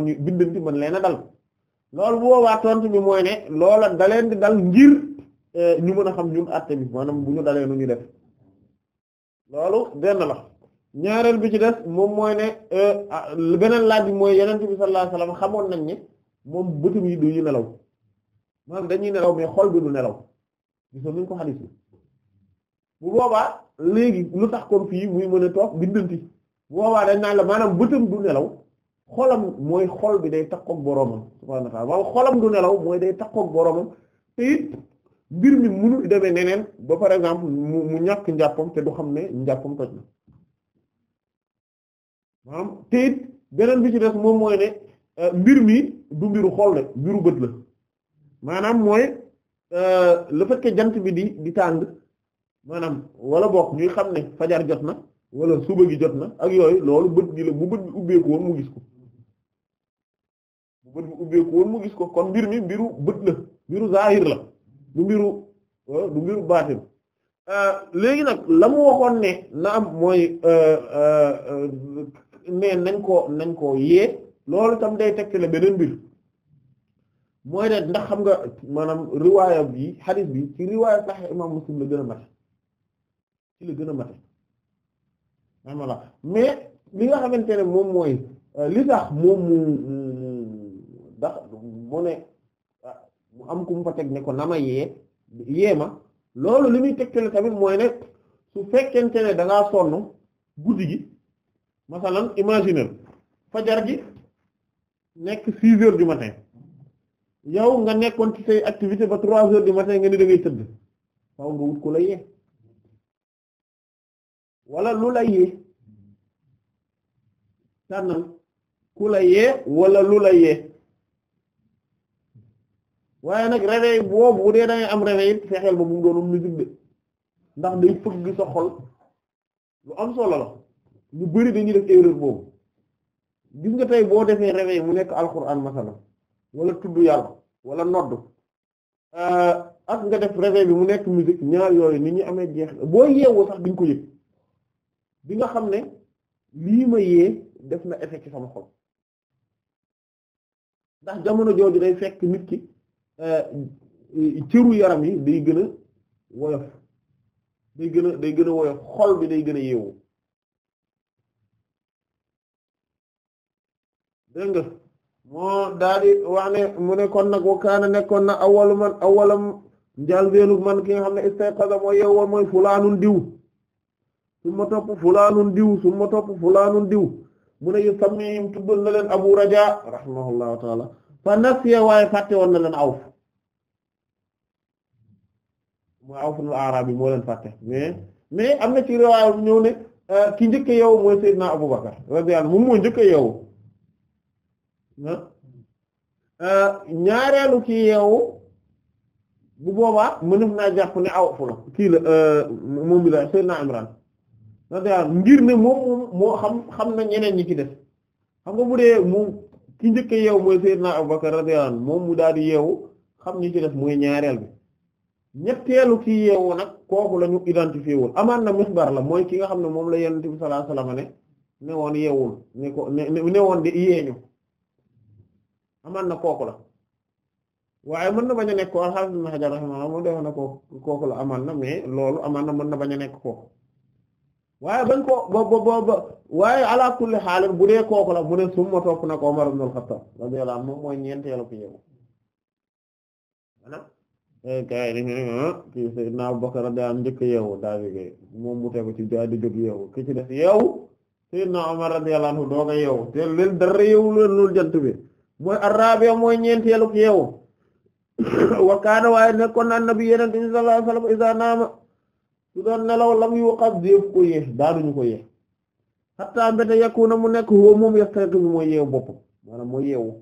ñu bindanti mën leen a dal loolu boobaa tontu bi mooy ne loola daleen di dal ngir euh, ñu mën a xam ñun àtte bi maanaam bu ñu dalee nu ñu def loolu benn la ñaareel bi ci des moom mooy ne euh, beneen laaj bi mooy yonent bi sallallahu alayhi wasallam xamoon nañ ne moom bëtum yi du ñu nelaw maanaam dañuy nelaw mais xol bi du nelaw gisoon nañ ko xadiis bi bu boobaa léegi lu tax kon fii muy mën a toog bindanti bu boobaa dañ naan la maanaam bëtam du nelaw xolam mooy xol bi day takkoog boroomam subhaanahu wa ta'ala waaw xolam du nelaw mooy day takkoog boroomam te it mbir mi mënul demee neneen ba par exemple mu ñàkk njàppam te du xam ne njàppam toj na maanaam te beneen bi ci des moom mooy ne euh, mbir mi du mbiru xol rek mbiru bët la maanaam mooy euh, le fait jant bi di di tàng maanaam wala boog ñuy xam ne fajar jot na wala suba gi jot na ak yooyu loolu bët gi la bu bët bi ubbeeku woon mu gis ko bu mu gis ko kon mbir mi mbiru bët la mbiru zahir la du mbiru euh, du mbiru baatin léegi nag la mu waxoon ne na am mooy ne nañ koo nañ koo yee loolu tam day tegtale beneen mbir mooy ne ndax xam nga maanaam riwaaya bii xarit bi ci riwaaya Sahih imam Muslim la gën a mate ci la gën a mate voilà mais li nga xamante ne moom mooy euh, li tax moom mu ah, am ku mu teg ne ko na yee yee ma loolu li muy tegtale tamit mooy ne su fekkente ne da ngaa sonn guddi gi masalan imaginer fajar gi nekk six heures du matin yow nga nekkoon ci say activité ba trois heures du matin nga ni da ngay tëdd waaw nga wut ko la yee wala lu la yee tànnal ku la yee wala lu la yee waaye nag réveil boobu dee dangay am réveil fexeel ba mu doonu musique de ndax day fëgg sa xol lu am solo la ñu bëri dañuy def erreur boobu gis nga tey boo defee réveil mu nekk alxuraan masala wala tudd yàlla wala nodd euh, ak nga def réveil bi mu nekk musique ñaar yooyu ni ñu amee jeex boo yeewoo sax di nga ko yëg bi nga xam ne lii ma yee def na effet ci sama xol ndax jamono jooju day fekk nit ki euh, cëru yaram yi day gën a woyof day gën a day gën a woyof xol bi day gën a yeewu dégg nga moo daal di mu nekkoon kon nag wa kaana nekkoon na awwalu man awwalam njàlbéenu man ki nga xam ne istayqaza oo yeewoo mooy fulaanun diw su ma topp fulaanun diw su ma topp fulaanun diw mu ne yu samihim tuddal na leen abu raja rahimahullahu taala fa nasiya waaye fàtte woon na leen awf mooy awful arab yi moo leen fàtte mais mais am na ci riwaaya ñëw ne euh, ki njëkk yeewu mooy Seydina Abubakar radiyallahu anhu moom moo njëkk yeewu Euh, ñaareelu ci yeewu bu boobaa mënef naa jàpp ne aw fu la kii la euh, mu bi la Seydina Imran radiyallahu ngir ne moom moom moo xam xam na ñeneen ñi ci def xam nga bu dee mu ki njëkk yeewu mooy Seydina Abubakar radiyallahu moom mu daal di yeewu xam ñi ci def mooy ñaareel bi ñetteelu ki yeewu nag kooku lañu ñu identifié amaan na misbar la mooy ki nga xam ne moom la Yonent bi sallallahu alayhi ne ne woon yeewul ne ko ne ne woon di yeeñu amaan na kooku la waaye mën na bañ a nekk ko na xajar kooku la amaan na mais loolu amaan na mën na bañ a nekk kooku waaye bañ ko ba ba ba waaye ala kulli xaalis bu dee kooku la mu ne summa topp nag Umar ibn al moom mooy ñeent ku yeewu kay ni kii Seydina Abu njëkk yeewu daal mu tegu ci daal di jóg ki ci def yeewu Seydina Umar radiyallahu anhu dooga yeewu te lil dara yeewu leen loolu jant bi mooy arrabi'a mooy ñeenteelu ku yeewu wa waaye nekkoon na annabi yeneen bi sallallahu alayhi wasallam iza naama su doon nelaw lam yuqaz def ko yee daanuñu ko yee hatta mbete na mu nekk huwa moom yastayqizu mooy yeewu boppam maanaam mooy yeewu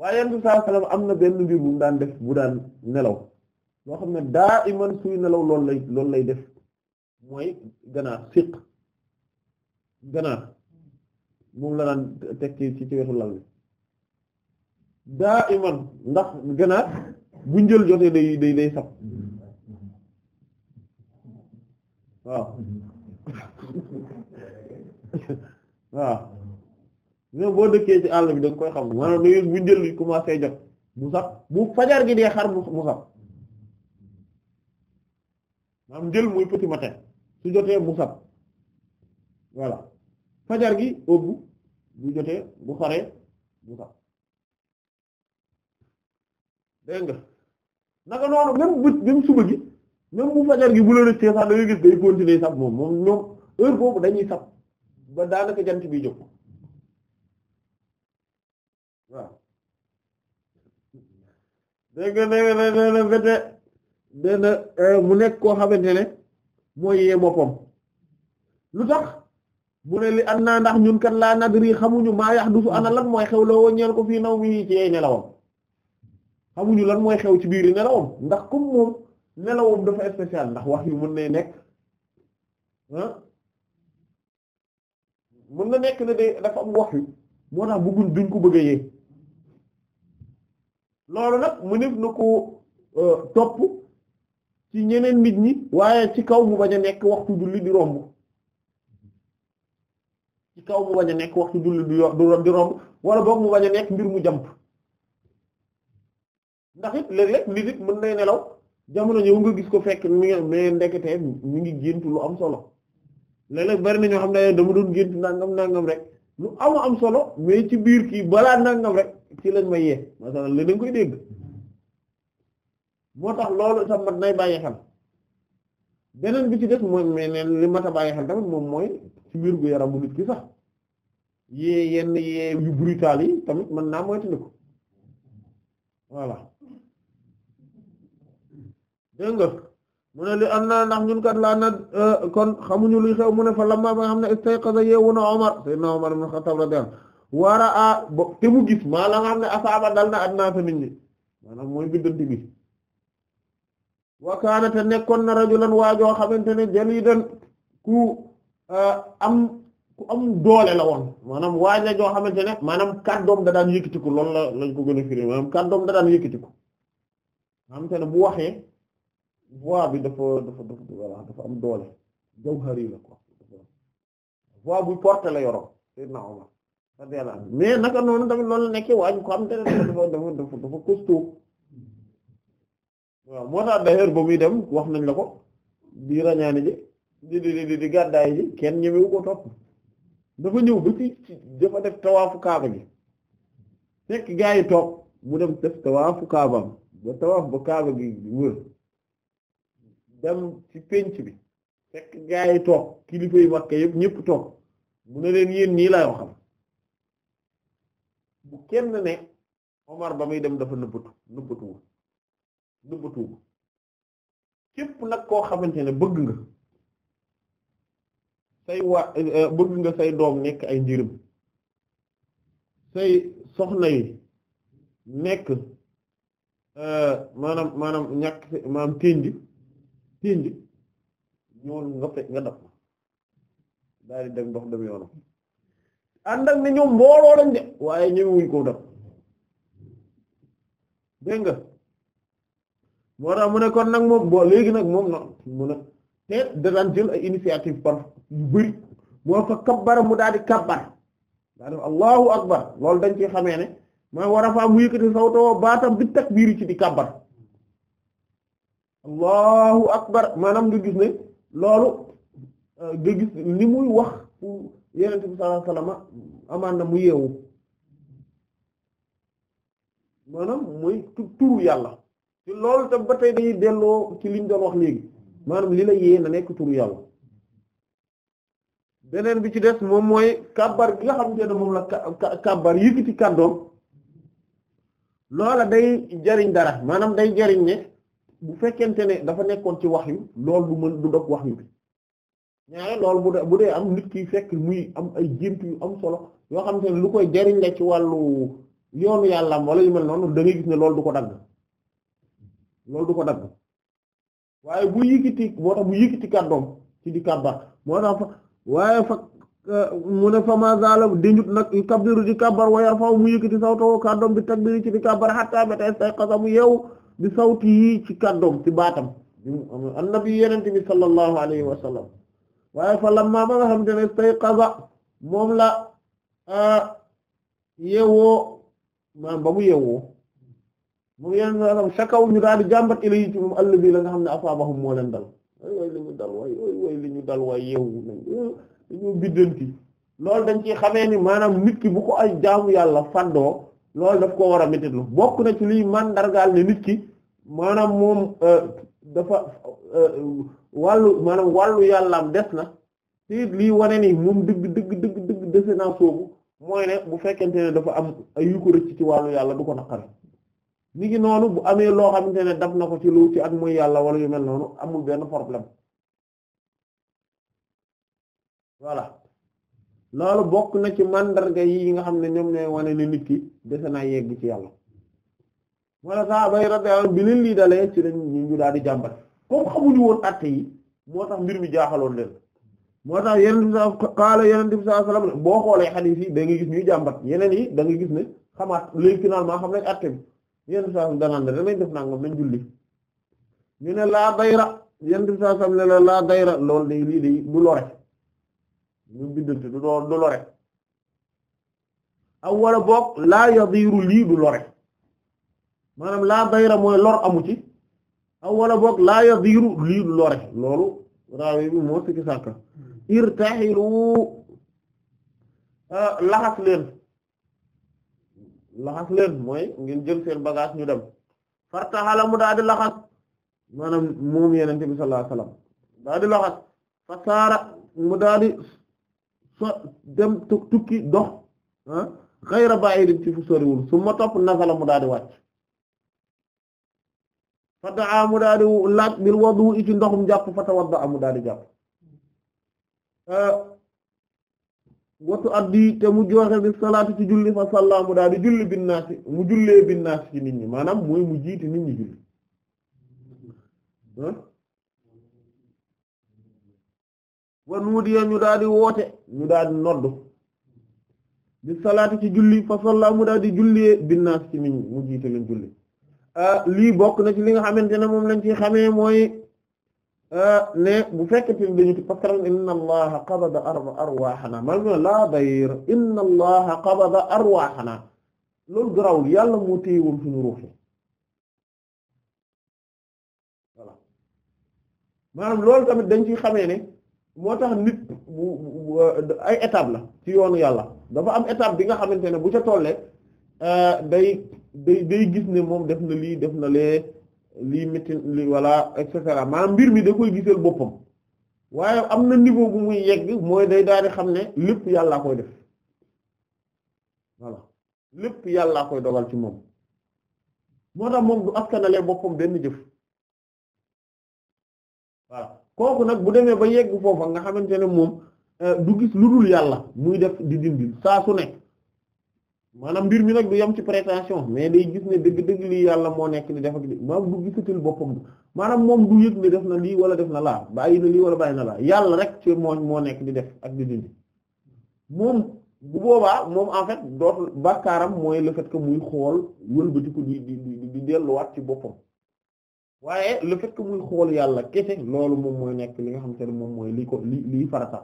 waaye yeneen bi am na benn mbir bu daan def bu daan nelaw loo xam ne daa iman suy nelaw loolu lay loolu lay def mooy ganaar siq ganaar moom la daan teg ci ci wetu lal bi daa iman ndax ganaar bu njël jotee day day day sab waaw waaw mais boo dëkkee ci àll bi dañ koy xam maanaam da bu njël yi commencé jot mu sax bu fajar gi dee xar mu sax maanaam njël muy petit matin su jotee mu sax voilà fajar gi ëbb bu jotee bu xaree bu sax dégg nga noonu même bët même suba gi même bu fajar gi bu la rëccee sax da gis day continuer sax moom moom ñoom dañuy sax ba daanaka jant mu nekk koo xamante ne mooy yee boppam lu tax mu ne li an naa ndax ñun kat laa nadri xamuñu maa yahdusu ana lan mooy xew la woon ñeel ko fii naw mi ci yey nelawam xamuñu lan mooy xew ci biir yi nelawam ndax kom moom nelawam dafa spécial ndax wax yu mën na nekk ah mën na nekk ne de dafa am wax yu moo tax bëgguñ duñ ko bëggee a loolu nag mu nekk na ko euh, topp ci ñeneen nit ñi waaye ci kaw mu bañ a nekk waxtu julli di romb kaw mu bañ a nekk waxtu julli du du romb wala boog mu bañ a nekk mbir mu jàmp ndax it léeg-léeg nit mën nay nelaw jamono ñëw nga gis ko fekk mi nga mais ndekete ngi gént lu am solo léeg-léeg bari na ñoo xam ne dama doon gént nangam nangam rek lu am am solo mais ci biir kii balaa nangam rek ci lañ may yee macha allah dañ koy dégg moo tax loolu itam mat nay bàyyi xel beneen bi ci des mooy mais li mat a bàyyi xel tamit moom mooy. ci wérgu yaramu nit ki sax yee yenn yee brutal yi tamit mën naa moytandiku voilà dégg nga mu ne li am na ndax ñun kat laa na euh, kon xamuñu luy xew mu ne fa lamma ba xam ne istayqaza yeewu na Omar sayyidna Omar ibn Khattab radiyallahu war a ah te mu gis maa la xam ne asaaba dal na adnaa sa nit ñi maanaam mooy biddanti bi wa kaana te nekkoon na rajulan waajoo xamante ne jalidan ku Euh, am ku am doole la woon maanaam waaj la joo xamante ne maanaam kàddoom da daan yëkkatiku loolu la lañ ko gën a firi maanaam kàddoom da daan yëkkatiku xamante ne bu waxee bi dafa dafa dafa doole jawhari la ko voix bu porte la yoroon Seydina Omar radiyallahu anhu mais naka noonu tamit loolu la nekkee waaj ko xamante ne dafa dafa dafa dafa costaud waaw moo ba muy dem wax nañ la ko di rañaani ji di di di di gàddaay ji kenn ñemewu ko topp dafa ñëw ba ci dafa def tawaafu kaaba gi fekk gaa yi toog mu dem def tawaafu kaabam ba tawaaf ba kaaba gi wër dem ci pénc bi fekk gaa yi toog kilifa yu Makka yëpp ñëpp toog mu ne leen yéen nii laay waxam bu kenn ne Omar ba muy dem dafa nëbbatu nëbbatuwu nëbbatuwu képp nag koo xamante ne bëgg nga say waa eh, bëgg nga say doom nekk ay njërim say soxna yi nekk eh, maanaam maanaam ñàkk maanaam ténj ténj ñoon nga fe nga daf daal dem ndox dem yoonu ànd ak ne ñoom mbooloo de waaye ñëwuñ ko def dégg nga moo tax mu ne kon nag moom boo léegi nag moom na te da daan jël ay initiative par yu bëri moo fa kabbara mu daal di kabbar daa def allahu akbar loolu dañ ci xamee ne maa war a faa mu yëkkati sawtoo baatam bi takbiir ci di kabbar allahu akbar maanaam nga gis ne loolu euh, nga gis li muy wax yenente bi sallallahu alayhi amaan na mu yeewu maanaam mooy turu yàlla ci loolu te ba tey dañuy delloo ci liñ doon wax léegi maanaam lii la yee na nekk turu yàlla beneen bi ci des moom mooy kàbbar gi nga xamante ne moom la yi yëkkati kàddoom loola day jariñ dara maanaam day jariñ ne bu fekkente ne dafa nekkoon ci wax yu lool du mën du dog wax yu bi ñaare lool bu dee am nit kiy fekk muy am ay gént yu am solo yoo xam ne lu koy jariñ la ci wàllu yoonu yàlla wala yu mel noonu da ngay gis ne loolu du ko dagg loolu du ko dagg waaye bu yëkkati moo tax bu yëkkati kàddoom ci di kàbbar moo tax fa waaye fa eh, mu ne fa mazala dañut nag kabdiru di kàbbar wa yarfa mu yëkkati sawtoo kàddoom bi takbiri ci di kàbbar hatta ba tey say xasamu yeewu bi sawti ci kàddoom ci baatam annabi yenente bi sallallahu alayhi wa sallam waaye fa lamma ba nga xamante ne say xasa moom la eh, yewoo maanaam ba mu yewoo mu yenn maanaam sa kaw ñu daal di jàmbat ilay ci moom àll bi la nga xam ne asaabahum moo leen dal way way li ñu dal way li ñu dal way yeewu nañ eh, dañoo biddanti loolu dañ ci xamee ni maanaam nit ki bu ko ay jaamu yàlla fàddoo loolu daf ko war a métti lu bokk na ci liy màndargaal ne nit ki maanaam moom eh, dafa eh, wàllu maanaam wàllu yàllaam des na te lii wane ni moom dëgg dëgg dëgg dëgg naa soobu mooy ne bu fekkente ne dafa am ay yu ko rëcc ci wàllu yàlla du ko naqare ñi noonu bu amee loo xamante ne daf na ko ci lu ci ak muy yàlla wala yu mel noonu amul benn problème voilà loolu bokk na ci màndarga yi nga xam ne ñoom ñooy wane ne nit ki dese naa yegg ci yàlla wala saaba yi radiyallahu bi leen lii dalee ci lañ ñu daal di jàmbat comme xamuñu woon atte yi moo tax mbir mi jaaxaloon leen moo tax yeneen bi sa xaala yeneen bi sa salam boo xoolee xadiis yi da gis ñuy jàmbat yeneen yi da nga gis ne xamaat léegi finalement xam nañ yenn saa danaan da danañ def nangam nañ julli ñu ne laa dayra yenn saa sam ne la laa dayra loolu day lii day du lore ñu biddante wala boog laa yadiru lii maanaam laa dayra mooy lor amu ci aw wala boog laa yadiru lii du lore loolu raawe moo sikki sàkka hmm. irtaxilu ah, laxas leen laxas leen mooy ngeen jël seen bagage ñu dem fartaxala mu daa di laxas maanaam moom yenente bi sallallahu wasallam daa di laxas fasaara mu daa di so dem tukki dox ah xayra ba'idin ci soriwul su topp nasala mu daa di wàcc fadaa mu daa di laaj bil wadu ci ndoxum jàpp fatawadda a mu daa di jàpp euh, watu addi te mu joxe bi ci julli fa salla mu daal di julli binnaasi mu jullee binnaasi ci nit ñi maanaam mooy mu jiite nit ñi julli wa nuudiya ñu daal di woote ñu daal di nodd bi salaatu ci julli fa salla mu daal di jullee binnaasi ci nit ñi mu jiite leen julli ah, lii bokk na ci li nga xamante ne moom lañ ci xamee mooy Euh, ne bu fekkete ni dañu ti parce que inna allaha qabada arwaahana man ma laa dayr inna allaha qabada arwaahana loolu garawul yàlla moo téyewoon suñu ruux yi voilà maanaam loolu tamit dañ ci xamee ne moo tax nit bu euh, ay étape la ci yoonu yàlla dafa am étape bi nga xamante ne bu ca tollee euh, day day day gis ne moom def na lii def na lee lii métti li wala et cetera mbir mi da koy gisal boppam waaye am na niveau bu muy yegg mooy day daal di xam ne lépp yàllaa koy def voilà lépp yàllaa koy dogal ci moom moo tax moom du askanale boppam benn jëf voilà kooku nag bu demee ba yegg foofa nga xamante ne moom euh, du gis lu dul yàlla muy def di dindi saa su nekk maanaam mbir mi nag du yam ci prétention mais day gis ne dëgg-dëgg lii yàlla moo nekk di def ak maanaam du gisatul boppam maanaam moom du yëg ne def na lii wala def na laa bàyyi na lii wala bàyyi na laa yàlla rek ci mooñ moo nekk di def ak di dindi moom bu boobaa moom en fait dootul bàkkaaram mooy le fait que muy xool wëlbati ko di di di delluwaat ci boppam waaye le fait muy xool yàlla kese loolu moom mooy nekk li nga xam te ne moom mooy li ko li lii farata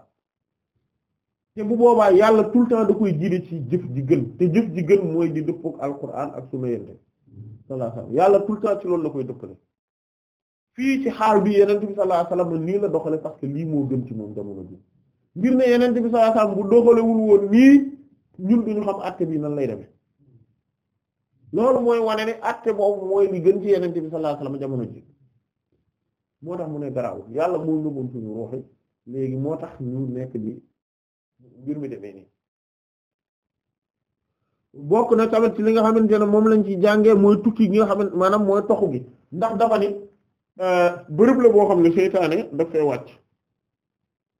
te bu boobaa yàlla tout le temps da koy jiri ci jëf ji gën te jëf ji gën mooy di dëppoo ak alquran ak sunna yente sallallahu alayhi wasallam yàlla tout le temps ci loolu la koy dëppale fii ci xaal bi yenente bi sallallahu alayhi nii la doxale parce que lii moo gën ci moom jamono ji ngir ne yenente bi sallallahu bu doxalewul woon nii ñun ñu xam àtte bii na lay deme loolu mooy wane ne àtte boobu mooy li gën ci yenente bi sallallahu jamono ji moo tax mu ne garaawul yàlla moo nëboon suñu ruuxi moo tax nekk bi mbir mi demee nii bokk na tamit ci li nga xamante ne moom lañ ci jàngee mooy tukki gi nga xamante maanaam mooy toxu gi ndax dafa ni euh, boo xam ne seytaane daf fay wàcc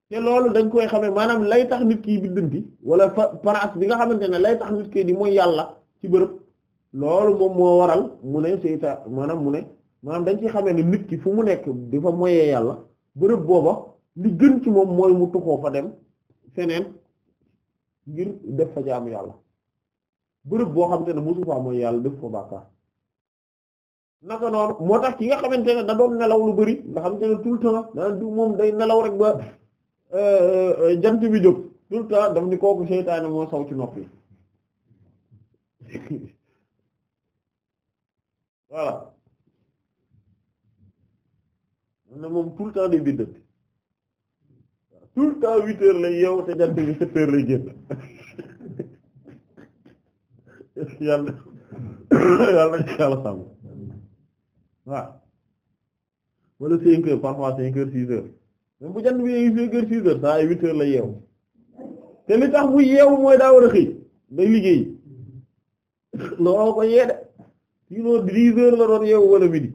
te loolu dañ koy xamee maanaam lay tax nit ki biddanti wala place bi nga xamante ne lay tax nit ki di mooy yàlla ci bërëb loolu moom moo waral mu ne seyta maanaam mu ne maanaam dañ ciy xamee ne nit ki fu mu nekk di fa moyee yàlla bërëb booba li gën ci moom mooy mu tuxoo fa dem feneen ngir def fa jaamu yàlla bërëb boo xamante ne mosu faa mooy yàlla def fa bàkkaar naka noonu moo tax ki nga xamante ne da doon nelaw lu bari nga xamante ne tout le temps daan moom day nelaw rek euh, euh, bi jóg tout ni kooku seytaane moo saw ci nopp yi voilà na moom tout le temps day biddati tout taa temps huit lay yeewu te jant bi sept heures lay génn yàlla yàlla wala cinq parfois cinq heures six heures même bu yeewu cinq heures six yeewu te li tax bu yeewu mooy daa war a xëy day liggéey looloo ko yee de sinon dix heures la doon yeewu wala midi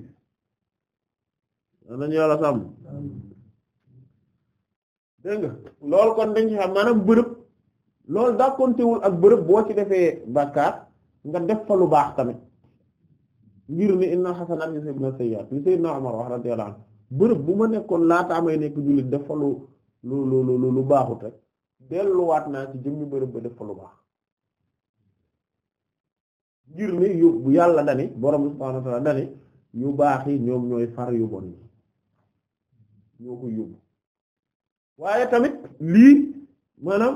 nañu yàlla sàmm dégg nga loolu kon dañ ci xam maanaam bërëb loolu daa kontewul ak bërëb boo ci defee bàkkaar nga def fa lu baax tamit ngir ne inna xasanaat yusibna sayyi'at li sayyidna Umar wax radiyallahu anhu bërëb bu ma nekkoon laataa may nekk jullit def fa lu lu rek delluwaat naa ci jëmmi bërëb ba def fa lu baax ngir ne yu yàlla dani borom subhaanahu wa ta'aala dani yu baax yi ñoom ñooy far yu bon yi ñoo koy yóbbu waaye tamit lii maanaam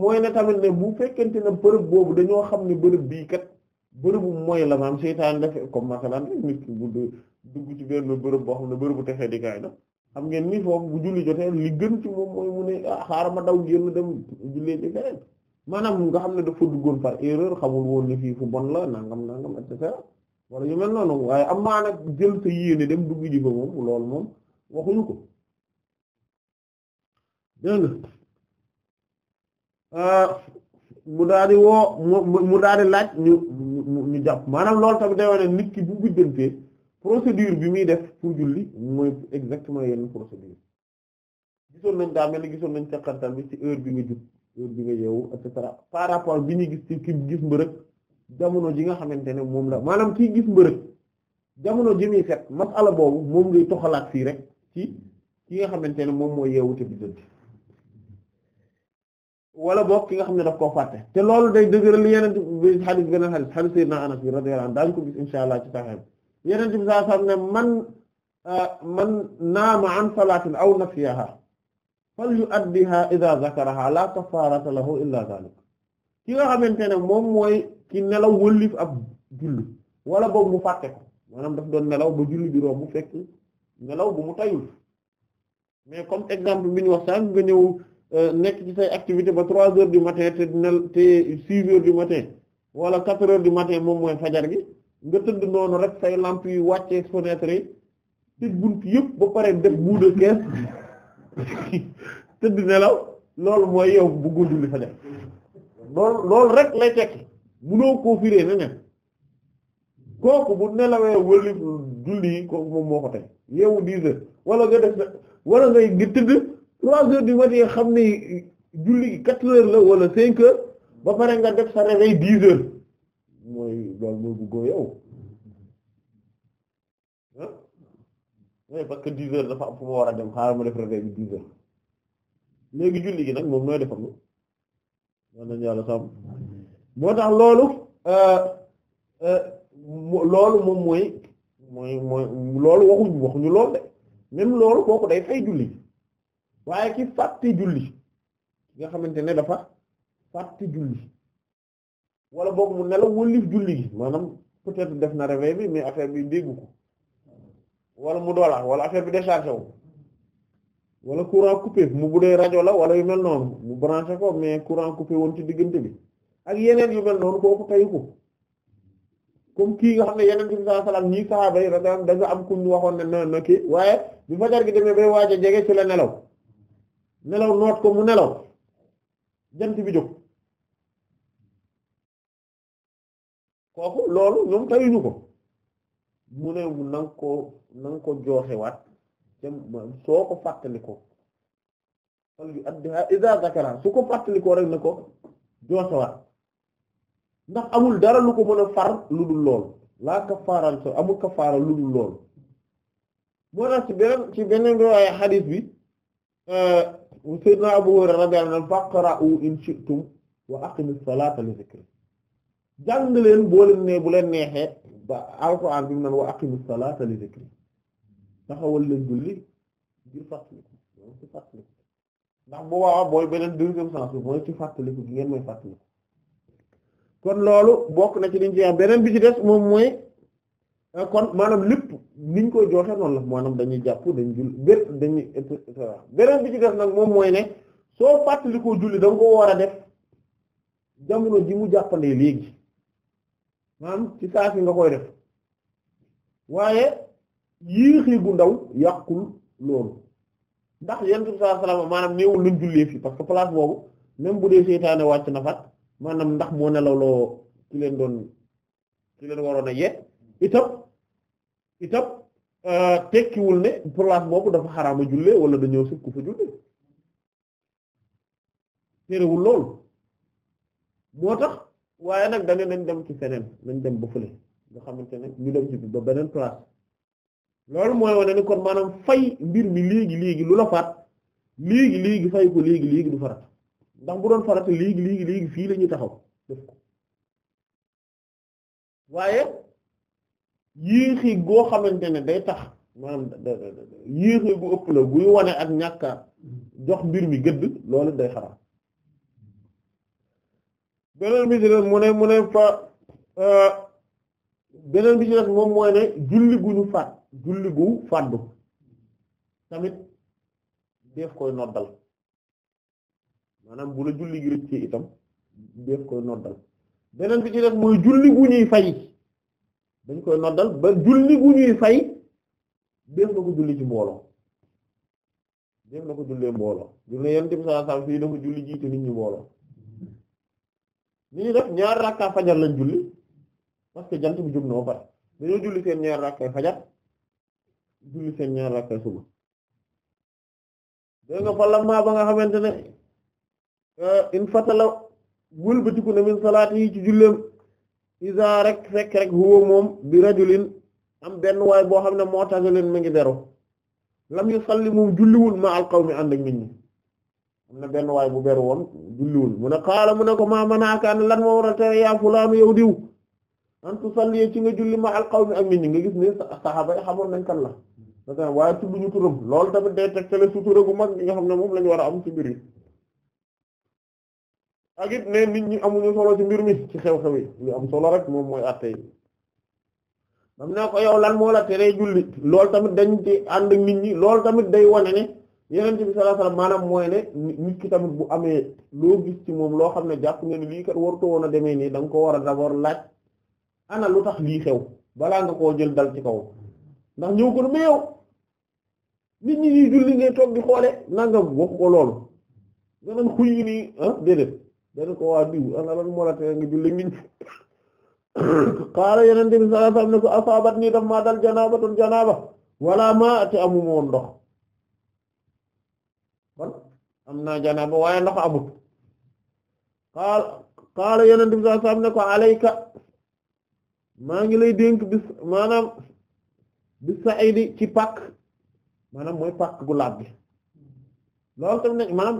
mooy ne tamit ne bu fekkente ne bërëb boobu dañoo xam ne bërëb bii kat bërëbu mooy la maanaam seytaan def comme masalan nit ki bu dugg ci benn bërëb boo xam ne bërëbu texee di kaay la xam ngeen ni foofu bu julli jotee li gën ci moom mooy mu ne ah, xaaral ma daw génn dem jullee ci feneen maanaam nga xam ne dafa duggoon par erreur xamul woon ne fii fu bon la nangam nangam at cetera wala yu mel noonu waaye am maa nag jël sa yéene dem dugg ji fa moom moom waxuñu ko. dégg nga ah, mu daal di woo mu daal laaj ñu ñu jàpp maanaam loolu tamit day wane nit ki bu guddantee procédure bi muy def pour julli mooy exactement yenn procédure gisoon nañ daa mel ni gisoon nañ teqantal bi ci heure bi nga jub heure bi nga yeewu et cetera par rapport bi ñuy gis ci ki gis mbërëg jamono ji nga xamante ne moom la maanaam kii gis mbërëg jamono ji muy fet masala boobu moom ngay toxalaat fii rek ci ki nga xamante ne moom mooy yeewu te bi wala boog ki nga xam ne daf ko fàtte te loolu day dëgëral yeneen bi xadis beneen xadis xadis sayyidina Anas bi radiyallahu anhu daañu ko gis insha allah ci Sahih yeneen bi sallallahu alayhi man ah, man naama aw nasiyaha fal yu'addiha idha zakaraha la kafarata lahu ki nga xamante ne moom mooy ki nelaw wëllif ab julli wala boog mu fàtte ko maanaam daf doon nelaw ba julli bi mu fekk nelaw bu mu tayul mais comme exemple bi ñu wax sànq nga ñëw Euh, nekk ci say activité ba trois heures du matin te dina te six heures du matin wala quatre heures du matin moom mooy fajar gi nga tëdd noonu rek say lamp yi wàccee fenêtre yi gunt yëpp ba pare def bout de tëdd nelaw loolu mooy yow bëggoo julli fajar loolu loolu rek lay tekki munoo koo firee na kooku bu nelawee wëli julli yi kooku moom moo ko tey yeewu dix heures wala nga def wala ngay nga tëdd trois heures du matin xam ne julli quatre heures la wala cinq heures ba pare nga def sa réveil dix heures mooy loolu mooy bëggoo yow ah que dix heures dafa am fu ma war a dem xaaral ma julli gi nag moom nooy defam la nañ yàlla sàmm tax loolu euh, euh, loolu moom mooy mooy mooy loolu waxuñu waxuñu loolu de même loolu ko day fay julli waaye ki fàtte julli nga xamante ne dafa fàtte julli wala boog mu nelaw wëllif julli gi maanaam peut-être def na réveil bi mais affaire bi déggu ko wala mu dola wala affaire bi déchargé wu wala courant coupé mu bu dee rajo la wala yu mel noonu mu branché ko mais courant coupé woon ci diggante bi ak yeneen yu mel noonu kooku tayu ko comme kii nga xam ne yeneen bi sallallahu alayhi wasallam ñii sahaaba yi daga dañu am ku ñu waxoon ne na na kii waaye bi fajar gi demee waaj a ci la nelaw nelaw noot ko mu nelaw jant bi jóg kooku loolu ñoom tayuñu ko mu ne na nga ko na ko jooxewaat soo ko fàttali ko fal yu addiha iza su ko fàttali rek na ko jooxewaat ndax amul dara lu ko mën a far lu dul loolu laa kafaaraan so amul kafaara lu dul loolu moo tax ci beneen ci beneen riwaaya xadiis bi euh, sayyidina Abu Hurayra radiyallahu anhu faqra'u in shi'tum wa aqimis salata li zikri jàng leen boo leen bu leen neexee ba alquran bi mu naan wa aqimis salata li zikri taxawal leen julli ngir fàttaliku ndax bu waawa booy beneen deuxième sens bi mooy ci fàttaliku gi ngeen mooy fàttaliku kon loolu bokk na ci liñ ci am beneen bi ci des moom mooy kon maanaam lépp niñ koy joxe noonu la maanaam dañuy jàpp dañ julli bër dañuy et cetera beneen bi ci def nag moom mooy ne soo fàttali koo julli da nga war a def jamono ji mu jàppandee léegi maanaam ci saa si nga koy def waaye yéexi gu ndaw yàqul loolu ndax yenn bi sallallahu alayhi wasallam maanaam néewul jullee fii parce que place boobu même bu dee seytaane wàcc na fat maanaam ndax moo nelawloo ci leen doon ci leen waroon a yee itam itam euh, tekkiwul ne place boobu dafa xaraama jullee wala dañoo sib ku fa jullee terewul loolu moo tax waaye nag dañu nañ dem ci feneen nañ dem ba fële nga xamante ne ñu dem ci ba beneen place loolu mooy wane ni kon maanaam fay mbir mi léegi léegi lu la faat léegi léegi fay ko léegi léegi du farata ndax bu doon farata léegi léegi léegi fii la taxaw def ko waaye yéexi goo xamante ne day tax maanaam yéexi gu ëpp la guy wane ak ñàkka jox mbir mi gëdd loolu day xaraam beneen bi ci des mu ne mu ne fa euh, beneen bi moom mooy ne julli gu ñu faat julli gu fàddu tamit def koy noddal maanaam bu la julli gi rëcc itam def koy noddal beneen bi ci des mooy julli gu ñuy fay dañ koy noddal ba julli gu ñuy fay def na ko julli ci mbooloo def na ko jullee mbooloo julli yonent bi sallallahu alayhi wasallam fii na ko julli jiite nit ñi mbooloo nit ñi def ñaar rakka fajar lañ julli parce que jant bi jóg noo pare dañoo julli seen ñaar rakkay fajar julli seen ñaar rakkay suba dégg nga falamma ba nga xamante ne euh, in fatala wëlbatiku na min salaati yi ci julleem isa rek fekk rek huwa moom bi rajulin am benn waay boo xam ne moo taga leen mi ngi beru lam yu salli moom julliwul ma al qawmi ànd ak nit ñi am na benn waay bu beru woon julliwul mu ne xaala mu ne ko a manaaka an lan moo war a tere yaa fulaanu yow diw an tu salli ci nga julli ma al qawmi ak nit ñi nga gis ne saxaaba yi xamoon nañ kan la waaye tuddu ñu turam loolu tamit day tegtale sutura gu mag gi nga xam ne moom lañu war a am ci mbir yi ak ne nit ñi amuñu solo ci mbir mi ci xew-xew yi ñu am solo rek moom mooy àtte yi dam ne ko yow lan moo la teree julli lool tamit dañ ci ànd nit ñi lool tamit day wane ne yeneen ci bi sallallahu maanaam mooy ne nit ki tamit bu amee ci moom loo xam ne jàpp nga ni lii kat warutoo woon a demee nii da nga war a d'abord lu tax lii xew balaa nga koo jël dal ci kaw ndax ñëw ko ñi ñuy julli ngay toog di xoole nangam waxu ko loolu nga naan xuy yi nii ah dana ko waa diw ana lan moo la tere nga julli ngiñ xaala yenente bi sallallahu alayhi ne ko asaabat nii daf maa dal janabatun janaba wala ma te amuma woon ndox kon am naa janaba waaye ndox amut xaal xaala yenente bi ne ko alayka maa ngi lay dénk bis maanaam bis sa aydi ci pak maanaam mooy pak gu laab bi loolu tam nag maanaam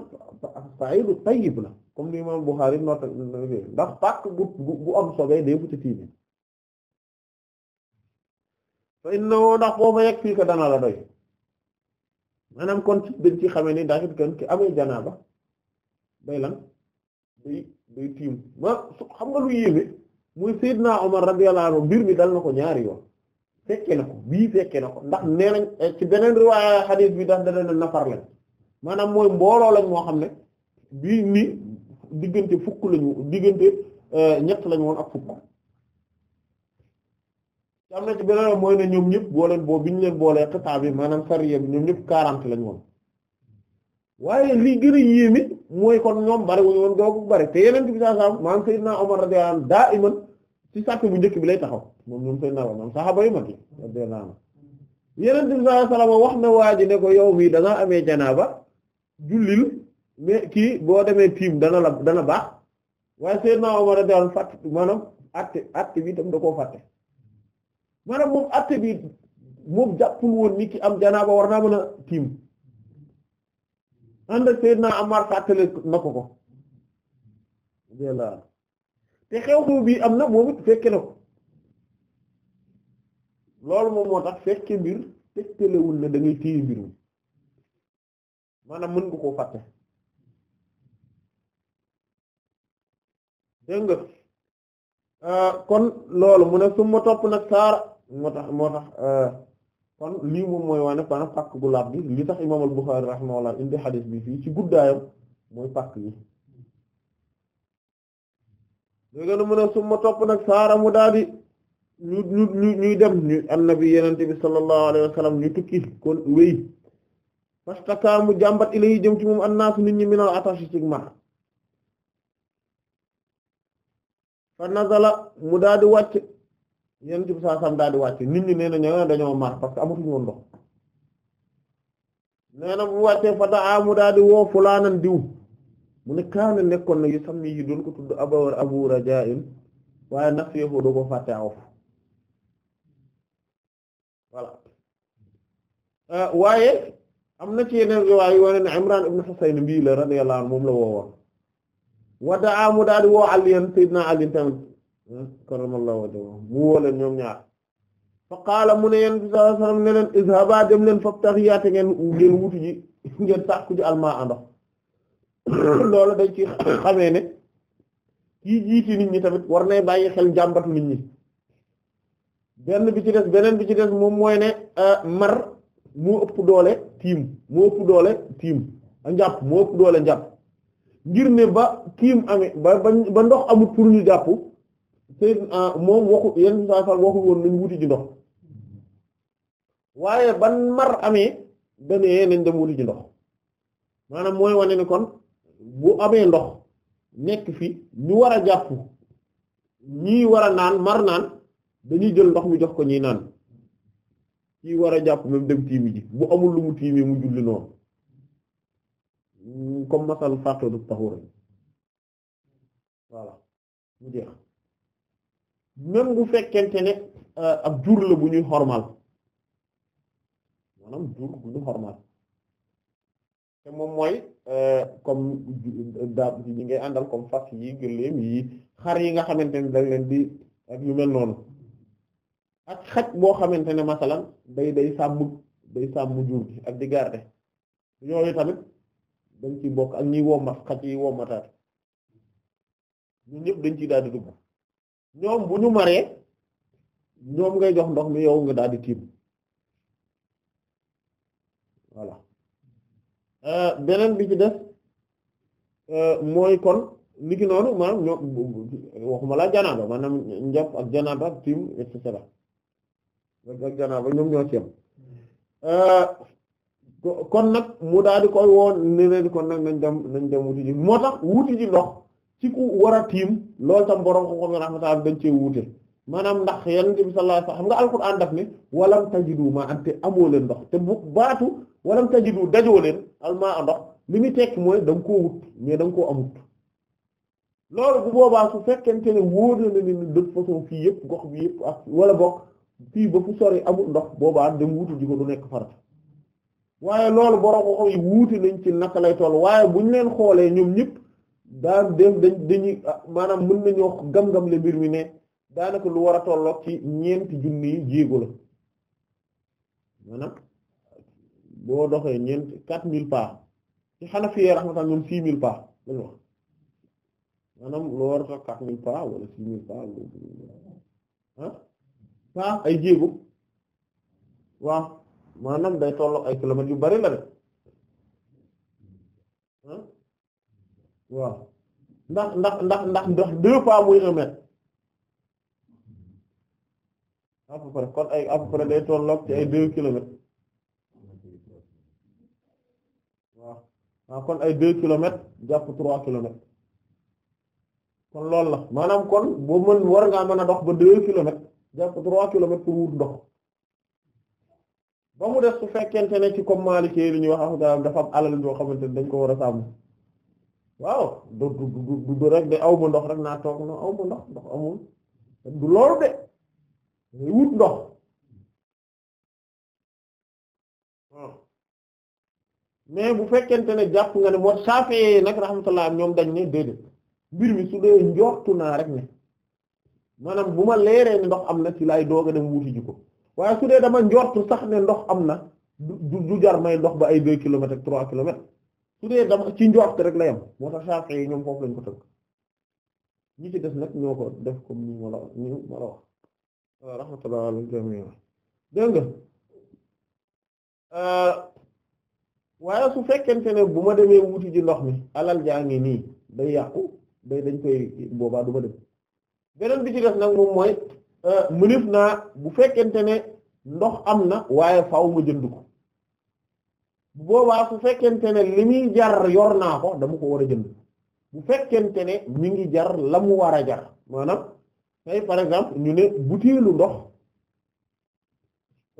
sa'idu tayyib la comme ni imam Bukhari noot ndax pàkk bu bu am sobee day fu ci tiimee fa innahu ndax booba yegg fii ko dana la doy maanaam kon ci dañ ci ni ndax it ki amee janaaba day lan day xam nga lu yéeme muy Seydina Omar radiyallahu anhu mbir mi ko ñaari yoon fekke na ko bii na ko ndax nee ci beneen riwaaya xadiis bi ndax da na nafar leen maanaam mooy mbooloo lañ moo xam ne bii nii diggante fukk lañu diggante euh, ñett lañ woon ak fukk te am na ci beneen mooy ne ñoom ñëpp boo leen boo bi ñu leen boolee xitaa bi maanaam sariya bi ñoom ñëpp quarante lañ woon waaye lii gën a yéeme mooy kon ñoom bari wuñu woon doogu bari te yeneen bi saa saa maanaam Seydina Omar daa iman ci bu njëkk bi lay taxaw moom ñoom Seydina moom saxaaba yu mag yi yeneen bi wax na waa ji ne ko yow mii da amee janaa ba jullil mais kii boo demee tiim dana la dana baax waaye Seydina Omar radiyallahu anhu fàtte maanaam atte atte bi itam da koo fàtte maanaam moom atte bi moom jàppul woon ni ki am janaaba war naa mën a tiim ànd ak Seydina Omar fàttale na ko ko yàlla te xew-xew bii am na moom it fekke na ko loolu moom moo tax fekke mbir tegtalewul ne da ngay téye mbir maanaam mën nga koo fàtte dégg nga euh, kon loolu mu ne su topp nag saara moo tax moo tax euh, kon lii moom mooy wane maanaam pàcc gu laab bi li tax imaam al-Bukhari rahimahullah indi xadiis bi fii ci guddaayam mooy pàcc yi léegi nag mu ne su topp nag saara mu daal di ñu ñu ñuy dem ñu annabi yenente bi sallallahu alayhi wa sallam ñu tukki kon wéy fastaka mu jàmbat ilay jëm ci moom annaasu nit ñi minal atashi ci mar fa nazala mu daal di wàcc yéen ci saa sam daal di wàcc nit ñi nee na ñoo dañoo mar parce que amatuñu woon na mu wàccee fa daa mu daal di woo fulaanan diw mu ne kaana nekkoon na yu sam yi doon ko tudd abu abu rajaa'in waaye naf yéefoo doo ko fàtte awof voilà euh, waaye am na ci yeneen riwaay yu wane ne Imran ibn Husayn mbii la radiyallahu anhu moom la wa wadaa mu daal di woo Aliyan Seydina Ali tamit karamallahu wajhahu mu woo leen ñoom ñaar fa qaala mu ne yéen bi sallallahu alayhi wasallam ne leen izhaba dem leen fabtaxiya te ngeen ngeen wutu ji ngeen sàkku ji almaa ndox loolu dañ ci xamee ne kii jiiti nit ñi tamit war nay bàyyi xel njàmbatu nit ñi benn bi ci des beneen bi ci des moom mooy ne mar moo ëpp doole tiim moo ëpp doole tiim njàpp moo ëpp doole njàpp ngir ne ba tiim amee ba ba ndox amut pour ñu jàpp te ah, moom waxu yenn saa saa waxu woon nañ wuti ji ndox waaye ban mar amee danee nañ dem wuti ji ndox maanaam mooy wane ni kon bu amee ndox nekk fi ñu war a jàpp ñii war a naan mar naan dañuy jël ndox mi jox ko ñiy naan kii war a jàpp même dem tiimi ji bu amul lu mu tiimee mu julli noonu mm, comme masal faqdu tahur voilà mu jeex même bu fekkente ne euh, ab jur la bu ñuy xormal te moom mooy euh, comme daab yi ngay àndal comme fas yi gëléem yi xar yi nga xamante ne dañ leen di ak yu mel noonu ak xaj boo xamante ne masalan day day sàmm day sàmm jur gi ak di garder yooyu tamit dañ ci bokk ak ñiy wommat xaj yi wommataat ñun ñëpp dañ ciy daal dugg ñoom bu ñu maree ñoom ngay jox ndox mi yow nga daal di tiim voilà euh, beneen bi ci def euh, mooy kon niki noonu maanaam ñoom waxuma laa janaaba maanaam njàpp ak janaaba tiim et ak janaaba ñoom ñoo ci am euh, kon nag mu daal di koy woon ne leen kon nag nañ dem nañ dem wuti ji moo tax wuti ji ndox ci ku war a tiim loolu tam borom ko bi rahmatullah dañ cee wuute maanaam ndax yonent bi sallallahu alayhi wasallam xam nga alxuraan daf ne walam tajidu ma ante amoo leen ndox te bu baatu walam tajidu dajoo leen almaa a ndox li muy tekki mooy da ko koo wut mais da nga koo amut loolu bu boobaa su fekkente ne wóor na ne de toute façon fii yëpp gox bi yëpp wala bokk fii ba fu sori amul ndox boobaa dem wuutu ji ko du nekk farata waaye loolu borom xoxo nañ ci naka lay toll waaye bu ñu leen xoolee ñoom ñëpp daan dem dañ dañuy ah, maanaam mën nañoo gam-gam le mbir mi ne daanaka lu war a tolloog ci ñeenti junni yi jéego la maanaam boo doxee ñeenti quatre mille pas ci Hanafi rahmatullah ñoom six mille pas lañu wax maanaam lu war a toog mille pas wala six mille pas ah ay jéego waaw maanaam day tolloog ay kilomètres yu bari la de ndax ndax ndax ndax ndax deux fois muy un kon ay à peu ci ay deux kilomètres waaw waaw kon ay deux kilomètres jàpp trois kilomètres kon loolu la maanaam kon boo mën war ngaa mën a dox ba deux kilomètres. jàpp trois kilomètres pour wut ndox ba mu def su fekkente ne ci comme maalikee li ñuy wax am dafa am alal yoo xamante ne dañ ko war a sàmm waaw du du du rek de aw ndox rek naa toog na aw ma ndox ndox amul du loolu de wut ndox mais bu fekkente ne jàpp nga ne moo saafee nag rahmatullah ñoom dañ ne déedéet mbir mi su dee njortu naa rek ne maanaam bu ma leeree ne ndox am na ci laay doog a dem wuuti ji ko waaye su dee dama njortu sax ne ndox am na du du jar may ndox ba ay deux kilomètres trois kilomètres su dee dama ci njort rek la moo tax saafara yi ñoom foofu lañ ko tënk ñi ci des nag ñoo ko def comme ni ma la ni ma la wax waaw rahmatullah ala jami dégg nga euh, ne bu ma demee wuti ji ndox mi alal jaa ngi nii day yàqu day dañ koy boobaa du ma dem beneen bi ci def nag moom mooy euh, mënef naa bu fekkente ne ndox am na waaye faw ma jënd ko bu boobaa su fekkente ne li muy jar yor naa ko dama ko war a jënd bu fekkente ne mi ngi jar la mu war a jar maanaam tey par exemple ñu ne butéelu ndox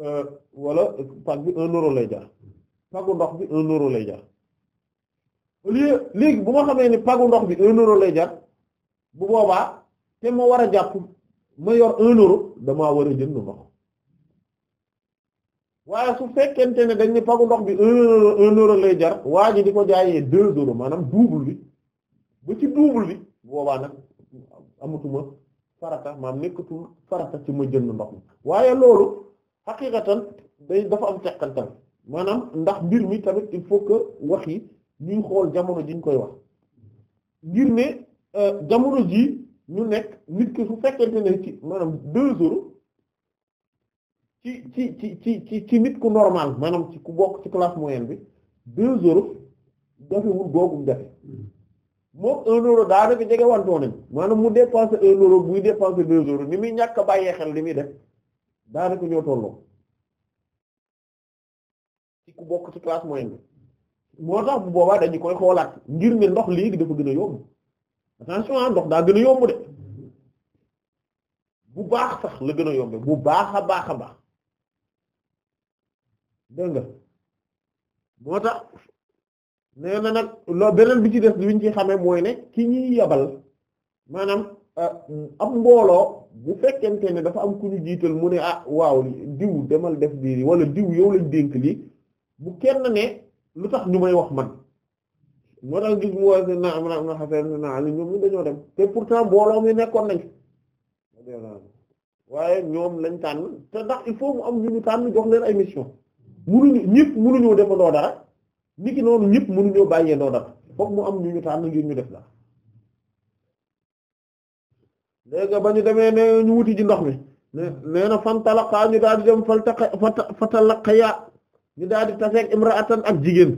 euh, wala pack bi un euro lay jar pagu ndox bi un euro lay jar au lieu léegi bu ma xamee ni pagu ndox bi un lay jar bu boobaa te ma war a jàpp ma yor un euro damaa war a jënd ndox waaye su fekkente ne dañ ne pagu ndox bi un euro lay jar waa ji di ko jaayee deux euros maanaam double bi ba ci duubul bi boobaa nag amatuma farata maam nekkatul farata ci ma jënd ndox mi waaye loolu xaqiiqatan day dafa am teqantal maanaam ndax mbir mi tamit il faut que wax yi ñuy xool jamono jiñ koy wax ngir ne euh, jamono ji ñu nekk nit ki su fekkente ne ci maanaam deux euros ci ci ci ci ci ci nit ku normal maanaam ci ku bokk ci classe moyenne bi deux euros jafewul googum jafe moom un euro daanaka jege wantoo nañ maanaam mu dépenser un euro buy deux euros ni muy ñàkk bàyyee xel li muy def daanaka ñoo tolloo ci ku bokk ci classe moyenne bi moo tax bu boobaa dañu koy xoolaat ngir ne ndox léegi dafa gën a yomb attention ah ndox daa gën a yomb de bu baax tax la gën a yombe bu baax a baax a baax dégg nga moo tax nee na nag loo beneen bi ci def des liñ ci xamee mooy ne ki ñuy yabal maanaam am ah, mbooloo bu fekkente ne dafa am ku ñu jiital mu ne ah waaw diw demal def biir wala diw yow lañ dénk lii bu kenn ne lu tax ñu may wax man moo tax gis mu woowe na Imran ibn Husayn na Ali ñoom ñu dañoo dem te pourtant mbooloo waaye ñoom lañ tànn te ndax il faut mu am ñu ñu tànn jox leen ay mission munuñu ñëpp munuñoo defandoo dara nit ki noonu ñëpp munuñoo bàyyee doo dara fokk mu am ñu ñu tànn ngir def dara léegi ba ñu demee ne ñu wuti ji ndox mi nee na fan talaqaa ñu daal di dem fal taqa fa talaqaya ñu daal di taseeg imra'atan ak jigéen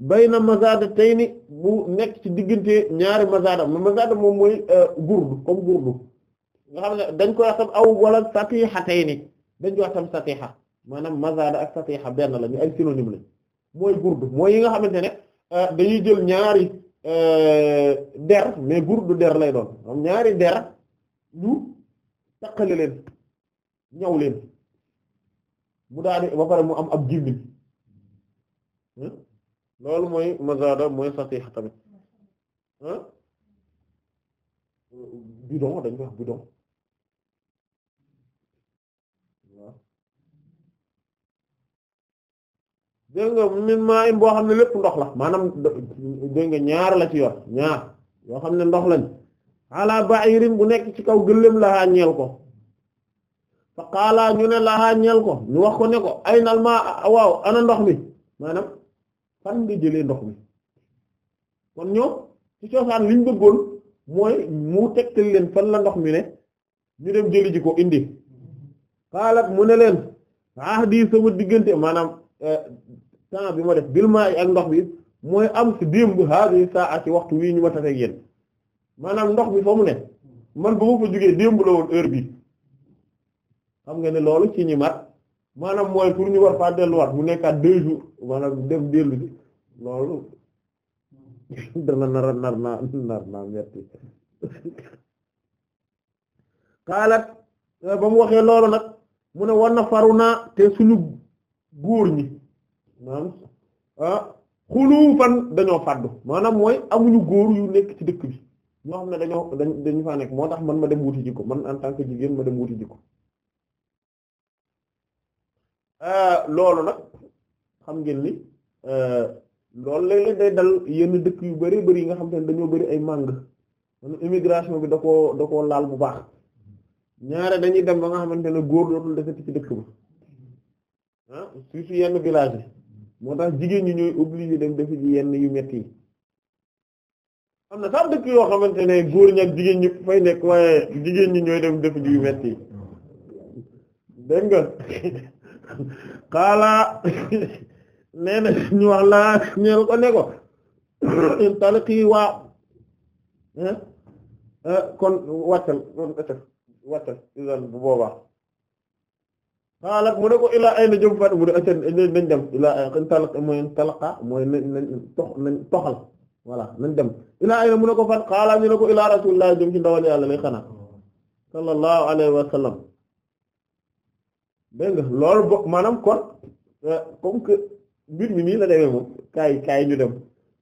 na bayna mazadatayni bu nekk ci diggante ñaari ma mazada moom mooy euh, gurdu comme gurdu nga xam ne dañ koy wax tam aw wala satixatayni dañ koy wax tam satixa maanaam mazada ak satixa benn la ñu ay synonyme la mooy gurdu mooy yi nga xamante ne euh, dañuy jël ñaari euh, der mais gurdu der lay doon ñaari der ñu taqale leen ñaw leen mu daal di pare mu am ab jimbil loolu mooy mazada mooy saxiixa tamit ah dañ ko wax bidon waaw dégg nga min maa im boo xam ne lépp ndox la maanaam ñaar la ci yor ñaar yoo xam ne ndox lañ ala ba'irin bu nekk ci kaw gëléem lahaa ñeel ko fa qaala ñu ne lahaa ñeel ko ñu wax ko ne ay nal ma waaw ana ndox mi maanaam fan nga jëlee ndox mi kon ñoom ci cosaan liñ bëggoon mooy mu tegtal leen fan la ndox mi ne ñu dem jëli ji ko indi xaalaat mu ne leen ah di sama diggante maanaam eh, temps bi ma def bil maa ak ndox bi mooy am si démb haadi saa ci waxtu wii ñu ma tase ak yéen maanaam ndox mi fa mu ne man ba ma fa jógee démb la woon heure bi xam nga ne loolu ci ñi mat maanaam mooy pour ñu war faa delluwaat mu nekkaat deux jours maanaam dem dellu loolu dana nar nar naa nar naa metti xaalat ba mu waxee loolu nag mu ne war na faru naa te suñu góor ñi maanaam ah xulu fan dañoo fàddu maanaam mooy amuñu góor yu nekk ci dëkk bi ñoo xam ne dañoo dañu faa nekk moo tax man ma dem wuti jikko man en tant que jigéen ma dem wuti jikko Euh, loolu nag xam ngeen ni euh, lool léeg-léeg day dal yenn dëkk yu bari bari yi nga xam te ne dañoo bari ay màng man immigration bi da koo da koo laal bu baax ñaare dañuy dem ba nga xamante ne góor dootul desati ci dëkk ah, yenn village moo tax jigéen ñi ñooy obligé dem defi ci yenn yu metti yi am na sax dëkk yoo xamante ne góor ñi jigéen ñi fay nekk waaye jigéen ñi ñooy dem defi ji yu metti yi dégg qaala nee na ñu wax laa ñeel ko ne ko intalaqi waa eh, eh, kon wàccal kon wàccal wàccal idan bu boobaa qaala mu ne ko ilaa ayna jëm fat mu ne acca nañ dem ilaa intalaq mooy dem ilaa mu ne ko fat qaala ñu ne ko ilaa rasulillah jëm ci ndawal yàlla lay xanaa sallallahu alayhi wa dégg nga loolu bokk maanaam kon euh, comme que mbir mi nii la demee moom kaay kaay ñu dem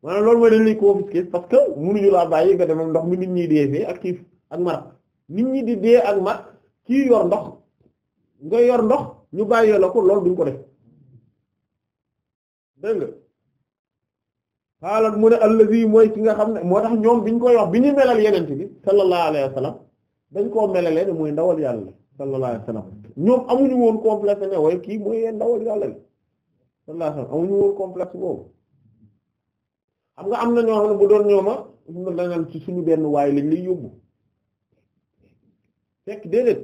maanaam loolu mooy dañ koo confisquer parce que ñu laa bàyyi nga demoon ndox mi nit ñi dee fee ak ak mar nit ñi di dee ak mar kii yor ndox nga yor ndox ñu bàyyee la ko loolu duñ ko def dégg nga xaalat mu ne allazi mooy ki nga xam ne moo tax ñoom biñ koy wax bi ñu melal yeneen bi sallallahu alayhi wa dañ koo melalee ne mooy ndawal yàlla sallallahu alayhi wa ñoom amuñu woon complexe ne waaye kii mooy yeen ndawal yàlla li sallallahu alayhi wasallam amuñu woon complexe boobu xam nga am na ñoo xam ne bu doon ñooma suñu benn waay lañ lay yóbbu fekk déedéet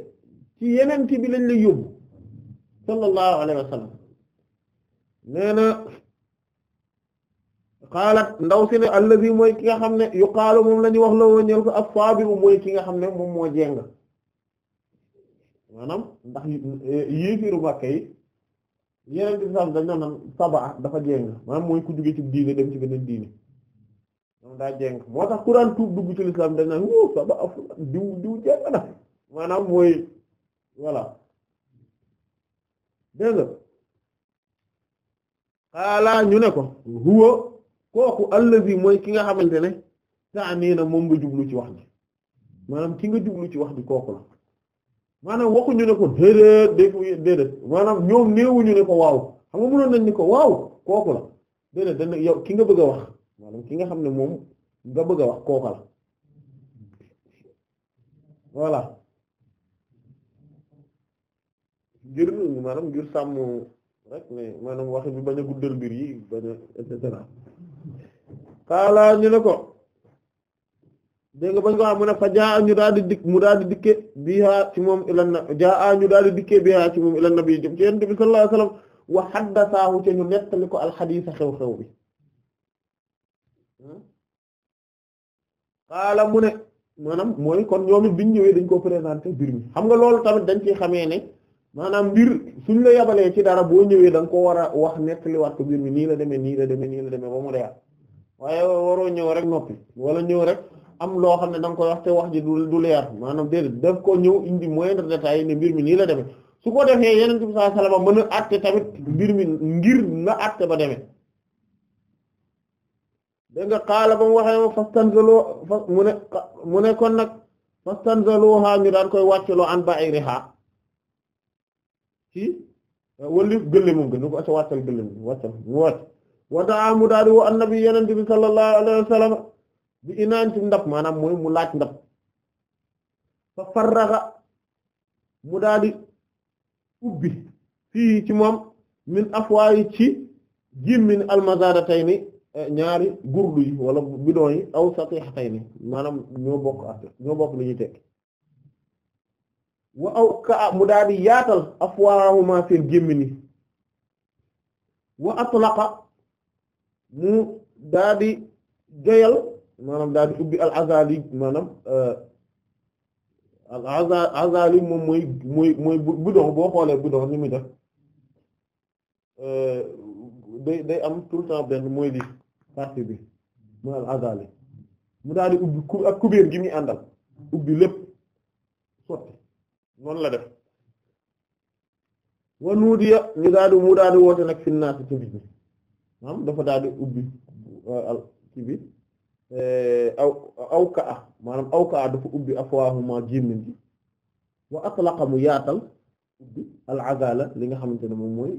ci bi lañ lay yóbbu sallallahu alayhi wasallam nee na xaalat ndaw si ne allazi mooy ki nga xam ne yuqaalu moom la ñuy wax la woo ñel ak faabiru mooy ki nga xam ne moom moo jeng maanaam ndax e, yéefiru Makka yi yeneen bi sax dañ naan saba dafa jéng maanaam mooy ku jóge ci diine dem ci beneen diine moom daa jéng moo tax dugg ci lislaam dañ naan wuu saba af diw diw jéng na maanaam mooy voilà dégg nga xaalaa ñu ne ko huwa kooku allazi mooy ki nga xamante ne taa nee na moom nga jublu ci wax ji maanaam ki nga jublu ci wax ji kooku la maanaam waxuñu ne ko déedéet déedéet déedéet maanaam ñoom néewuñu ne ko waaw xam nga mënoon nañ ni ko waaw kooku la déedéet dañ yow ki nga bëgg a wax maanaam ki nga xam ne moom nga bëgg a wax kooku la voilà ngir maanaam ngir sàmm rek maanaam waxe bi bañ a guddal mbir yi bañ a et cetera xaalaa ñu ne ko dégg nga bañ ko wax mu ne fa jaa ñu daal di mu daal di dikke biha ci moom ilan na jaa ñu daal di dikkee biha ci moom ilan nabi jëm ci yonent bi sallallahu alayhi wax wa haddathaahu ca ñu nettali ko alxadiisa xew-xew bi qaala mu ne maanaam mooy kon ñoom it biñ ñëwee dañ koo présenté mbir mi xam nga loolu tamit dañ ciy xamee ne maanaam mbir suñ la yabalee ci dara boo ñëwee da nga ko war a wax nettaliwaat ko mbir mi nii la demee nii la demee nii la demee ba mu dee waaye waroo ñëw rek noppi wala ñëw rek. am loo xam ne da nga koy wax te wax ji du du leer maanaam déedéet daf ko ñëw indi moindre détail ne mbir mi nii la demee su ko defee yeneen bi sallallahu alayhi wasallam mën a àtte tamit mbir mi ngir na àtte ba demee da nga xaala ba mu waxee ma fastanzaloo fa mu ne mu ne nag fastanzalooha ñu daan koy wàcceloo an ba'iriha ci uh, walif gëlle moom gën ñu ko acca wàccal gëlle moom wàccal mu wàcc wata amu daal di wo annabi yeneen bi sallallahu alayhi wasallam bi inaan ci ndab maanaam mooy mu laaj ndab fa farraga mu daldi ubbi fii ci moom min afwaayi ci gémmiñ almazadatayni eh, ñaari gurdu yi wala bidon yi aw satihatayni maanaam ñoo bokk ak ñoo bokk li ñu wa aw ka mu daldi yaatal afwaahuma seen gémmiñ yi wa atlaqa mu daldi joyal maanaam daal di ubbi al Azali maanaam euh, al moom mooy mooy mooy boo xoolee bidon ni muy def euh, day day am tout le temps benn mooy li partie bi mooy al Azali mu daal di ubbi ku ak kubéer gi muy àndal ubbi lépp sotti noonu la def wa nuudiya ñu daal mu daal di woote nag finnaasi ci nit ñi dafa daal di ubbi euh, al Eh, aw awka a maanaam awka a dafa ubbi afwaahuma gémmiñ gi wa atlaqa mu yaatal ubbi al azala li nga xamante ne moom mooy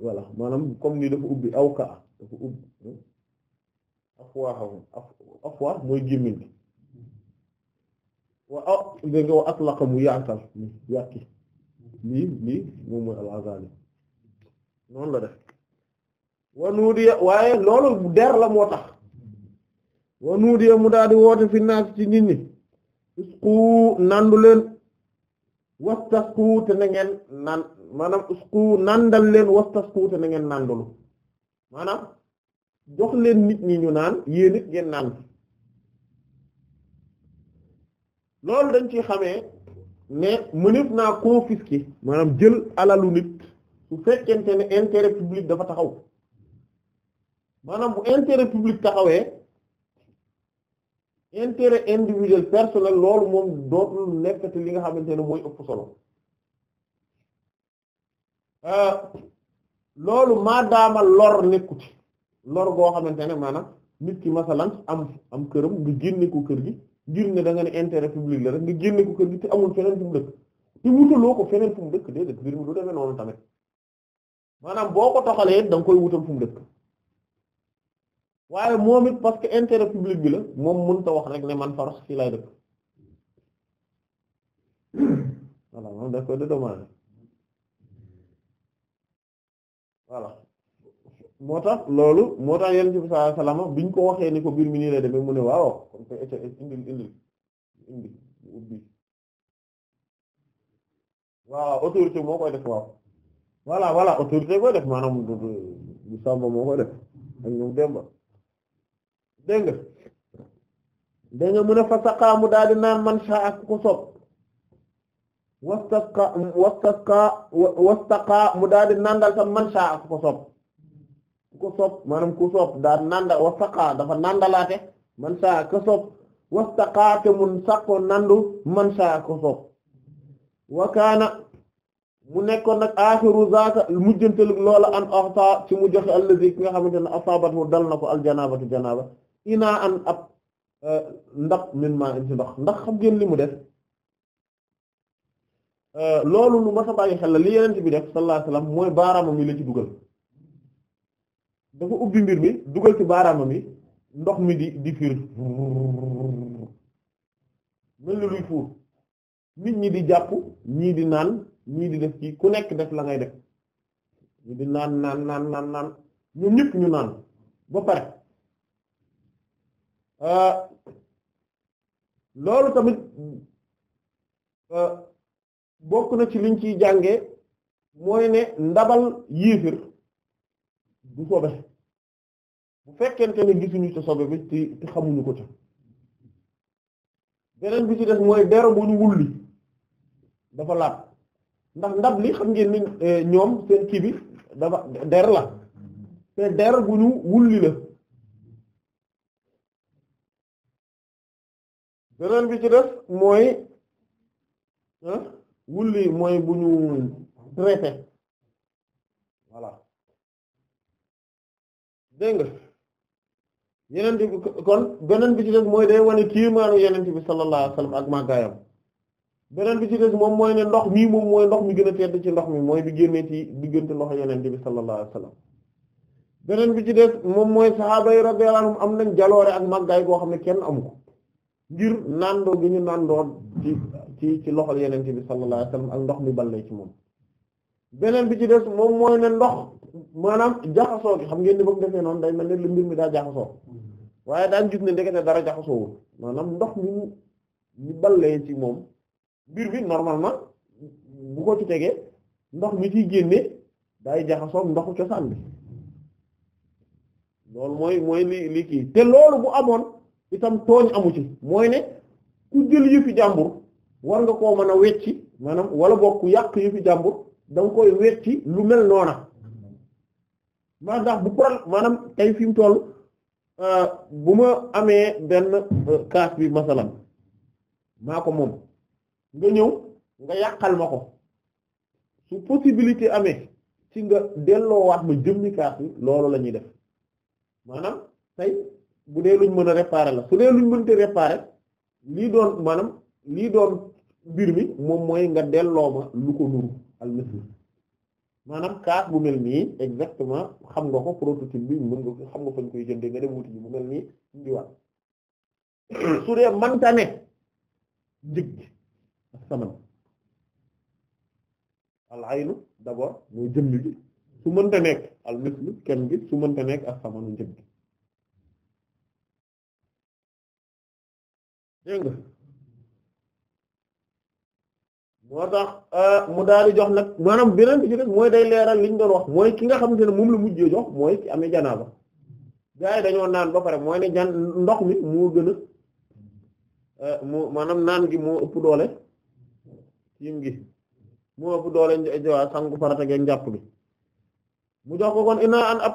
voilà maanaam comme ni dafa ubbi awka a dafa ubbi hmm, afwaahum afwaah mooy gémmiñ gi aw dégg mooy al azali noonu la def wa nuudiya waaye loolu der la moo tax wa nuudiya mu daal di woote fi naas ci nit ñi usqu nandu leen wastasqu te na ngeen nan maanaam usqu leen wastasqu te na ngeen nandulu maanaam jox leen nit ñi ñu naan yéen it ngeen naan loolu dañ ci xamee ne mënef naa confisquer maanaam jël alalu nit su fekkente ne intérêt public dafa taxaw maanaam bu intérêt public taxawee intérêt individuel personnel loolu moom dootul nekkati li nga xamante ne mooy ëpp solo euh, loolu maa maadaama lor nekku ci lor goo xamante ne maanaam nit ki masalan am am këram nga génne ko kër gi ngir ne da nga ne intérêt public la rek nga génne ko kër gi te amul feneen fu mu dëkk te wutaloo ko feneen fu mu dëkk déedéet mbir mi du demee noonu tamit maanaam boo ko toxalee da nga koy wutal fu mu dëkk waaye moom it parce que intérêt public bi la moom mënut a wax rek ne man force fii lay dëkk voilà moom daf koy dédommager voilà moo tax loolu moo tax yonent bi sallallahu alayhi wasallam biñ ko waxee ni ko biir mi nii lay demee mu ne waaw kon ko indi indil indil indi ubbi waaw autorité moo koy def waaw voilà voilà autorité koy def maanaam du sàmba moo koy def ak ñoom demba dégg nga da nga fa saqaa mu daal di naan man saa ak ko sopp wastasqa wastasqa wastaqa mu daal di nandal tam man saa ak ko sopp ko sopp maanaam ku sopp daal nanda wastaqa dafa nandalaate man saa ak ko sopp wastaqa te mun saqo nandu man saa ak ko sopp wakaana mu nekkoon nag aaxiru zaaka mujjanteelu loola an axta ci mu joxe allazi ki nga xamante ne asabatu dal na ko aljanabatu janaba inaa an ab e, ndax min maa in ci ndox ndax xam ngeen li mu def e, loolu lu ma sa bàyyi xel la li yeneen bi def sallallahu alayhi wasallam mooy baaraamam yi la ci dugal dafa ubbi mbir mi dugal ci baaraamam yi ndox mi di di fiir mel ni luy fuur nit ñi di jàpp ñii di naan ñii di def ci ku nekk def la ngay def ñi di naan naan naan naan naan ñoom ñu naan ba pare Euh, loolu tamit euh, bokk na ci liñ ciy jànge mooy ne ndabal yiifir du sobe bu fekkente ne gisuñu ci sobe bi ci xamuñu ko ci beneen bi ci des mooy dero bu ñu wulli dafa laat ndax ndab li xam ngeen euh, ñoom seen kii bi dafa der la te der bu ñu wulli la beneen bi ci def mooy wulli mooy bu ñu traité voilà dégg nga yeneen bi kon beneen bi ci def mooy day wane kiimaanu yeneen bi sallallahu alayhi ak màggaayam beneen bi ci des moom mooy ne ndox mii moom mooy ndox mi gën a tedd ci ndox mi mooy bi génnee ci diggante loxo yeneen bi sallallahu alayhi wasallam beneen bi ci des moom mooy saxaaba yi radiyallahu am nañ jaloore ak màggaay boo xam ne kenn amu ngir nandoo gi ñu nandoon ci ci ci loxol yenente bi sallallahu alayhi wasallam ak ndox mi ballay ci moom beneen bi ci des moom mooy ne ndox maanaam jaxasoo gi xam ngeen ni ba mu defee noonu day mel ne li mbir mi daa jaxasoo waaye daan gis ne ndekete dara jaxasoowul maanaam ndox mi ñu ballee ci moom mbir bi normalement bu ko ci tegee ndox mi ciy génne day jaxasoo ndoxu cosaan bi loolu mooy mooy li li kii te loolu bu amoon itam tooñ amu ci mooy ne ku jël yëfi jàmbur war nga koo mën a wecci maanaam wala bokk ku yàq yëfi jàmbur da nga koy wecci lu mel noona maa ndax bu problème maanaam tey fi mu toll euh, bu ma amee benn euh, kaas bi masalan maa ko moom nga ñëw nga yàqal ma ko su possibilité amee ci nga delloowaat ma jëmmi kaas bi loolu la ñuy def maanaam tey bu dee luñ mën a réparer la su dee luñ mënte réparer lii doon maanaam lii doon mbir mi moom mooy nga delloo ma lu ko nuru al misli maanaam kaas bu mel nii exactement xam nga ko prototype bi mën nga ko xam nga fañ koy jëndee nga dem wuti ji bu mel nii diwaat su dee manta ne njëg gi ak saman al aynu d'abord mooy jënd gi su mënta nekk al kenn gi su mënta nekk ak samanu njëg gi dégg nga moo tax euh, mu daal jox nag maanaam beneen bi mooy day leeral liñ doon wax mooy ki nga xamante ne moom la mujjee jox mooy ki amee janaaba dañoo naan ba pare mooy ne jan ndox mi mu gën a euh, maanaam naan gi moo ëpp doole tiim gi moo ëpp doole jawaa sangu farata geeg njàpp gi mu jox ko kon ina an ab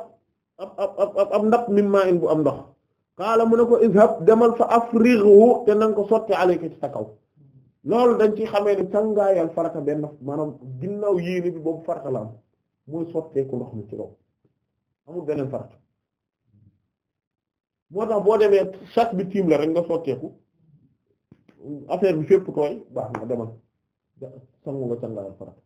ab ab ab ab ndab in bu am ndox xaala mu ne ko izhab demal fa afrighu te nanga ko sotti alayka ci sa kaw loolu dañ ci xamee ne sangaayal farata benn maanaam ginnaaw yéene bi boobu farata la am mooy sotteeku ndox mi ci kaw amul beneen farata moo tax boo demee chaque bi tiim la rek nga sotteeku affaire bi fépp tooy baax na demal sangu nga sangaayal farata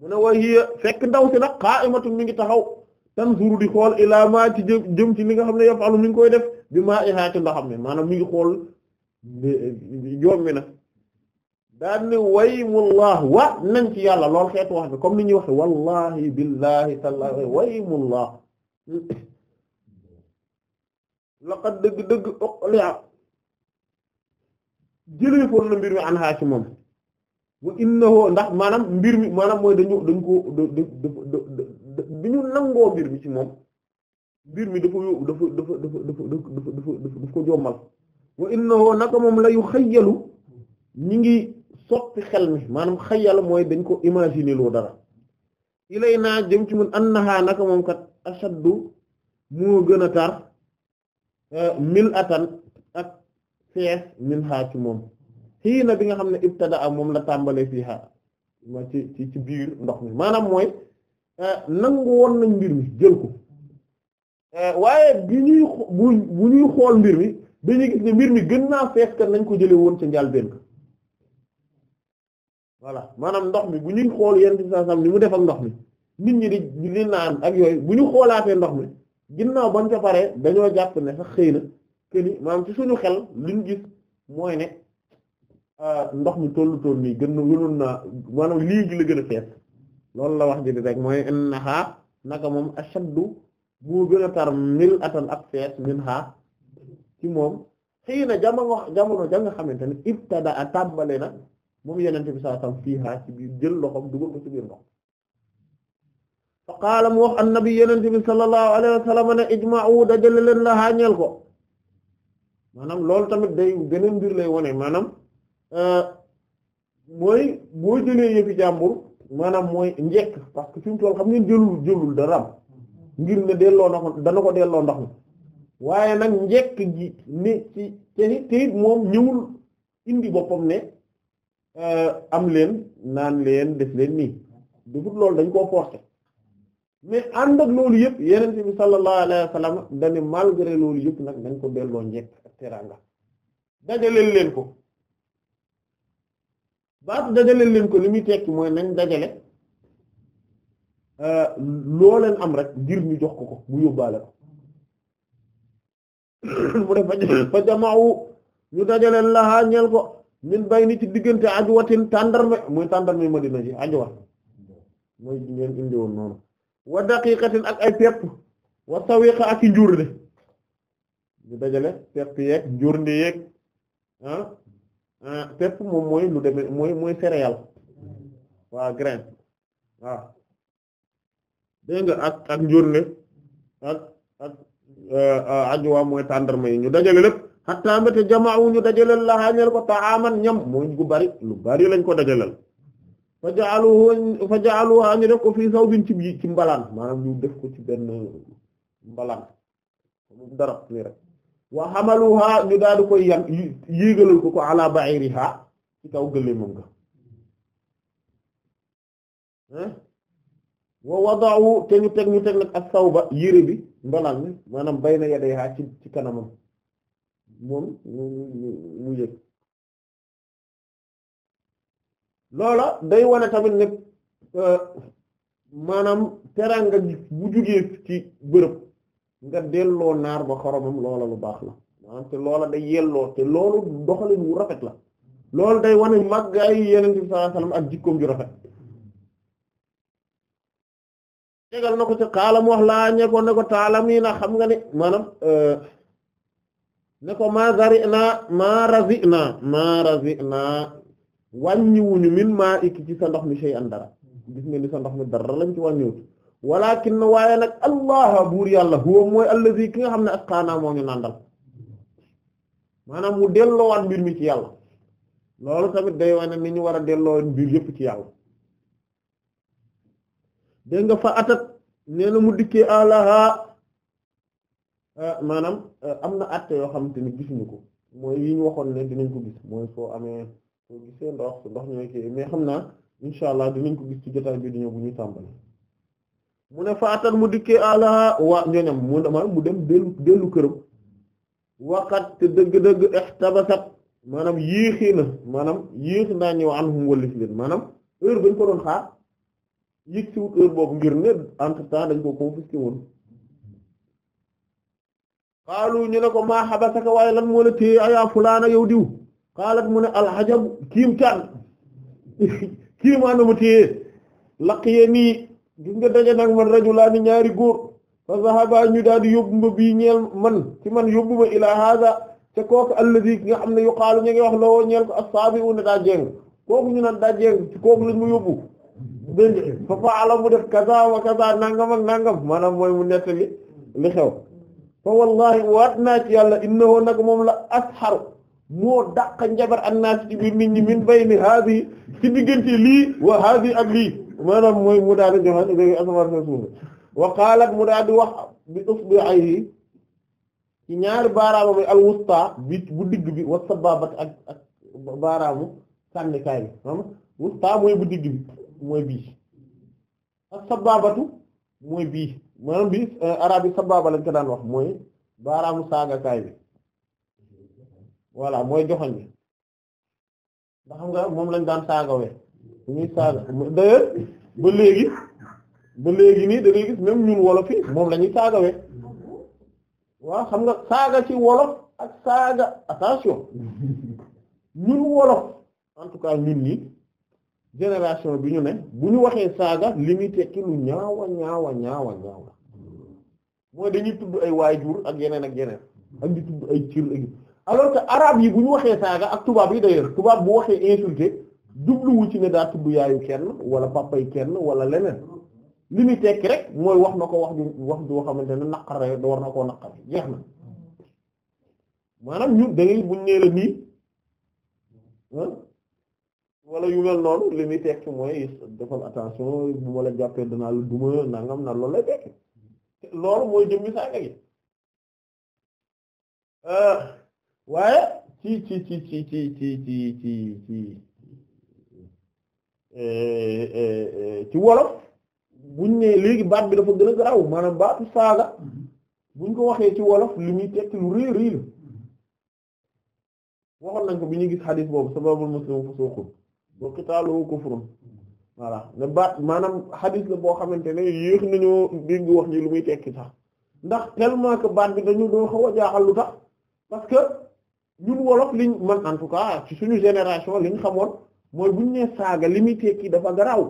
mu ne wa hiya fekk ndaw si nag qa'imatun mi ngi taxaw tanzuru di xool ilaa maa ci jëm jëm ci li nga xam ne yafalu mi ngi koy def bi maa ihaa ci ndoxam mi maanaam mi ngi xool jommi na daal ne waymullah wa nañ ci yàlla lool xeetu wax bi comme ni ñuy waxe wallahi billahi tallaahi waymullah laqad dëgg dëgg uqli'a jëlee foon na mbir mi an haa ci moom wa ndax maanaam mbir mi maanaam mooy dañu dañ ko bi ñu nangoo mbir mi ci moom mbir mi dafa yóbbu dafa dafa dafa dafa dafa dafa daf ko jommal wa innahu naka moom la yu xayyalu ñi ngi sotti xel mi maanaam xayyal mooy dañ ko imaginer loo dara ilay naa jëm ci mun annaha naka moom kat ashaddu moo gën a tar euh, mil atan ak fees min xaa ci moom xii na bi nga xam ne ibtada am moom la tàmbalee fii xaa ma ci ci biir ndox mi maanaam mooy Eh, nangu woon nañ mbir mi jël ko eh, waaye bi ñuy bu bu ñuy xool mbir mi dañuy gis ne mbir mi gën naa fees que nañ ko jële woon ca njàlbéen ka voilà maanaam ndox mi bu ñuy xool yenn ci saa sam ni mu def ndox mi nit ñi di di naan ak yooyu bu ñu xoolaatee ndox mi ginnaaw bañ ca pare dañoo jàpp ne sax xëy na que ni ci suñu xel li ñu gis mooy ne ah, ndox mi tollu toll nii gën na gënoon naa maanaam lii gi la gën a fees loolu la wax ji di rek mooy innaha naka moom ashaddu bu gën a tar mil atan ak feet minha ci moom xëy na jamono jamono ja nga xamante ne ibtada a tàmbale na moom yenente bi sallallahu alayhi wasallam fiiha ci jël loxom dugal ko ci biir ndox fa qaala mu wax annabi yenente bi sallallahu alayhi wasallam ne ijma'u dajale leen la xaañeel ko maanaam loolu tamit day beneen mbir lay wone maanaam euh, mooy boo jëlee yëfi jàmbur maanaam mooy njekk parce que fi mu toll xam ngeen jëlul jëlul dara am ngir ne delloo na ko dana ko delloo ndox mi waaye nag njekk gi ne ci te moom ñëwul indi boppam ne euh, am leen naan leen def leen nii dufut loolu dañ koo forcer mais ànd ak loolu yëpp yenente bi sallallahu alayhi wa sallam dane malgré loolu yëpp nag dañ ko delloo njekk ak teraanga leen leen ko baatu dajale leen ko li muy tekki mooy nañ dajale euh, loo am rek ngir ñu jox ko ko mu yóbbaale ko mu def fa jamaawu ñu dajale laxaa ñeel ko min bay ni ci diggante ajuwatin tàndarme muy tàndarme Madina ji ajuwat mooy ngeen indiwoon noonu wa daqiqatin ak ay pepp wa sawiqa ak i njurde ñu dajale pepp yeeg njurde yeeg ah Euh, pepp moom mooy lu demee mooy mooy céréale waa grain waaw dégg nga ak ak njóorle ak ak euh, euh, ajwa mooy tàndarma yi ñu dajale lépp xatta mbéte jamaawu ñu dajaleel laxaañel ko taaman ñam mooy gu bari lu bari lañ ko dajaleel fa jaalu fa jaalu ñu def ko fii saw bin ci ci mbalaan maanaam ñu def ko ci benn mbalaan mu dara nii rek wa xamaluha ñu daal di koy yan yéegalal ko ko ala ba'iriha ci kaw gëléemam ga wa wada'u te ñu teg ñu teg nag ak sawba yére bi ndolaan ni maanaam bayna yadayha ci ci kanamam moom mu mu yëg loola day wane tamit ne euh, maanaam teranga bu jugee ci bërëb nga delloo naar ba xoromam loola baax la maanaam te loola day yelloo te loolu doxalin wu rafet la loolu day wane màggaayu yeneen bi sallallahu alayhi wasallam ak jikkoom ju rafet tegal na ko ci xaalam wax laa ñe ko ne ko taalami xam nga ne maanaam ne ko maa gari naa maa razi naa maa razi naa wàññiwuñu min maa ikki ci sa ndox mi shay an dara gis nga ni sa ndox mi dara lañ ci wàññiwut walakin waaye nag allah buur yàlla huwa mooy allazi ki nga xam ne asqaana moo ñu nàndal maanaam mu delloowaat mbir mi ci yàlla loolu tamit day wax wane ni ñu war a delloo mbir yépp ci yàlla dégg nga fa atat nee na mu dikkee alaha eh, maanaam eh, am na atte yoo xamante ni gisuñu ko mooy yi ñu waxoon ne dinañ ko gis mooy soo amee soo gisee ndox ndox ñu ne mais xam naa insha allah dinañ ko gis ci jotaay bii di ñëw bu ñuy mu ne faatat mu dikkee ala wa ñoñam mu dem dellu dellu këram waxat te dëgg-dëgg ihtabasat maanaam yéexi na maanaam yéexi naa ñëw anhum wallif leen maanaam heure bañ ko doon ngir ne entre temps dañ ko confisqué woon xaalu ñu ne ko maa xabasaka waaye lan moo la téye ayaa fulaana yow diw xaalat mu ne alxajab kiim taan kiimaanama téye laq ye nii gis nga daje nag man rajulaani ñaari góor fa zahaba ñu daal di yóbbu ma bii ñeel man ci man yóbbu ma ilaa hada te kooku alladi nga xam ne yu xaalu ñu ngi wax la woo ñeel ko as-saabi daa jeng kooku ñu naan daa jeng kooku lañ ma yóbbu dégg fa faala mu def kaza maanaam mooy mu nettali li xew fa wallahi waat naa ci yàlla innahu nag moom la asxaru moo dàq njabar an naas ci biir ñi min bayni haadi ci lii wa haadi ak lii maanaam mooy mu daal di joxe léegi asamaan wa qaalat mu daal di wax bi usbi'ayhi ci ñaari baaraamu bi al wusta bu digg bi wa sababat ak baaraamu sànnikaay bi bu digg bi mooy bii ak sababatu mooy bii maanaam bii euh, arabe wax mooy baaraamu saagakaay bi mooy joxoñ xam nga moom lañ daan saagawee. dañuy saaga d'ailleurs ba léegi ba léegi nii da ngay gis même ñun wolof yi moom la ñuy saagawee waaw xam nga saaga ci wolof ak saaga attention ñun wolof en tout cas ñun ñi génération bi ñu ne bu ñu waxee saaga li muy tekki lu ñaawa ñaawa ñaawa ñaawa mooy dañuy tudd ay jur ak yeneen ak yeneen ak di tudd ay cir alors que arabe yi bu ñu waxee saaga ak tubaab yi d'ailleurs tubaab bu waxee insulté jubluwu ci ne daa tudd yaayu kenn wala papay kenn wala leneen li muy tekki rek mooy wax na ko wax ju wax joo xamante ne naqar rek da war na koo naqar jeex na maanaam ñun da ngay buñ la nii ah, wala yu mel noonu li muy tekki mooy defal attention bu la jàppee danaa la duma nangam na loolu lay tekki loolu mooy jëmmi saaga gi ah, waaye ci ci ci ci ci ci ci ci Eh, eh, eh, ci wolof buñ ne léegi baat bi dafa gën a garaaw maanaam baatu saaga mm-hmm. buñ ko waxee ci wolof li muy tekki lu rëy rëy la mm-hmm. waxoon nañ ko bu ñu gis xadiis boobu sababul muslimu fusuqun wa ko kufrun mm-hmm. voilà ne baat maanaam xadiis la boo xamante ne yéex nañoo dégg wax ni lu muy tekki sax ndax tellement que baat bi dañu doon xaw a jaaxal lu tax parce que ñun wolof liñ man en tout cas ci suñu génération liñ xamoon mooy buñ nee saaga li muy tekki dafa garaaw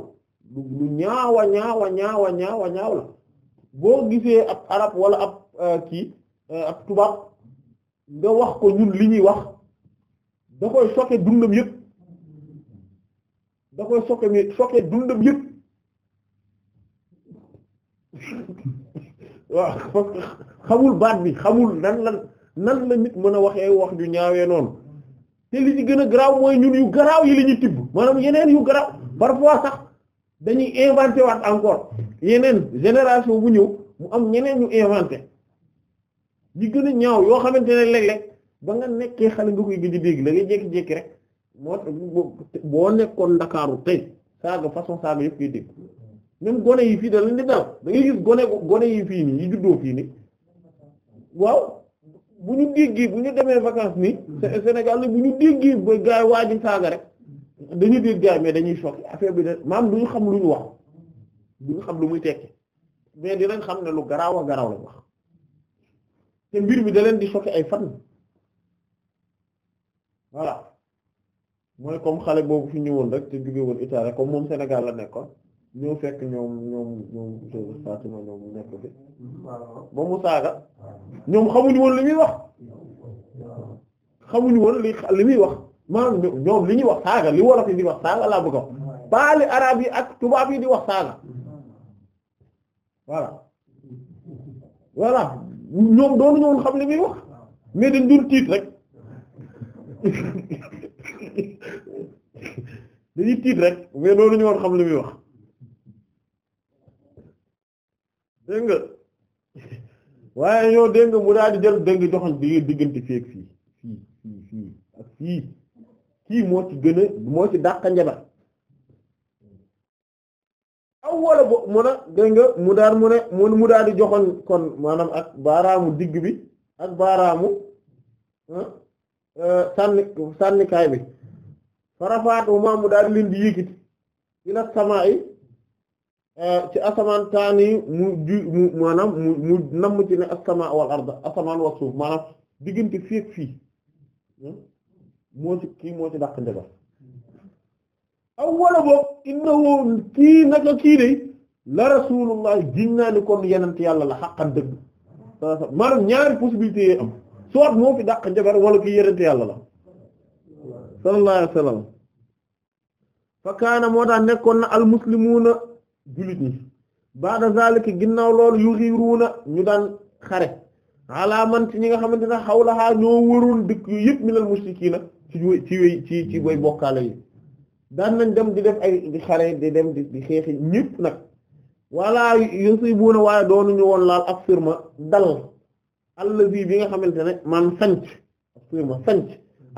lu ñaawa ñaawa ñaawa ñaawa ñaaw la boo gisee ab arab wala ab euh, kii euh, ab tubaab nga wax ko ñun li ñuy wax da koy choquer dundam yëpp da koy choquer dundam yëpp waaw xamul baat bi xamul nan lan nan la nit mën a waxee wax ju ñaawee noonu te li ci gën a garaaw mooy ñun yu garaaw yi la ñuy tibb maanaam yeneen yu garaaw parfois sax dañuy inventé waat encore yeneen génération bu ñëw mu am ñeneen ñu inventé di gën a ñaaw yoo xamante ne léeg-léeg ba nga nekkee xale nga koy gëj a dégg da ngay jékki-jékki rek moo boo nekkoon ndakaaru tey saaga façon saaga yëpp koy dégg même gone yi fii da leen di dal da gis gone gone yi fii nii yi juddoo fii nii waaw bu ñu déggee bu ñu demee vacances nii mm-hmm. Sénégal la bu ñu déggee ba gaay waa ji saaga rek dañuy dégg gaay mais dañuy choqué affaire bi de maam lu ñu xam lu ñu wax du ñu xam lu muy tekki mais dinañ xam ne lu garaaw a garaaw la wax te mbir mi daleen di choqué ay fan voilà mooy comme xale boobu fi ñëwoon rek te jóge woon Italie comme moom Sénégal la nekkoon ñoo fekk ñoom ñoom ñoom mm-hmm. Fatima ñoom nekk fi mm-hmm. ba mu saaga mm-hmm. ñoom xamuñu woon li muy wax xamuñu woon li li muy wax maanaam ñoom li ñuy wax saaga li wolof yi di wax saaga laa bëgg a araab yi ak tubaab yi di wax saaga voilà voilà ñoom doonu ñoon xam li muy wax mais dañ doon tiit rek dañuy tiit rek mais doonu ñoon xam li muy wax dégg nga waaye yow dégg nga mu daal di jël dégg nga joxoon diggante fii ak fii fii fii kii moo ci gën a moo ci dàq njabar aw wala bo mun a dégg nga mu daal mu ne mu daal di joxoon kon maanaam ak baaraamu digg bi ak baaraamu ah, euh, sànni sànnikaay bi farafaat mu daal di leen di yëkkati ila samaa'i Euh, ci asamaan taani mu ju mu maanaam mu mu namm ci ne asamaa wal arda asamaan wa suuf maanaam diggante fii fii hmm? moo ci kii moo ci dàq njabar aw wala boog innahu kii naka kii de la rasulullah giñ naa kon yenent yàlla la xaqan dëgg maanaam ñaari possibilités yi am soit moo fi dàq njabar wala kii yenent yàlla la sallallahu alayhi fa kaana moo tax nekkoon na al jullit ñi baada zalika ginnaaw lool loolu na ñu daan xare ala man ci ñi nga xamante ne xawlaxaa ñoo wëroon dëkk yu yëpp minal mushrikiina ci wéy ci wéy ci ci way bokkaale yi daan nañ dem di def ay di xare di dem di xeexi ñëpp nag wala yusibuuna waaye doonuñu woon laal ak firma dal allazi bi nga xamante ne man sanc ak firma sanc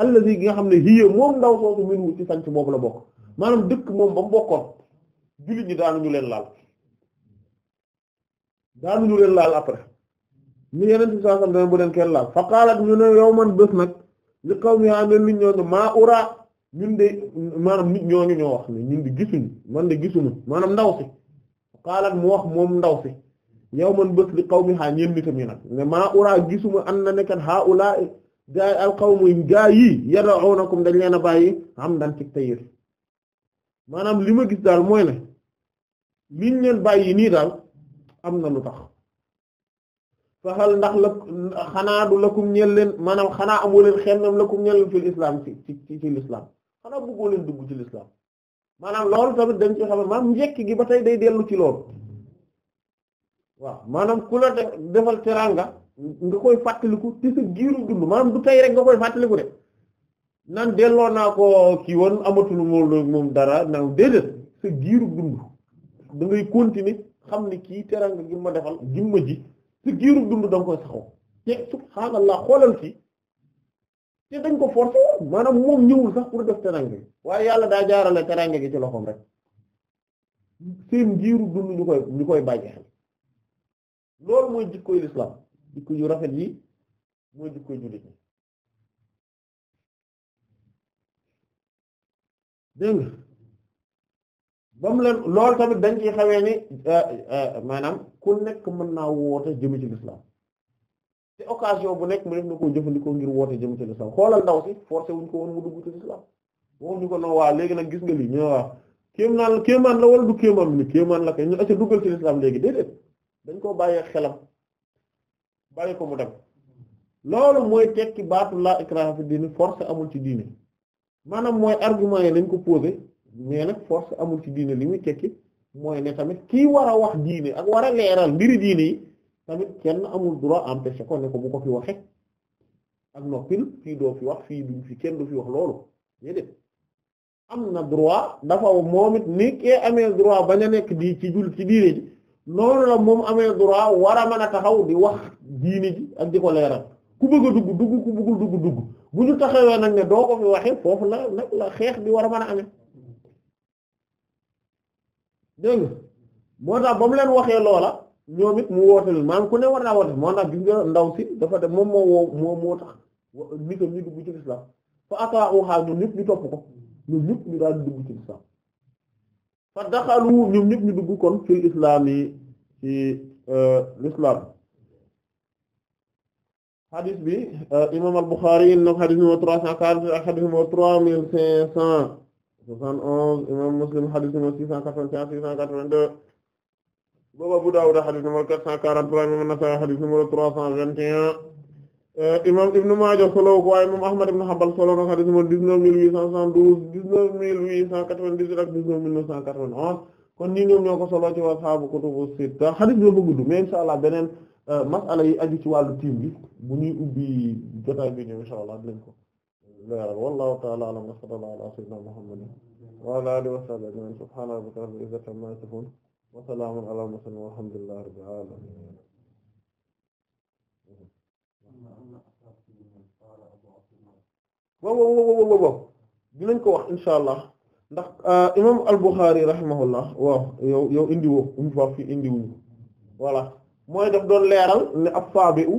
allazi gi nga xam ne hiya moom ndaw soosu min wu ci sanc boobu la bokk maanam dëkk moom ba bokkoon jullit ñi daanuñu leen laal daanuñu leen laal après ñu yeneen ci saa xam bu leen kenn laal fa qaalat ñu ne yow man bés nag li xaw mi am nit ñooñu maa ura ñun de maanaam nit ñooñu ñoo wax ne ñun de gisuñu man de gisuma maanaam ndaw si fa qaalat mu wax moom ndaw si yow man bés li xaw mi xaa ñeen nitam yi nag ne maa ura gisuma an na nekkat xaa ulaa gaay al qawmi gaay yi yad'unakum dañ leen a bàyyi am dan ci tayir maanaam li ma gis daal mooy ne liñ leen bàyyi nii daal am na lu tax faxal ndax la xanaa du lakum ñeel leen maanaam xanaa amoo leen xennam lakum ñeel leen fil islam ci ci ci l'islam xanaa bëggoo leen dugg ci l'islam maanaam loolu tamit dañ ci xam maanaam njekk gi ba tey day dellu ci loolu waaw maanaam ku la defal teraanga nga koy fàttaliku ci sa giiru dund maanaam du tey rek nga koy fàttaliku de nan delloo naa ko kii woon amatul moom dara nag déedéet sa giiru dund da ngay xam ne kii teranga gi ma defal gi ma ji sa giiru dund da nga koy saxoo te subhaanallah xoolal fii te dañ ko forcé woon maanaam moom ñëwul sax pour def teranga gi waaye yàlla daa jaarale teranga gi ci loxoom rek seen giiru dund ñu koy ñu koy bàyyi xel loolu mooy jikkoy lislaam jikko yu rafet yi mooy jikkoy jullit ñi dégg nga ba mu leen loolu tamit dañ ciy xamee ni euh, euh, maanaam ku nekk mën naa woote jëm ci lislaam te occasion bu nekk mu def na koo jëfandikoo ngir woote jëm ci lislaam xoolal ndaw si forcé wuñ ko woon mu dugg ci lislaam waxuñ ñu ko non léegi nag gis nga lii ñu ne waa kéemaan kéemaan la wala du kéemaan ni kéemaan la kay ñu acca duggal ci lislaam léegi déedéet dañ koo bàyyee xelam bàyyi ko mu dem loolu mooy tekki baatu laa ikraha fi diini force amul ci diini maanaam mooy argument yi lañ ko posé mais nag force amul ci diine li muy tekki mooy ne tamit kii war a wax diine ak war a leeral mbiri diine yi tamit kenn amul droit empêché ko ne ko bu ko fi waxe ak noppil fii doo fi wax fii duñ fi kenn du fi wax loolu déedéet am na droit dafa moom it ni kee amee droit bañ a nekk di ci jul ci diine ji noonu la moom amee droit war a mën a taxaw di wax diine ji ak di ko leeral ku bëgg a dugg dugg ku bëggul dugg dugg bu ñu taxawee nag ne doo ko fi waxee foofu la xeex bi war a mën a amee dégg nga moo tax ba mu leen waxee loola ñoom it mu woote leen maanaam ku ne war naa woote moo tax gis nga ndaw si dafa def moom moo moo tax nitam ñu dugg ci lislaam fa ata'uha ñoom ñëpp ñu topp ko ñoom ñëpp ñu daal dugg ci lislaam fa daxalu ñoom ñëpp ñu dugg kon fil islaam yi ci euh, lislaam xadis bi euh, imam al-Bukhari in na ko xadis numéro trois cent quarante ak xadis numéro trois mille cinq cent soixante onze imam Muslim xadis numéro six cent quatre vingt deux boobu Abu Dawud xadis numéro quatre cent quarante-trois imam an xadis numéro trois cent vingt et euh, imam Ibn Maaja solo ko waaye imam Ahmad ibn Hanbal solo na xadis numéro dix-neuf mille huit cent soixante-douze dix-neuf mille huit cent quatre-vingt-dix-huit dix-neuf mille neuf cent quatre vingt Euh, masala yi aju ci wàllu tiim bu ubbi jotaay bi ñëw insha allah dinañ ko ta'ala a'lam wa sallallahu ala sayyidina muhammadin wa ala alihi wa sahbihi ajma'in subhana rabbika rabbil izzati amma yasifun wa salamun ala mursalin walhamdulillahi rabbil ko wax insha allah ndax euh, imam al-Bukhari yow yow indi woo umu faa indi wuñu voilà mooy daf doon leeral ne ab faabe u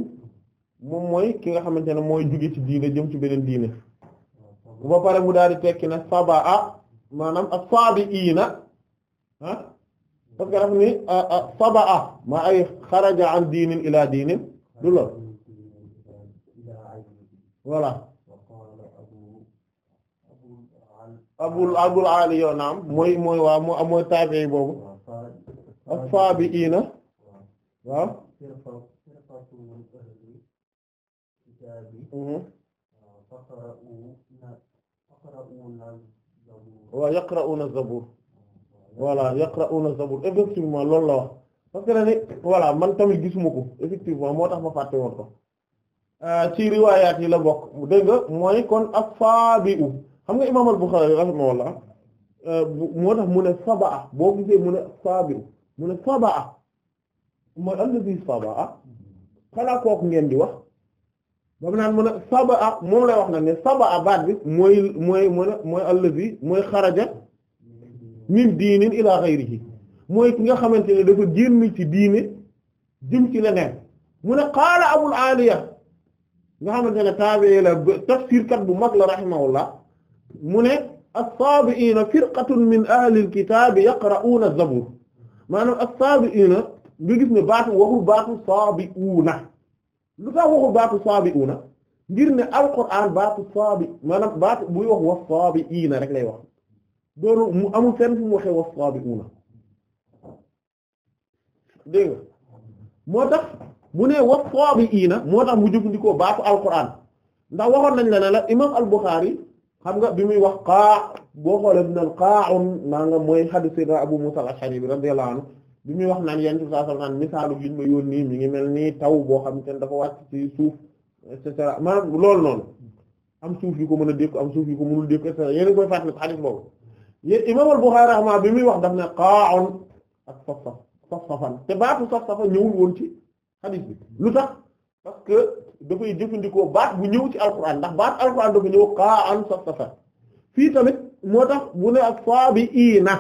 mooy ki nga xamante ne mooy jóge ci diine jëm ci beneen diine ba pare mu daal di tekki na faba a maanaam ak faabi iina ah parce que daf ni faba a maa ay xaraja an diinin ila diinin du lool abul ali yoo mooy mooy waa mooy taabee boobu ak faabi iina waaw waaw yaqra'una zabur voilà yaqra'una zabur effectivement loolu la wax parce que dañuy voilà man tamit gisuma ko effectivement moo tax ma fàtte woon ko euh, ci riwaayaat la bokk dégg mooy kon as-sabi'u xam nga imaam al-Bukhari rahimahullah euh, moo tax mu ne sabaa boo gisee mu mu ne sabaa mooy allazi sabaa ah. xanaa kooku ngeen di wax ba mu naan mu ne sabaa ah, moom lay wax na ne sabaa ah baat bi mooy mooy mu ne mooy allazi mooy xaraja min diinin ila ghayrihi mooy ki nga xamante ne dafa génn ci diine jëm ci leneen mu ne qaala abul aliya nga xamante ne taabee la tafsirkat bu mag la rahimahullah mu ne as-saabi'iina firqatun min ahlil kitaabi yaqra'uuna az-zabuur maanaam as-saabi'iina nga gis ne baatu waxul baatu saabi'uuna lu tax waxul baatu saabi'uuna ngir ne alquran baatu saabi maanaam baatu buy wax wa saabi'iina rek lay wax doonu mu amul fenn fu mu waxee wa saabi'uuna dégg nga moo tax mu ne wa saabi'iina moo tax mu jëfandikoo baatu alquran ndax waxoon nañ la ne la imaam al-Bukhari xam nga bi muy wax qaa boo xoolee dinañ qaa'un naa nga mooy hadiis Abu Muusaa al-Ash'ari radiyallahu anhu bi muy wax naan yenn saa soxnaan misaalu liñ ma yónnee mi ngi mel ni taw boo xam te ne dafa wàcc ci suuf et cetera maanaam loolu noonu am suuf yu ko mën a dékku am suuf yu ko mënul dékku et cetera yéen a koy fàttali ko xadiis boobu yéen Imaam al-Bukhari rahma bi muy wax daf ne qaa'un ak saf saf saf safan te baatu saf safa ñëwul woon ci xadiis bi lu tax parce que dafay jëfandikoo baat bu ñëw ci alquran ndax baat alquran dafa ñëw qaa'an saf safan fii tamit moo tax bu ne ak saabi'iina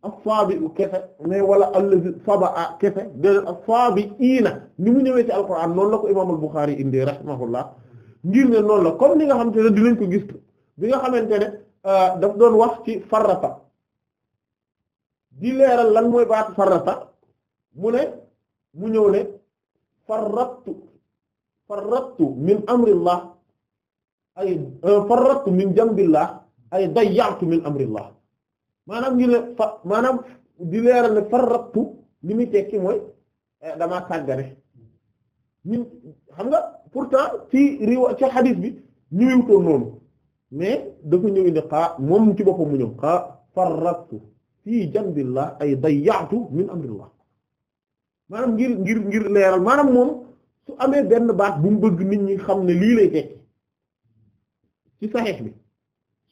as-saabi kefe mais wala allazi sabaa kefe déedéet as-saabiina ni mu ñëwee ci alquran noonu la ko imaam al-Bukhari indee rahimahullah ngir ne noonu la ko ni nga xamante ne dinañ ko gis bi nga xamante ne euh, daf doon wax ci farrata di leeral lan mooy baat farrata mu ne mu ñëw ne farrattu farrattu min amrillah ay euh, farrattu min jambillah ay dayyatu min amrillah maanaam ngir maanaam di leeral ne farrattu mi muy tekki mooy eh, damaa sàggane ñun xam nga pourtant ci riwa ci xadis bi ñëwutoon noonu mais dafa ñëw ne xaa moom ci boppam mu ñëw xaa farrattu fii janbillah ay dayyaatu min amrillah maanaam ngir ngir ngir leeral maanaam moom su amee benn baat bu mu nit ñi xam ne lii lay ci saxiix bi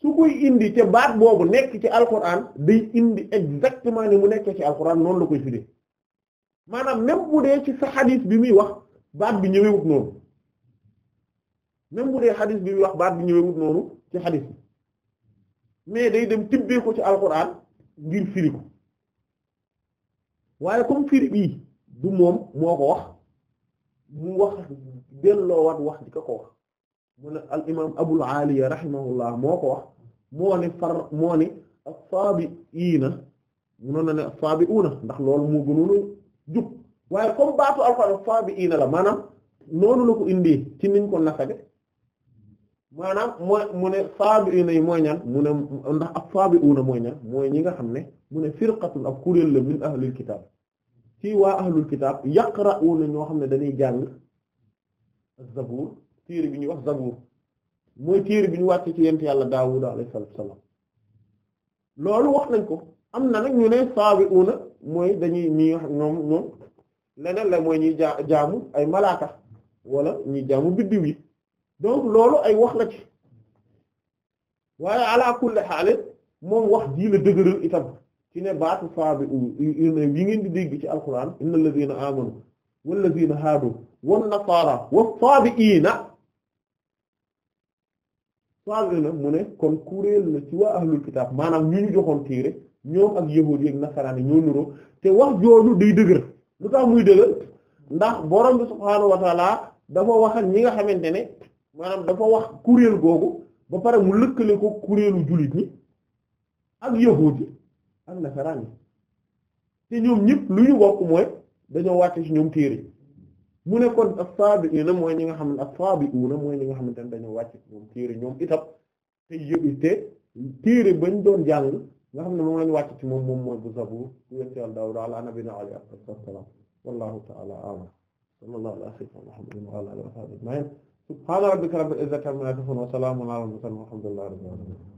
su koy indi te baat boobu nekk ci alquran day indi exactement ni mu nekkee ci alquran noonu la koy firi maanaam même ci sa xadis bi muy wax baat bi ñëwewut noonu même bu dee xadis bi wax baat bi ñëwewut noonu ci xadis bi mais day dem tibbee ko ci alquran ngir firi ko waaye comme firi bii du moom moo ko wax mu wax delloowaat wax di ko ko wax mu ne al imaam Abul Aliya rahimahullah moo ko wax moo ne far moo ne as na ne as-saabi'uuna ndax loolu moo gënoon a jub waaye comme baatu alxuraan as-saabi'iina la maanaam noonu la ko indi ci niñ ko nasabe maanaam mooy mu ne yi mooy ñan mu ne ndax as-saabi'uuna mooy ñan mooy ñi nga xam ne mu ne firqatun ab kuréel la min ahlul kitaab ci waa ahlul kitaab yaqra'uuna ñoo xam ne dañuy jàng az-zabuur téere bi ñuy wax Zabuur mooy téere bi ñu wàcce ci yent yàlla Daawud alayhi salaatu wassalaam loolu wax nañ ko am na nag ñu ne saabi'uuna mooy dañuy ñi ñoom ñoom leneen la mooy ñuy jaa jaamu ay malaaka wala ñuy jaamu biddiw yi donc loolu ay wax la ci waaye ala kulli xaal moom wax jii la dëgëral itam ci ne baatu saabi'uuna yi ngeen di dégg ci alquran innal lazina amanu wal lazina wan nasaara was saabi'iina changé na mu ne kon kuréel la ci waa ahlul kitaab maanaam ñu ñu joxoon téere ñoom ak yahuud yi ak yi ñoo nuroo te wax joonu day dëgër lu tax muy dëgër ndax borom bi subhaanahu wa dafa wax ñi nga xamante ne maanaam dafa wax kuréel googu ba pare mu lëkkale ko kuréelu jullit ñi ak yahuud yi ak nasaraani te ñoom ñëpp lu ñu bokk mooy dañoo wàcce ci ñoom téere mu ne kon as-sabiina mooy ñi nga xam ne as-sabiuna mooy ñi nga xamante ne dañoo wàcc moom téere ñoom itam te yëg te téere bañ doon jàng nga xam ne moom lañu wàcc ci moom moom mooy bu Zabuur yonent Yàlla Daawuud ala nabiyina alayhi salaam wallahu ta'ala a'lam sallallahu ala sayyidina Muhammadin wa ala alihi wa sahbihi ajma'in subhaana rabbika rabbil izzati amma yasifun wa salaamun ala al-mursalin walhamdulillahi rabbil alamin